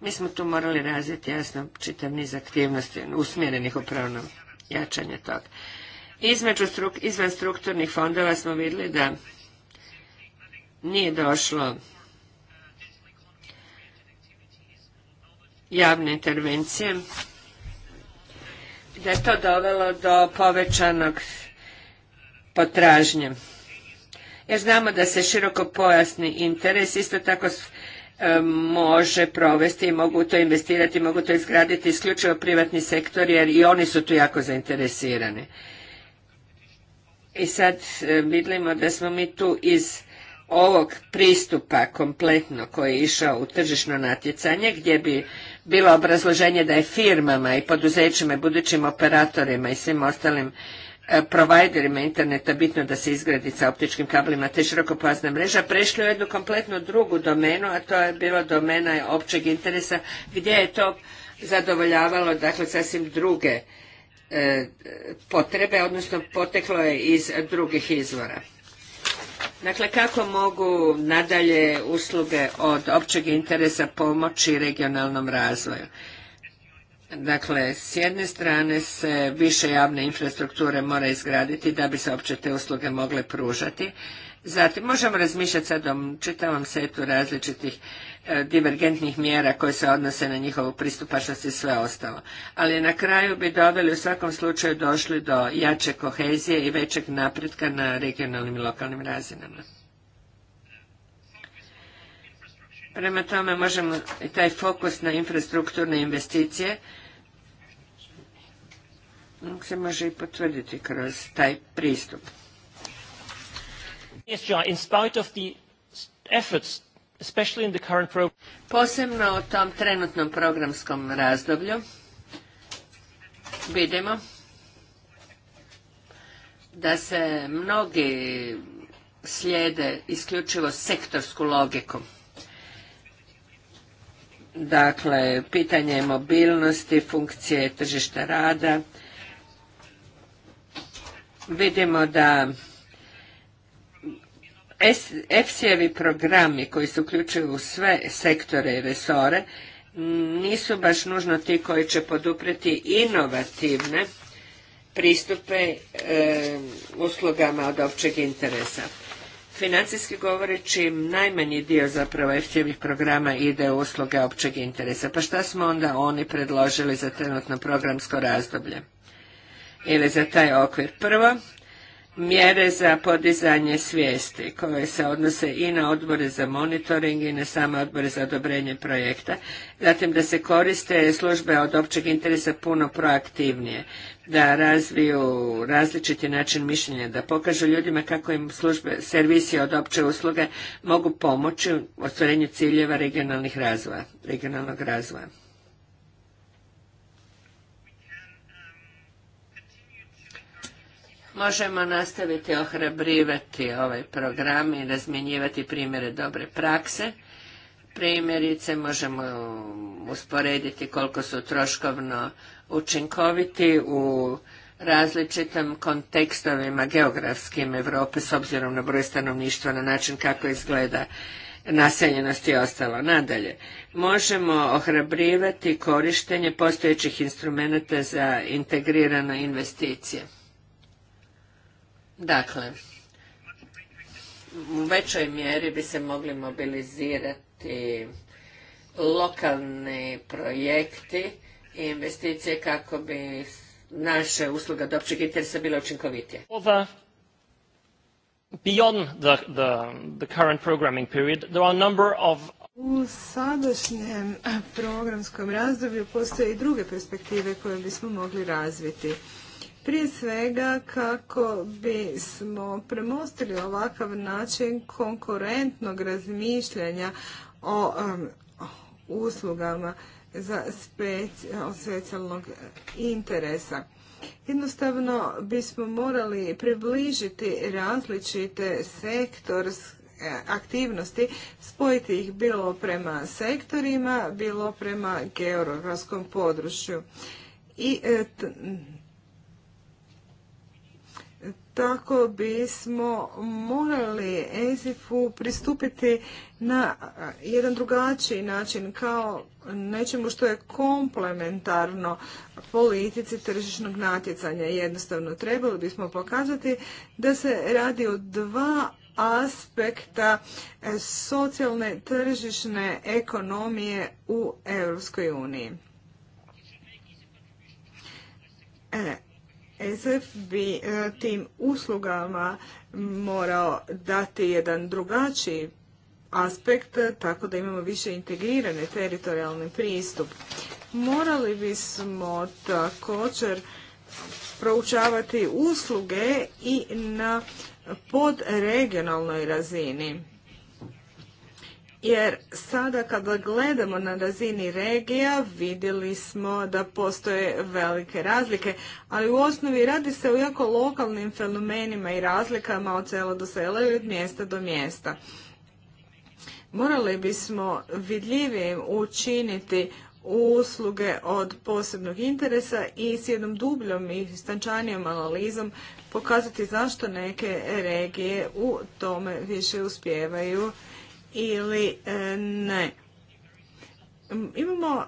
mi smo tu morali razviti jasno čitav niz aktivnosti usmjerenih upravo na jačanje toga. Između struk, izvan strukturnih fondova smo vidjeli da nije došlo javne intervencije da je to dovelo do povećanog potražnje. Jer znamo da se široko pojasni interes isto tako e, može provesti i mogu to investirati, mogu to izgraditi isključivo privatni sektor jer i oni su tu jako zainteresirani. I sad e, vidimo da smo mi tu iz ovog pristupa kompletno koji je išao u tržišno natjecanje gdje bi bilo obrazloženje da je firmama i poduzećima i budućim operatorima i svim ostalim e, providerima interneta bitno da se izgradi sa optičkim kablima te širokopojasna mreža, prešli u jednu kompletno drugu domenu, a to je bilo domena općeg interesa gdje je to zadovoljavalo dakle sasvim druge e, potrebe, odnosno poteklo je iz drugih izvora. Dakle, kako mogu nadalje usluge od općeg interesa pomoći regionalnom razvoju? Dakle, s jedne strane se više javne infrastrukture mora izgraditi da bi se opće te usluge mogle pružati. Zatim, možemo razmišljati sad o čitavom setu različitih E, divergentnih mjera koje se odnose na njihovu pristupačnost i sve ostalo. Ali na kraju bi doveli u svakom slučaju došli do jače kohezije i većeg napretka na regionalnim i lokalnim razinama. Prema tome možemo i taj fokus na infrastrukturne investicije se može i potvrditi kroz taj pristup. Posebno u tom trenutnom programskom razdoblju vidimo da se mnogi slijede isključivo sektorsku logiku. Dakle, pitanje mobilnosti, funkcije tržišta rada. Vidimo da efsi evi programi koji se uključuju u sve sektore i resore nisu baš nužno ti koji će podupreti inovativne pristupe uslugama od općeg interesa. Financijski govoreći, najmanji dio zapravo FC-evih programa ide u usluge općeg interesa. Pa šta smo onda oni predložili za trenutno programsko razdoblje? Ili za taj okvir? Prvo, mjere za podizanje svijesti koje se odnose i na odbore za monitoring i na same odbore za odobrenje projekta. Zatim da se koriste službe od općeg interesa puno proaktivnije, da razviju različiti način mišljenja, da pokažu ljudima kako im službe, servisi od opće usluge mogu pomoći u ostvarenju ciljeva regionalnih razvoja, regionalnog razvoja. možemo nastaviti ohrabrivati ovaj program i razmjenjivati primjere dobre prakse. Primjerice možemo usporediti koliko su troškovno učinkoviti u različitim kontekstovima geografskim Europe s obzirom na broj stanovništva, na način kako izgleda naseljenost i ostalo. Nadalje, možemo ohrabrivati korištenje postojećih instrumenta za integrirane investicije. Dakle, u većoj mjeri bi se mogli mobilizirati lokalni projekti i investicije kako bi naše usluga do općeg interesa bile učinkovitije. beyond the, current programming period, there are a number of u sadašnjem eh, programskom razdoblju postoje i druge perspektive koje bismo mogli razviti. Prije svega kako bismo premostili ovakav način konkurentnog razmišljanja o uslugama za specijalnog interesa. Jednostavno bismo morali približiti različite sektorske aktivnosti, spojiti ih bilo prema sektorima, bilo prema geografskom području. I e, tako bismo morali ezifu pristupiti na jedan drugačiji način kao nečemu što je komplementarno politici tržišnog natjecanja. Jednostavno trebali bismo pokazati da se radi o dva aspekta socijalne tržišne ekonomije u Europskoj uniji. E, SF bi e, tim uslugama morao dati jedan drugačiji aspekt tako da imamo više integrirani teritorijalni pristup. Morali bismo također proučavati usluge i na podregionalnoj razini jer sada kada gledamo na razini regija vidjeli smo da postoje velike razlike, ali u osnovi radi se o jako lokalnim fenomenima i razlikama od sela do sela i od mjesta do mjesta. Morali bismo vidljivim učiniti usluge od posebnog interesa i s jednom dubljom i stančanijom analizom pokazati zašto neke regije u tome više uspijevaju ili e, ne. Imamo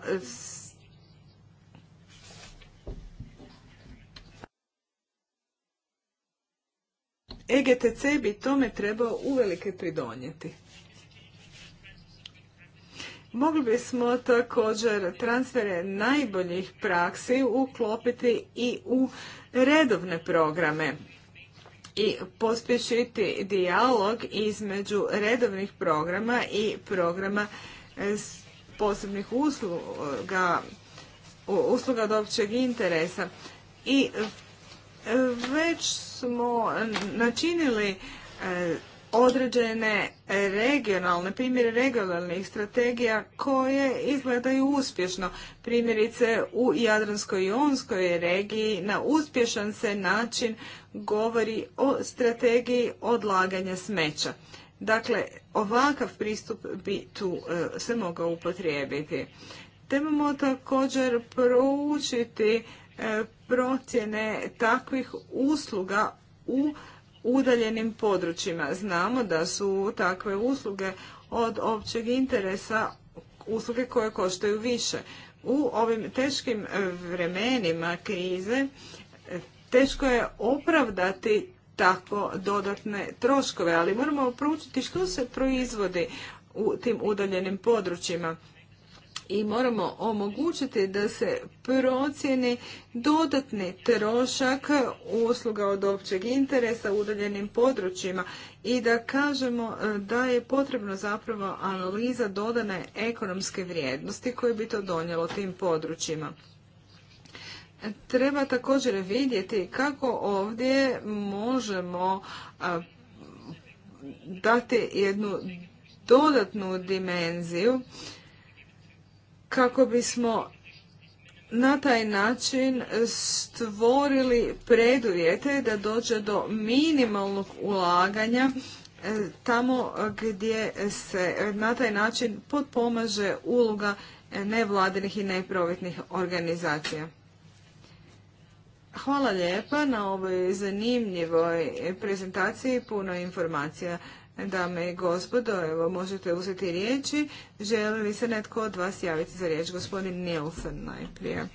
EGTC bi tome trebao uvelike pridonijeti. Mogli bismo također transfere najboljih praksi uklopiti i u redovne programe i pospješiti dijalog između redovnih programa i programa e, posebnih usluga, usluga od općeg interesa. I e, već smo načinili e, određene regionalne, primjere regionalnih strategija koje izgledaju uspješno. Primjerice u Jadranskoj i Onskoj regiji na uspješan se način govori o strategiji odlaganja smeća. Dakle, ovakav pristup bi tu e, se mogao upotrijebiti. Trebamo također proučiti e, procjene takvih usluga u udaljenim područjima. Znamo da su takve usluge od općeg interesa usluge koje koštaju više. U ovim teškim vremenima krize teško je opravdati tako dodatne troškove, ali moramo proučiti što se proizvodi u tim udaljenim područjima i moramo omogućiti da se procjeni dodatni trošak usluga od općeg interesa u udaljenim područjima i da kažemo e, da je potrebno zapravo analiza dodane ekonomske vrijednosti koje bi to donijelo tim područjima. Treba također vidjeti kako ovdje možemo dati jednu dodatnu dimenziju kako bismo na taj način stvorili preduvjete da dođe do minimalnog ulaganja e, tamo gdje se na taj način potpomaže uloga nevladinih i neprofitnih organizacija. Hvala lijepa na ovoj zanimljivoj prezentaciji, puno informacija. Dame i gospodo, evo možete uzeti riječi. Želi li se netko od vas javiti za riječ? Gospodin Nilsen najprije.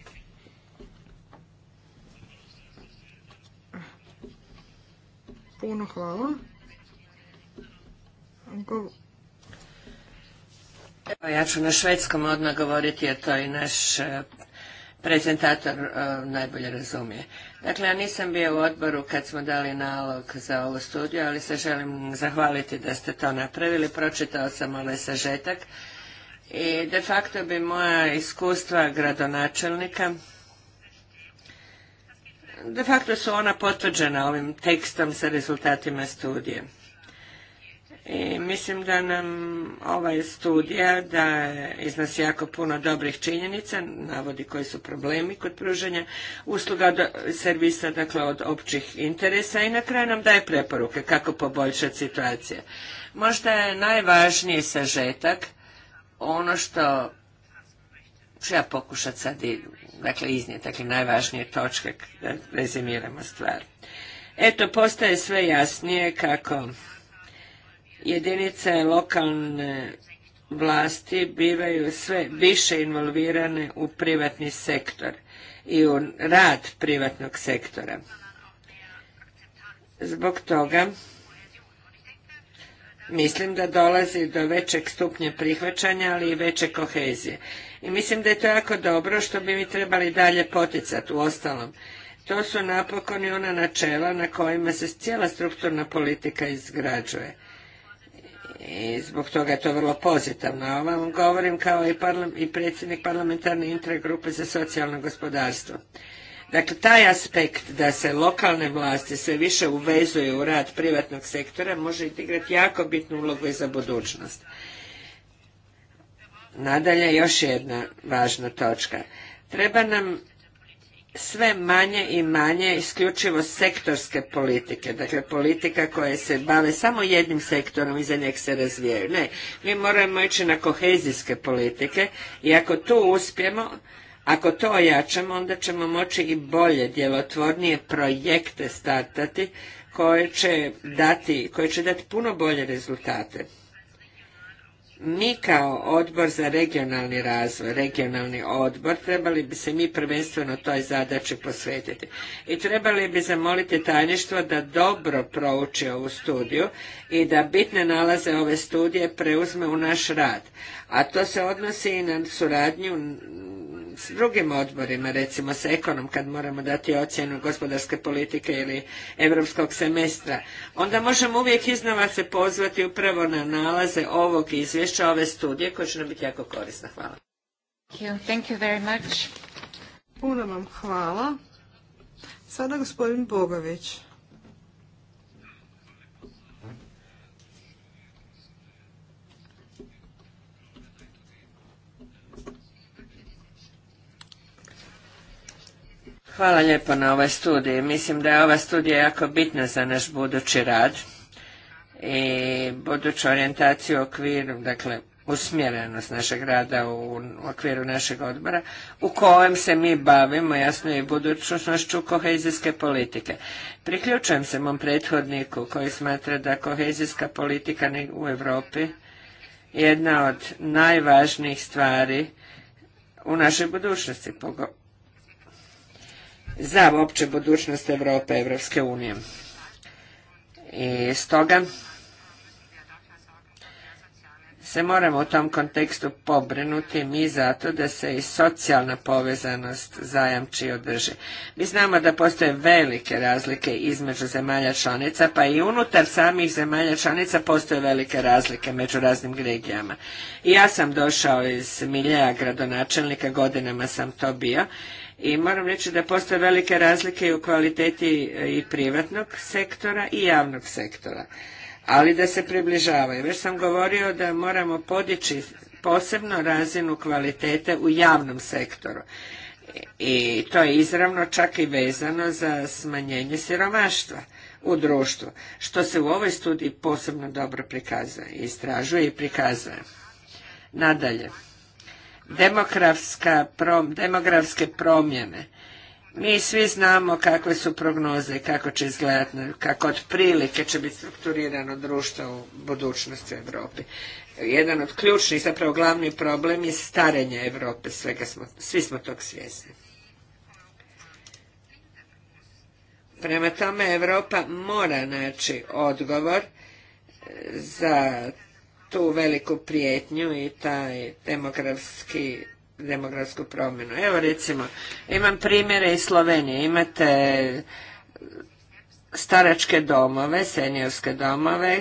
Puno hvala. ja ću na švedskom odmah govoriti, jer to i naš eh, prezentator eh, najbolje razumije. Dakle, ja nisam bio u odboru kad smo dali nalog za ovu studiju, ali se želim zahvaliti da ste to napravili. Pročitao sam ovaj sažetak i de facto bi moja iskustva gradonačelnika de facto su ona potvrđena ovim tekstom sa rezultatima studije. I mislim da nam ova studija da iznosi jako puno dobrih činjenica, navodi koji su problemi kod pružanja usluga servisa, dakle od općih interesa i na kraju nam daje preporuke kako poboljšati situacije. Možda je najvažniji sažetak ono što ću ja pokušati sad i dakle, iznijeti, dakle najvažnije točke da rezimiramo stvar. Eto, postaje sve jasnije kako jedinice lokalne vlasti bivaju sve više involvirane u privatni sektor i u rad privatnog sektora. Zbog toga mislim da dolazi do većeg stupnja prihvaćanja, ali i veće kohezije. I mislim da je to jako dobro što bi mi trebali dalje poticati u ostalom. To su napokon i ona načela na kojima se cijela strukturna politika izgrađuje i e, zbog toga je to vrlo pozitivno. A vam govorim kao i, i predsjednik parlamentarne intergrupe za socijalno gospodarstvo. Dakle, taj aspekt da se lokalne vlasti sve više uvezuju u rad privatnog sektora može igrati jako bitnu ulogu i za budućnost. Nadalje, još jedna važna točka. Treba nam sve manje i manje isključivo sektorske politike, dakle politika koje se bave samo jednim sektorom i za njeg se razvijaju. Ne, mi moramo ići na kohezijske politike i ako tu uspijemo, ako to ojačamo, onda ćemo moći i bolje, djelotvornije projekte startati koje će dati, koje će dati puno bolje rezultate mi kao odbor za regionalni razvoj, regionalni odbor, trebali bi se mi prvenstveno toj zadaći posvetiti. I trebali bi zamoliti tajništvo da dobro prouči ovu studiju i da bitne nalaze ove studije preuzme u naš rad. A to se odnosi i na suradnju s drugim odborima, recimo sa ekonom kad moramo dati ocjenu gospodarske politike ili europskog semestra, onda možemo uvijek iznova se pozvati upravo na nalaze ovog izvješća, ove studije koje će nam biti jako korisna. Hvala. Thank you very much. Puno vam hvala. Sada gospodin Bogović. Hvala lijepo na ovoj studiji. Mislim da je ova studija jako bitna za naš budući rad i buduću orijentaciju u okviru, dakle usmjerenost našeg rada u okviru našeg odbora, u kojem se mi bavimo, jasno i budućnošću kohezijske politike. Priključujem se mom prethodniku koji smatra da kohezijska politika u Europi jedna od najvažnijih stvari u našoj budućnosti, za opće budućnost Europe, Evropske unije. I stoga se moramo u tom kontekstu pobrinuti mi zato da se i socijalna povezanost zajamči i održi. Mi znamo da postoje velike razlike između zemalja članica, pa i unutar samih zemalja članica postoje velike razlike među raznim regijama. I ja sam došao iz Miljeja gradonačelnika, godinama sam to bio i moram reći da postoje velike razlike i u kvaliteti e, i privatnog sektora i javnog sektora, ali da se približavaju. Već sam govorio da moramo podići posebno razinu kvalitete u javnom sektoru. I to je izravno čak i vezano za smanjenje siromaštva u društvu, što se u ovoj studiji posebno dobro prikazuje, istražuje i prikazuje. Nadalje, demografske promjene. Mi svi znamo kakve su prognoze kako će izgledati, kako prilike će biti strukturirano društvo u budućnosti u Europi. Jedan od ključnih, zapravo glavni problem je starenje Europe, svega smo, svi smo tog svjesni. Prema tome, Europa mora naći odgovor za tu veliku prijetnju i taj demografski demografsku promjenu. Evo recimo, imam primjere iz Slovenije. Imate staračke domove, seniorske domove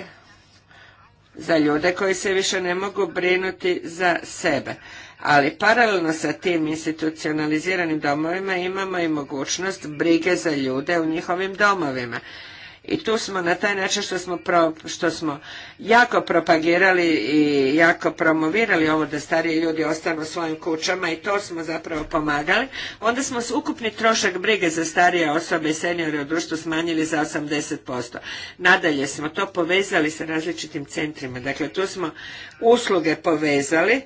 za ljude koji se više ne mogu brinuti za sebe. Ali paralelno sa tim institucionaliziranim domovima imamo i mogućnost brige za ljude u njihovim domovima i tu smo na taj način što smo, pro, što smo jako propagirali i jako promovirali ovo da stariji ljudi ostanu u svojim kućama i to smo zapravo pomagali, onda smo s ukupni trošak brige za starije osobe i seniore u društvu smanjili za 80%. Nadalje smo to povezali sa različitim centrima, dakle tu smo usluge povezali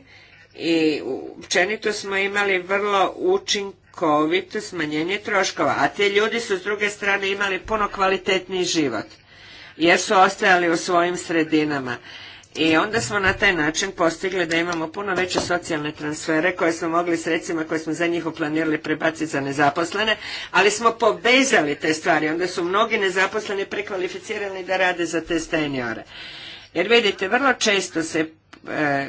i općenito smo imali vrlo učink. COVID, smanjenje troškova, a te ljudi su s druge strane imali puno kvalitetniji život jer su ostajali u svojim sredinama. I onda smo na taj način postigli da imamo puno veće socijalne transfere koje smo mogli sredstvima koje smo za njih planirali prebaciti za nezaposlene, ali smo povezali te stvari. Onda su mnogi nezaposleni prekvalificirani da rade za te seniore. Jer vidite, vrlo često se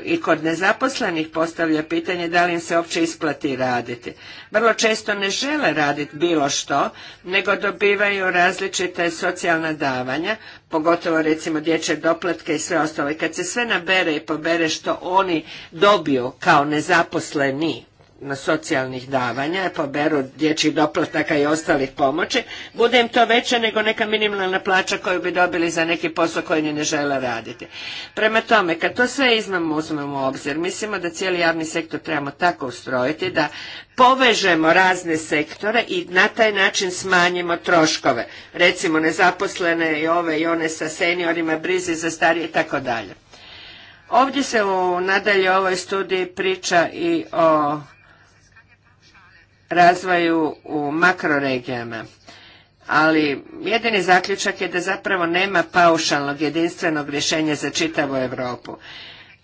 i kod nezaposlenih postavlja pitanje da li im se uopće isplati raditi. Vrlo često ne žele raditi bilo što, nego dobivaju različite socijalna davanja, pogotovo recimo dječje doplatke i sve ostalo. I kad se sve nabere i pobere što oni dobiju kao nezaposleni, na socijalnih davanja, poberu dječjih doplataka i ostalih pomoći, bude im to veće nego neka minimalna plaća koju bi dobili za neki posao koji ni ne žele raditi. Prema tome, kad to sve izmamo, uzmemo u obzir, mislimo da cijeli javni sektor trebamo tako ustrojiti da povežemo razne sektore i na taj način smanjimo troškove. Recimo nezaposlene i ove i one sa seniorima, brizi za starije i tako dalje. Ovdje se u nadalje ovoj studiji priča i o razvoju u makroregijama. Ali jedini zaključak je da zapravo nema paušalnog jedinstvenog rješenja za čitavu Europu.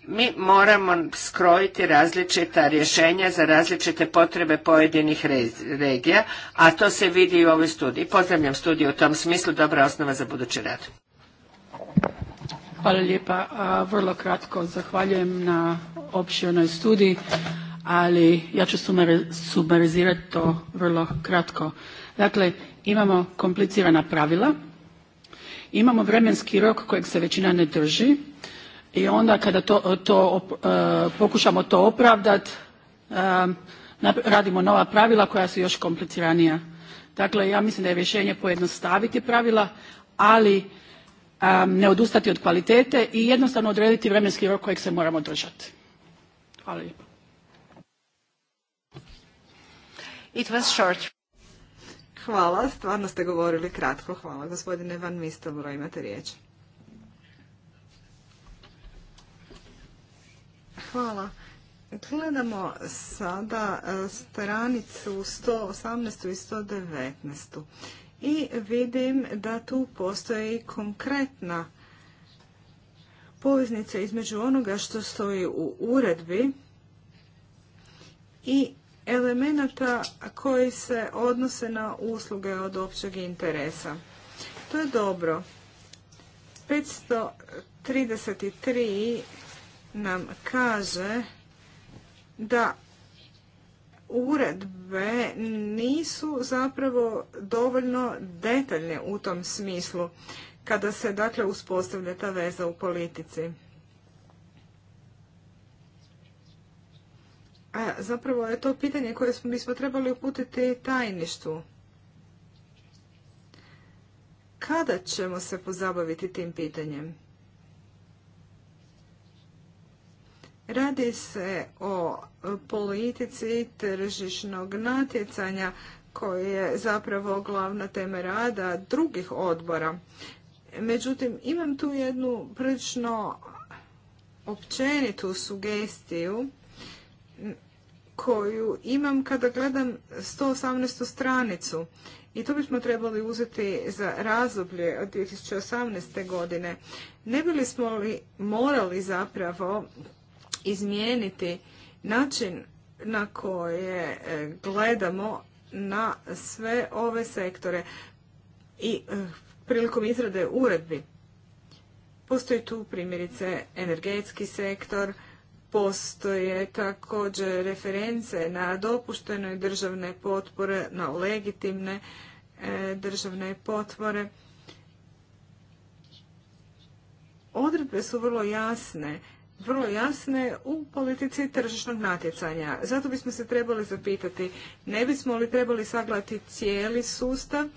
Mi moramo skrojiti različita rješenja za različite potrebe pojedinih regija, a to se vidi i u ovoj studiji. Pozdravljam studiju u tom smislu, dobra osnova za budući rad. Hvala lijepa. Vrlo kratko zahvaljujem na opširnoj studiji ali ja ću sumarizirati to vrlo kratko. Dakle, imamo komplicirana pravila, imamo vremenski rok kojeg se većina ne drži i onda kada to, to e, pokušamo to opravdati, e, radimo nova pravila koja su još kompliciranija. Dakle, ja mislim da je rješenje pojednostaviti pravila, ali e, ne odustati od kvalitete i jednostavno odrediti vremenski rok kojeg se moramo držati. Hvala lijepo. It was short. Hvala, stvarno ste govorili kratko. Hvala, gospodine Van Mistelbro, imate riječ. Hvala. Gledamo sada e, stranicu 118. i 119. I vidim da tu postoji konkretna poveznica između onoga što stoji u uredbi i elemenata koji se odnose na usluge od općeg interesa. To je dobro. 533 nam kaže da uredbe nisu zapravo dovoljno detaljne u tom smislu kada se dakle uspostavlja ta veza u politici. zapravo je to pitanje koje bismo trebali uputiti tajništvu. Kada ćemo se pozabaviti tim pitanjem? Radi se o politici tržišnog natjecanja koja je zapravo glavna tema rada drugih odbora. Međutim, imam tu jednu prilično općenitu sugestiju koju imam kada gledam 118. stranicu. I to bismo trebali uzeti za razoblje od 2018. godine. Ne bili smo li morali zapravo izmijeniti način na koje e, gledamo na sve ove sektore i e, prilikom izrade uredbi. Postoji tu primjerice energetski sektor, Postoje također reference na dopuštene državne potpore, na legitimne e, državne potpore. Odredbe su vrlo jasne, vrlo jasne u politici tržišnog natjecanja. Zato bismo se trebali zapitati, ne bismo li trebali saglati cijeli sustav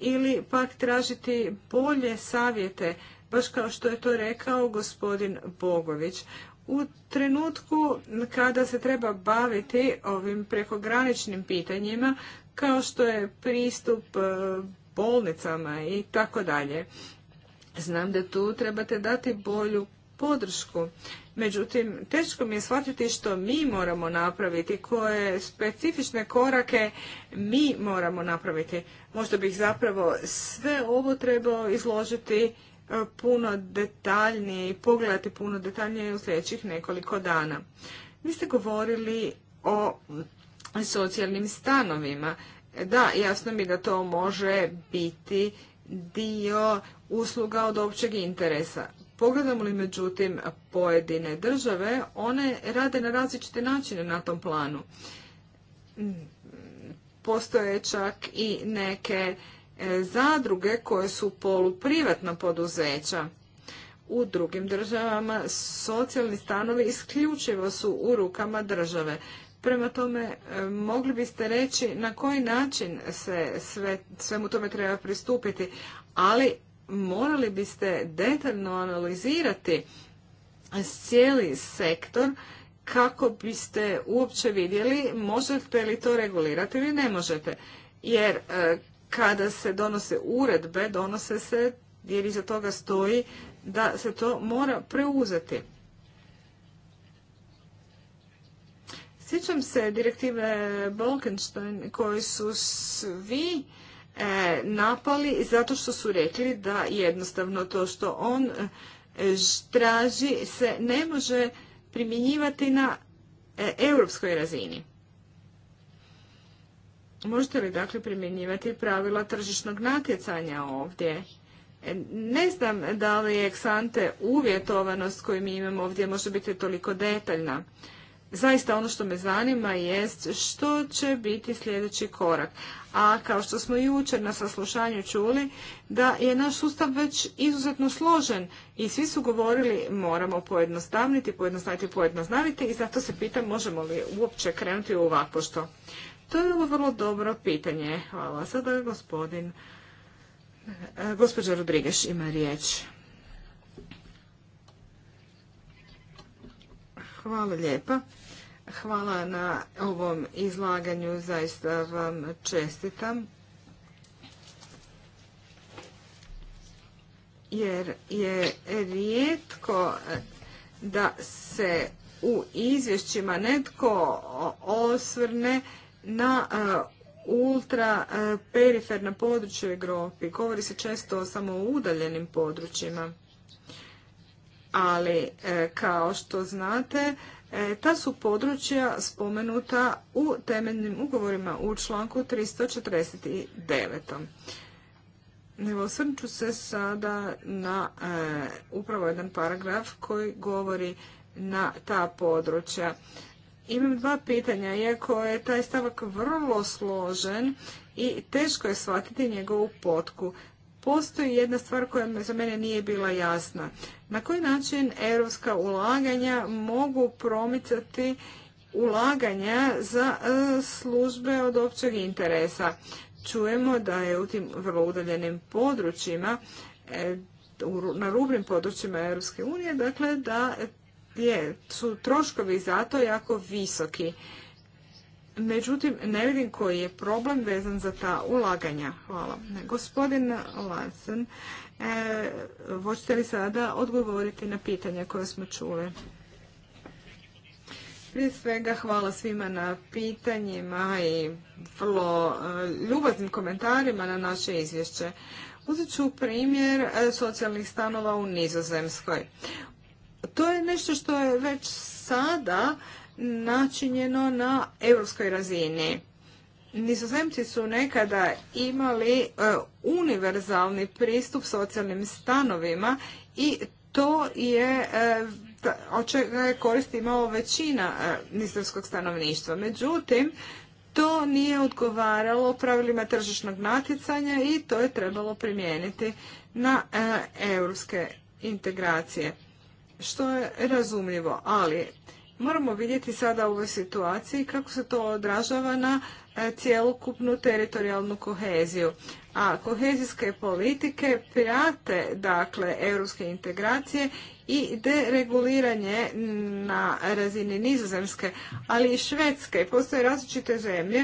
ili pak tražiti bolje savjete, baš kao što je to rekao gospodin Bogović u trenutku kada se treba baviti ovim prekograničnim pitanjima kao što je pristup e, bolnicama i tako dalje. Znam da tu trebate dati bolju podršku. Međutim, teško mi je shvatiti što mi moramo napraviti, koje specifične korake mi moramo napraviti. Možda bih zapravo sve ovo trebao izložiti puno detaljnije i pogledati puno detaljnije u sljedećih nekoliko dana. Vi ste govorili o socijalnim stanovima. Da, jasno mi da to može biti dio usluga od općeg interesa. Pogledamo li međutim pojedine države, one rade na različite načine na tom planu. Postoje čak i neke E, zadruge koje su poluprivatna poduzeća. U drugim državama socijalni stanovi isključivo su u rukama države. Prema tome, e, mogli biste reći na koji način se sve, svemu tome treba pristupiti, ali morali biste detaljno analizirati cijeli sektor kako biste uopće vidjeli možete li to regulirati ili ne možete. Jer e, kada se donose uredbe, donose se jer iza toga stoji da se to mora preuzeti. Sjećam se direktive Bolkenstein koji su svi e, napali zato što su rekli da jednostavno to što on e, traži se ne može primjenjivati na e, europskoj razini. Možete li dakle primjenjivati pravila tržišnog natjecanja ovdje? E, ne znam da li je eksante uvjetovanost koju mi imamo ovdje može biti toliko detaljna. Zaista ono što me zanima jest što će biti sljedeći korak. A kao što smo jučer na saslušanju čuli, da je naš sustav već izuzetno složen i svi su govorili moramo pojednostavniti, pojednostaviti, pojednostaviti i zato se pitam možemo li uopće krenuti u ovako što. To je bilo vrlo dobro pitanje. Hvala. Sada je gospodin, e, gospođa Rodrigeš ima riječ. Hvala lijepa. Hvala na ovom izlaganju, zaista vam čestitam. Jer je rijetko da se u izvješćima netko osvrne na ultra periferna područja u Europi. Govori se često samo o udaljenim područjima. Ali, e, kao što znate, e, ta su područja spomenuta u temeljnim ugovorima u članku 349. ne se sada na e, upravo jedan paragraf koji govori na ta područja. Imam dva pitanja, iako je taj stavak vrlo složen i teško je shvatiti njegovu potku. Postoji jedna stvar koja za mene nije bila jasna. Na koji način europska ulaganja mogu promicati ulaganja za e, službe od općeg interesa? Čujemo da je u tim vrlo udaljenim područjima e, na rubnim područjima Europske unije, dakle da je, su troškovi za to jako visoki. Međutim, ne vidim koji je problem vezan za ta ulaganja. Hvala. Gospodin Lansen, e, hoćete li sada odgovoriti na pitanja koje smo čuli? Prije svega hvala svima na pitanjima i vrlo e, ljubaznim komentarima na naše izvješće. Uzet ću primjer e, socijalnih stanova u Nizozemskoj. To je nešto što je već sada načinjeno na europskoj razini. Nizozemci su nekada imali e, univerzalni pristup socijalnim stanovima i to je e, od čega je korist imao većina e, nizozemskog stanovništva. Međutim, to nije odgovaralo pravilima tržišnog natjecanja i to je trebalo primijeniti na europske integracije što je razumljivo, ali moramo vidjeti sada u ovoj situaciji kako se to odražava na e, cjelokupnu teritorijalnu koheziju. A kohezijske politike prijate dakle europske integracije i dereguliranje na razini nizozemske, ali i švedske. Postoje različite zemlje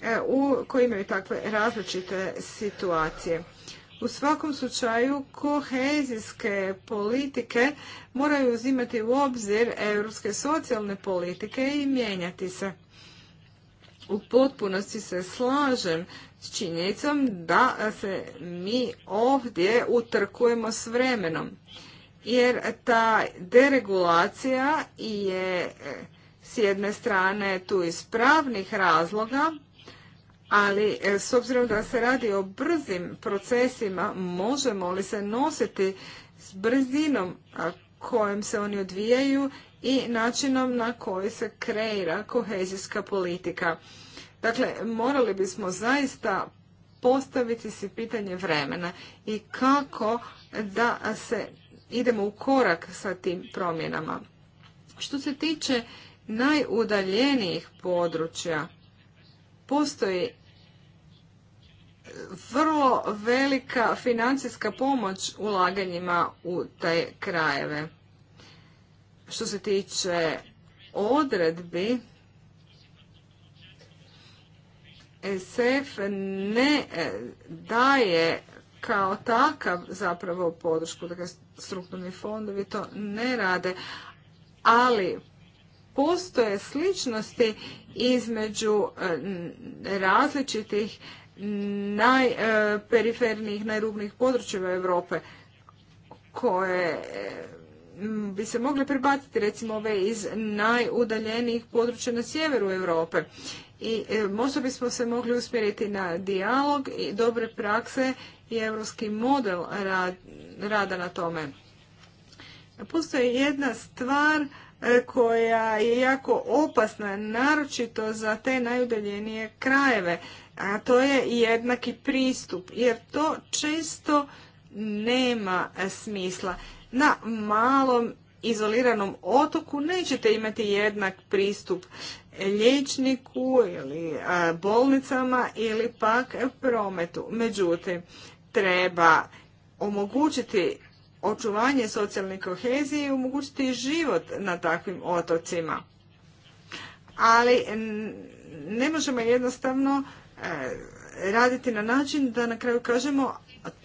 e, u koje imaju takve različite situacije. U svakom slučaju kohezijske politike moraju uzimati u obzir europske socijalne politike i mijenjati se. U potpunosti se slažem s činjenicom da se mi ovdje utrkujemo s vremenom. Jer ta deregulacija je s jedne strane tu iz pravnih razloga, ali e, s obzirom da se radi o brzim procesima, možemo li se nositi s brzinom kojom se oni odvijaju i načinom na koji se kreira kohezijska politika. Dakle, morali bismo zaista postaviti si pitanje vremena i kako da se idemo u korak sa tim promjenama. Što se tiče najudaljenijih područja, Postoji vrlo velika financijska pomoć ulaganjima u te krajeve. Što se tiče odredbi, SF ne e, daje kao takav zapravo podršku, dakle strukturni fondovi to ne rade, ali postoje sličnosti između e, različitih najperifernijih, najrubnijih područjeva Europe koje e, bi se mogle prebaciti recimo ove iz najudaljenijih područja na sjeveru Europe. I e, možda bismo se mogli usmjeriti na dijalog i dobre prakse i europski model rada na tome. Postoji jedna stvar E, koja je jako opasna, naročito za te najudaljenije krajeve, a to je jednaki pristup, jer to često nema e, smisla. Na malom izoliranom otoku nećete imati jednak pristup liječniku ili e, bolnicama ili pak prometu. Međutim, treba omogućiti očuvanje socijalne kohezije i omogućiti život na takvim otocima. Ali ne možemo jednostavno e, raditi na način da na kraju kažemo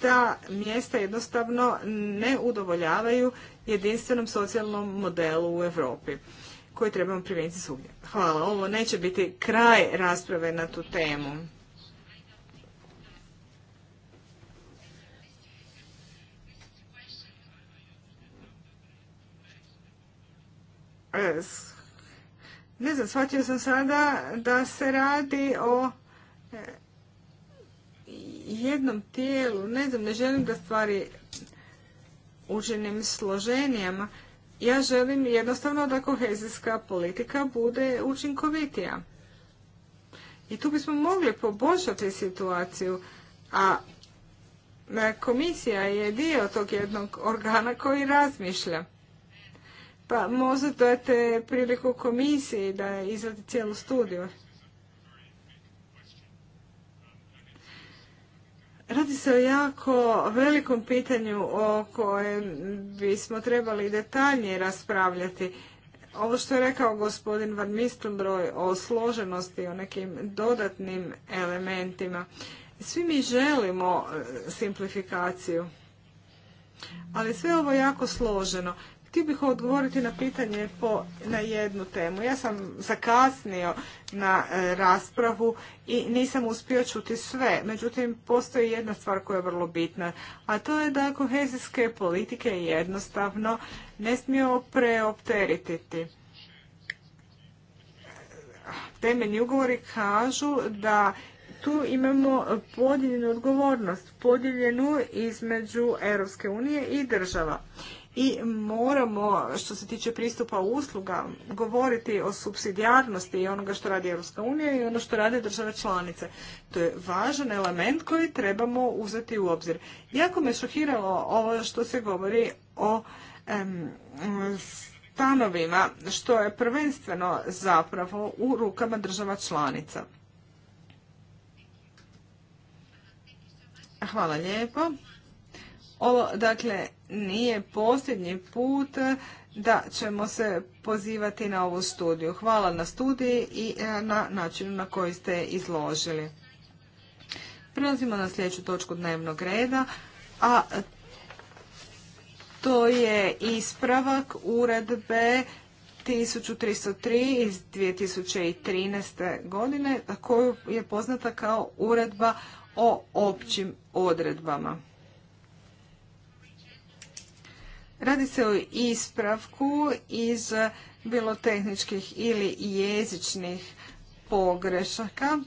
ta mjesta jednostavno ne udovoljavaju jedinstvenom socijalnom modelu u Europi koji trebamo primijeniti svugdje. Hvala, ovo neće biti kraj rasprave na tu temu. E, ne znam, shvatio sam sada da se radi o e, jednom tijelu, ne znam, ne želim da stvari učinim složenijama. Ja želim jednostavno da kohezijska politika bude učinkovitija. I tu bismo mogli poboljšati situaciju, a e, komisija je dio tog jednog organa koji razmišlja. Pa možda te priliku komisiji da izradi cijelu studiju. Radi se o jako velikom pitanju o kojem bismo trebali detaljnije raspravljati. Ovo što je rekao gospodin Van Mistelbroj o složenosti, o nekim dodatnim elementima. Svi mi želimo e, simplifikaciju, ali sve ovo je jako složeno. Htio bih odgovoriti na pitanje po, na jednu temu. Ja sam zakasnio na e, raspravu i nisam uspio čuti sve. Međutim, postoji jedna stvar koja je vrlo bitna, a to je da kohezijske politike jednostavno ne smijemo preopterititi. Temeljni ugovori kažu da tu imamo podijeljenu odgovornost, podijeljenu između Europske unije i država i moramo što se tiče pristupa usluga govoriti o subsidijarnosti i onoga što radi Europska unija i ono što rade države članice. To je važan element koji trebamo uzeti u obzir. Jako me šokiralo ovo što se govori o stanovima što je prvenstveno zapravo u rukama država članica. Hvala lijepo. Ovo, dakle, nije posljednji put da ćemo se pozivati na ovu studiju. Hvala na studiji i e, na načinu na koji ste izložili. Prelazimo na sljedeću točku dnevnog reda, a to je ispravak uredbe 1303 iz 2013. godine koju je poznata kao uredba o općim odredbama. Radi se o ispravku iz bilo tehničkih ili jezičnih pogrešaka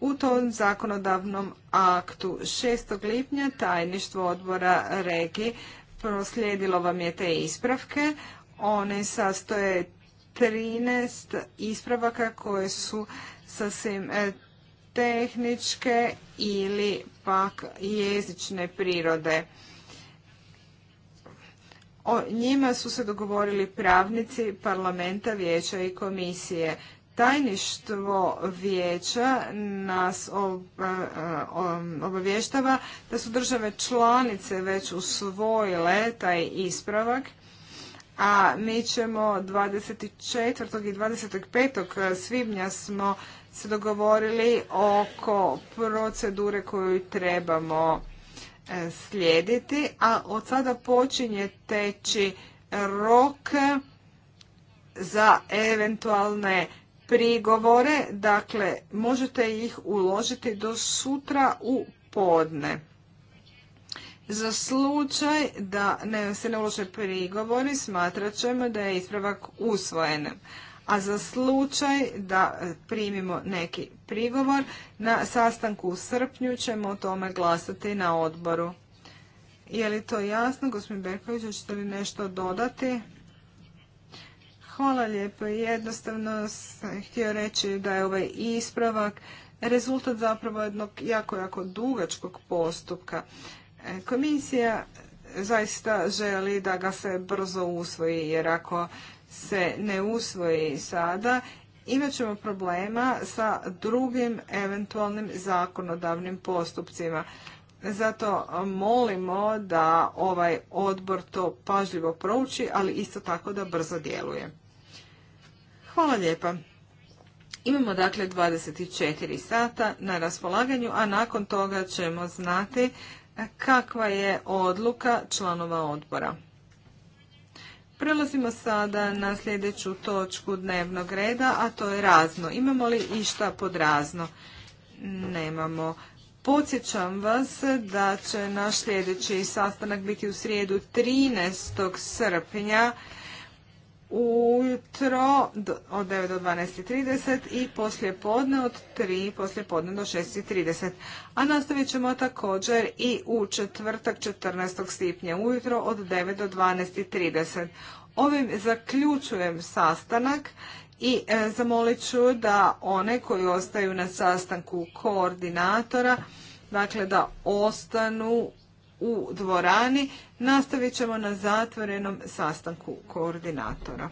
u tom zakonodavnom aktu. 6. lipnja tajništvo odbora REGI proslijedilo vam je te ispravke. One sastoje 13 ispravaka koje su sasvim e, tehničke ili pak jezične prirode. O njima su se dogovorili pravnici parlamenta, vijeća i komisije. Tajništvo vijeća nas e, e, obavještava da su države članice već usvojile taj ispravak, a mi ćemo 24. i 25. svibnja smo se dogovorili oko procedure koju trebamo E, slijediti, a od sada počinje teći rok za eventualne prigovore, dakle možete ih uložiti do sutra u podne. Za slučaj da ne, se ne ulože prigovori, smatrat ćemo da je ispravak usvojen a za slučaj da e, primimo neki prigovor, na sastanku u srpnju ćemo o tome glasati na odboru. Je li to jasno, gospodin Berković, hoćete li nešto dodati? Hvala lijepo. Jednostavno sam htio reći da je ovaj ispravak rezultat zapravo jednog jako, jako dugačkog postupka. E, komisija zaista želi da ga se brzo usvoji, jer ako se ne usvoji sada, imat ćemo problema sa drugim eventualnim zakonodavnim postupcima. Zato molimo da ovaj odbor to pažljivo prouči, ali isto tako da brzo djeluje. Hvala lijepa. Imamo dakle 24 sata na raspolaganju, a nakon toga ćemo znati kakva je odluka članova odbora. Prelazimo sada na sljedeću točku dnevnog reda, a to je razno. Imamo li išta pod razno? Nemamo. Podsjećam vas da će naš sljedeći sastanak biti u srijedu 13. srpnja ujutro od 9 do 12.30 i poslije podne od 3 poslije podne do 6.30. A nastavit ćemo također i u četvrtak 14. stipnja ujutro od 9 do 12.30. Ovim zaključujem sastanak i e, zamolit ću da one koji ostaju na sastanku koordinatora, dakle da ostanu u dvorani. Nastavit ćemo na zatvorenom sastanku koordinatora.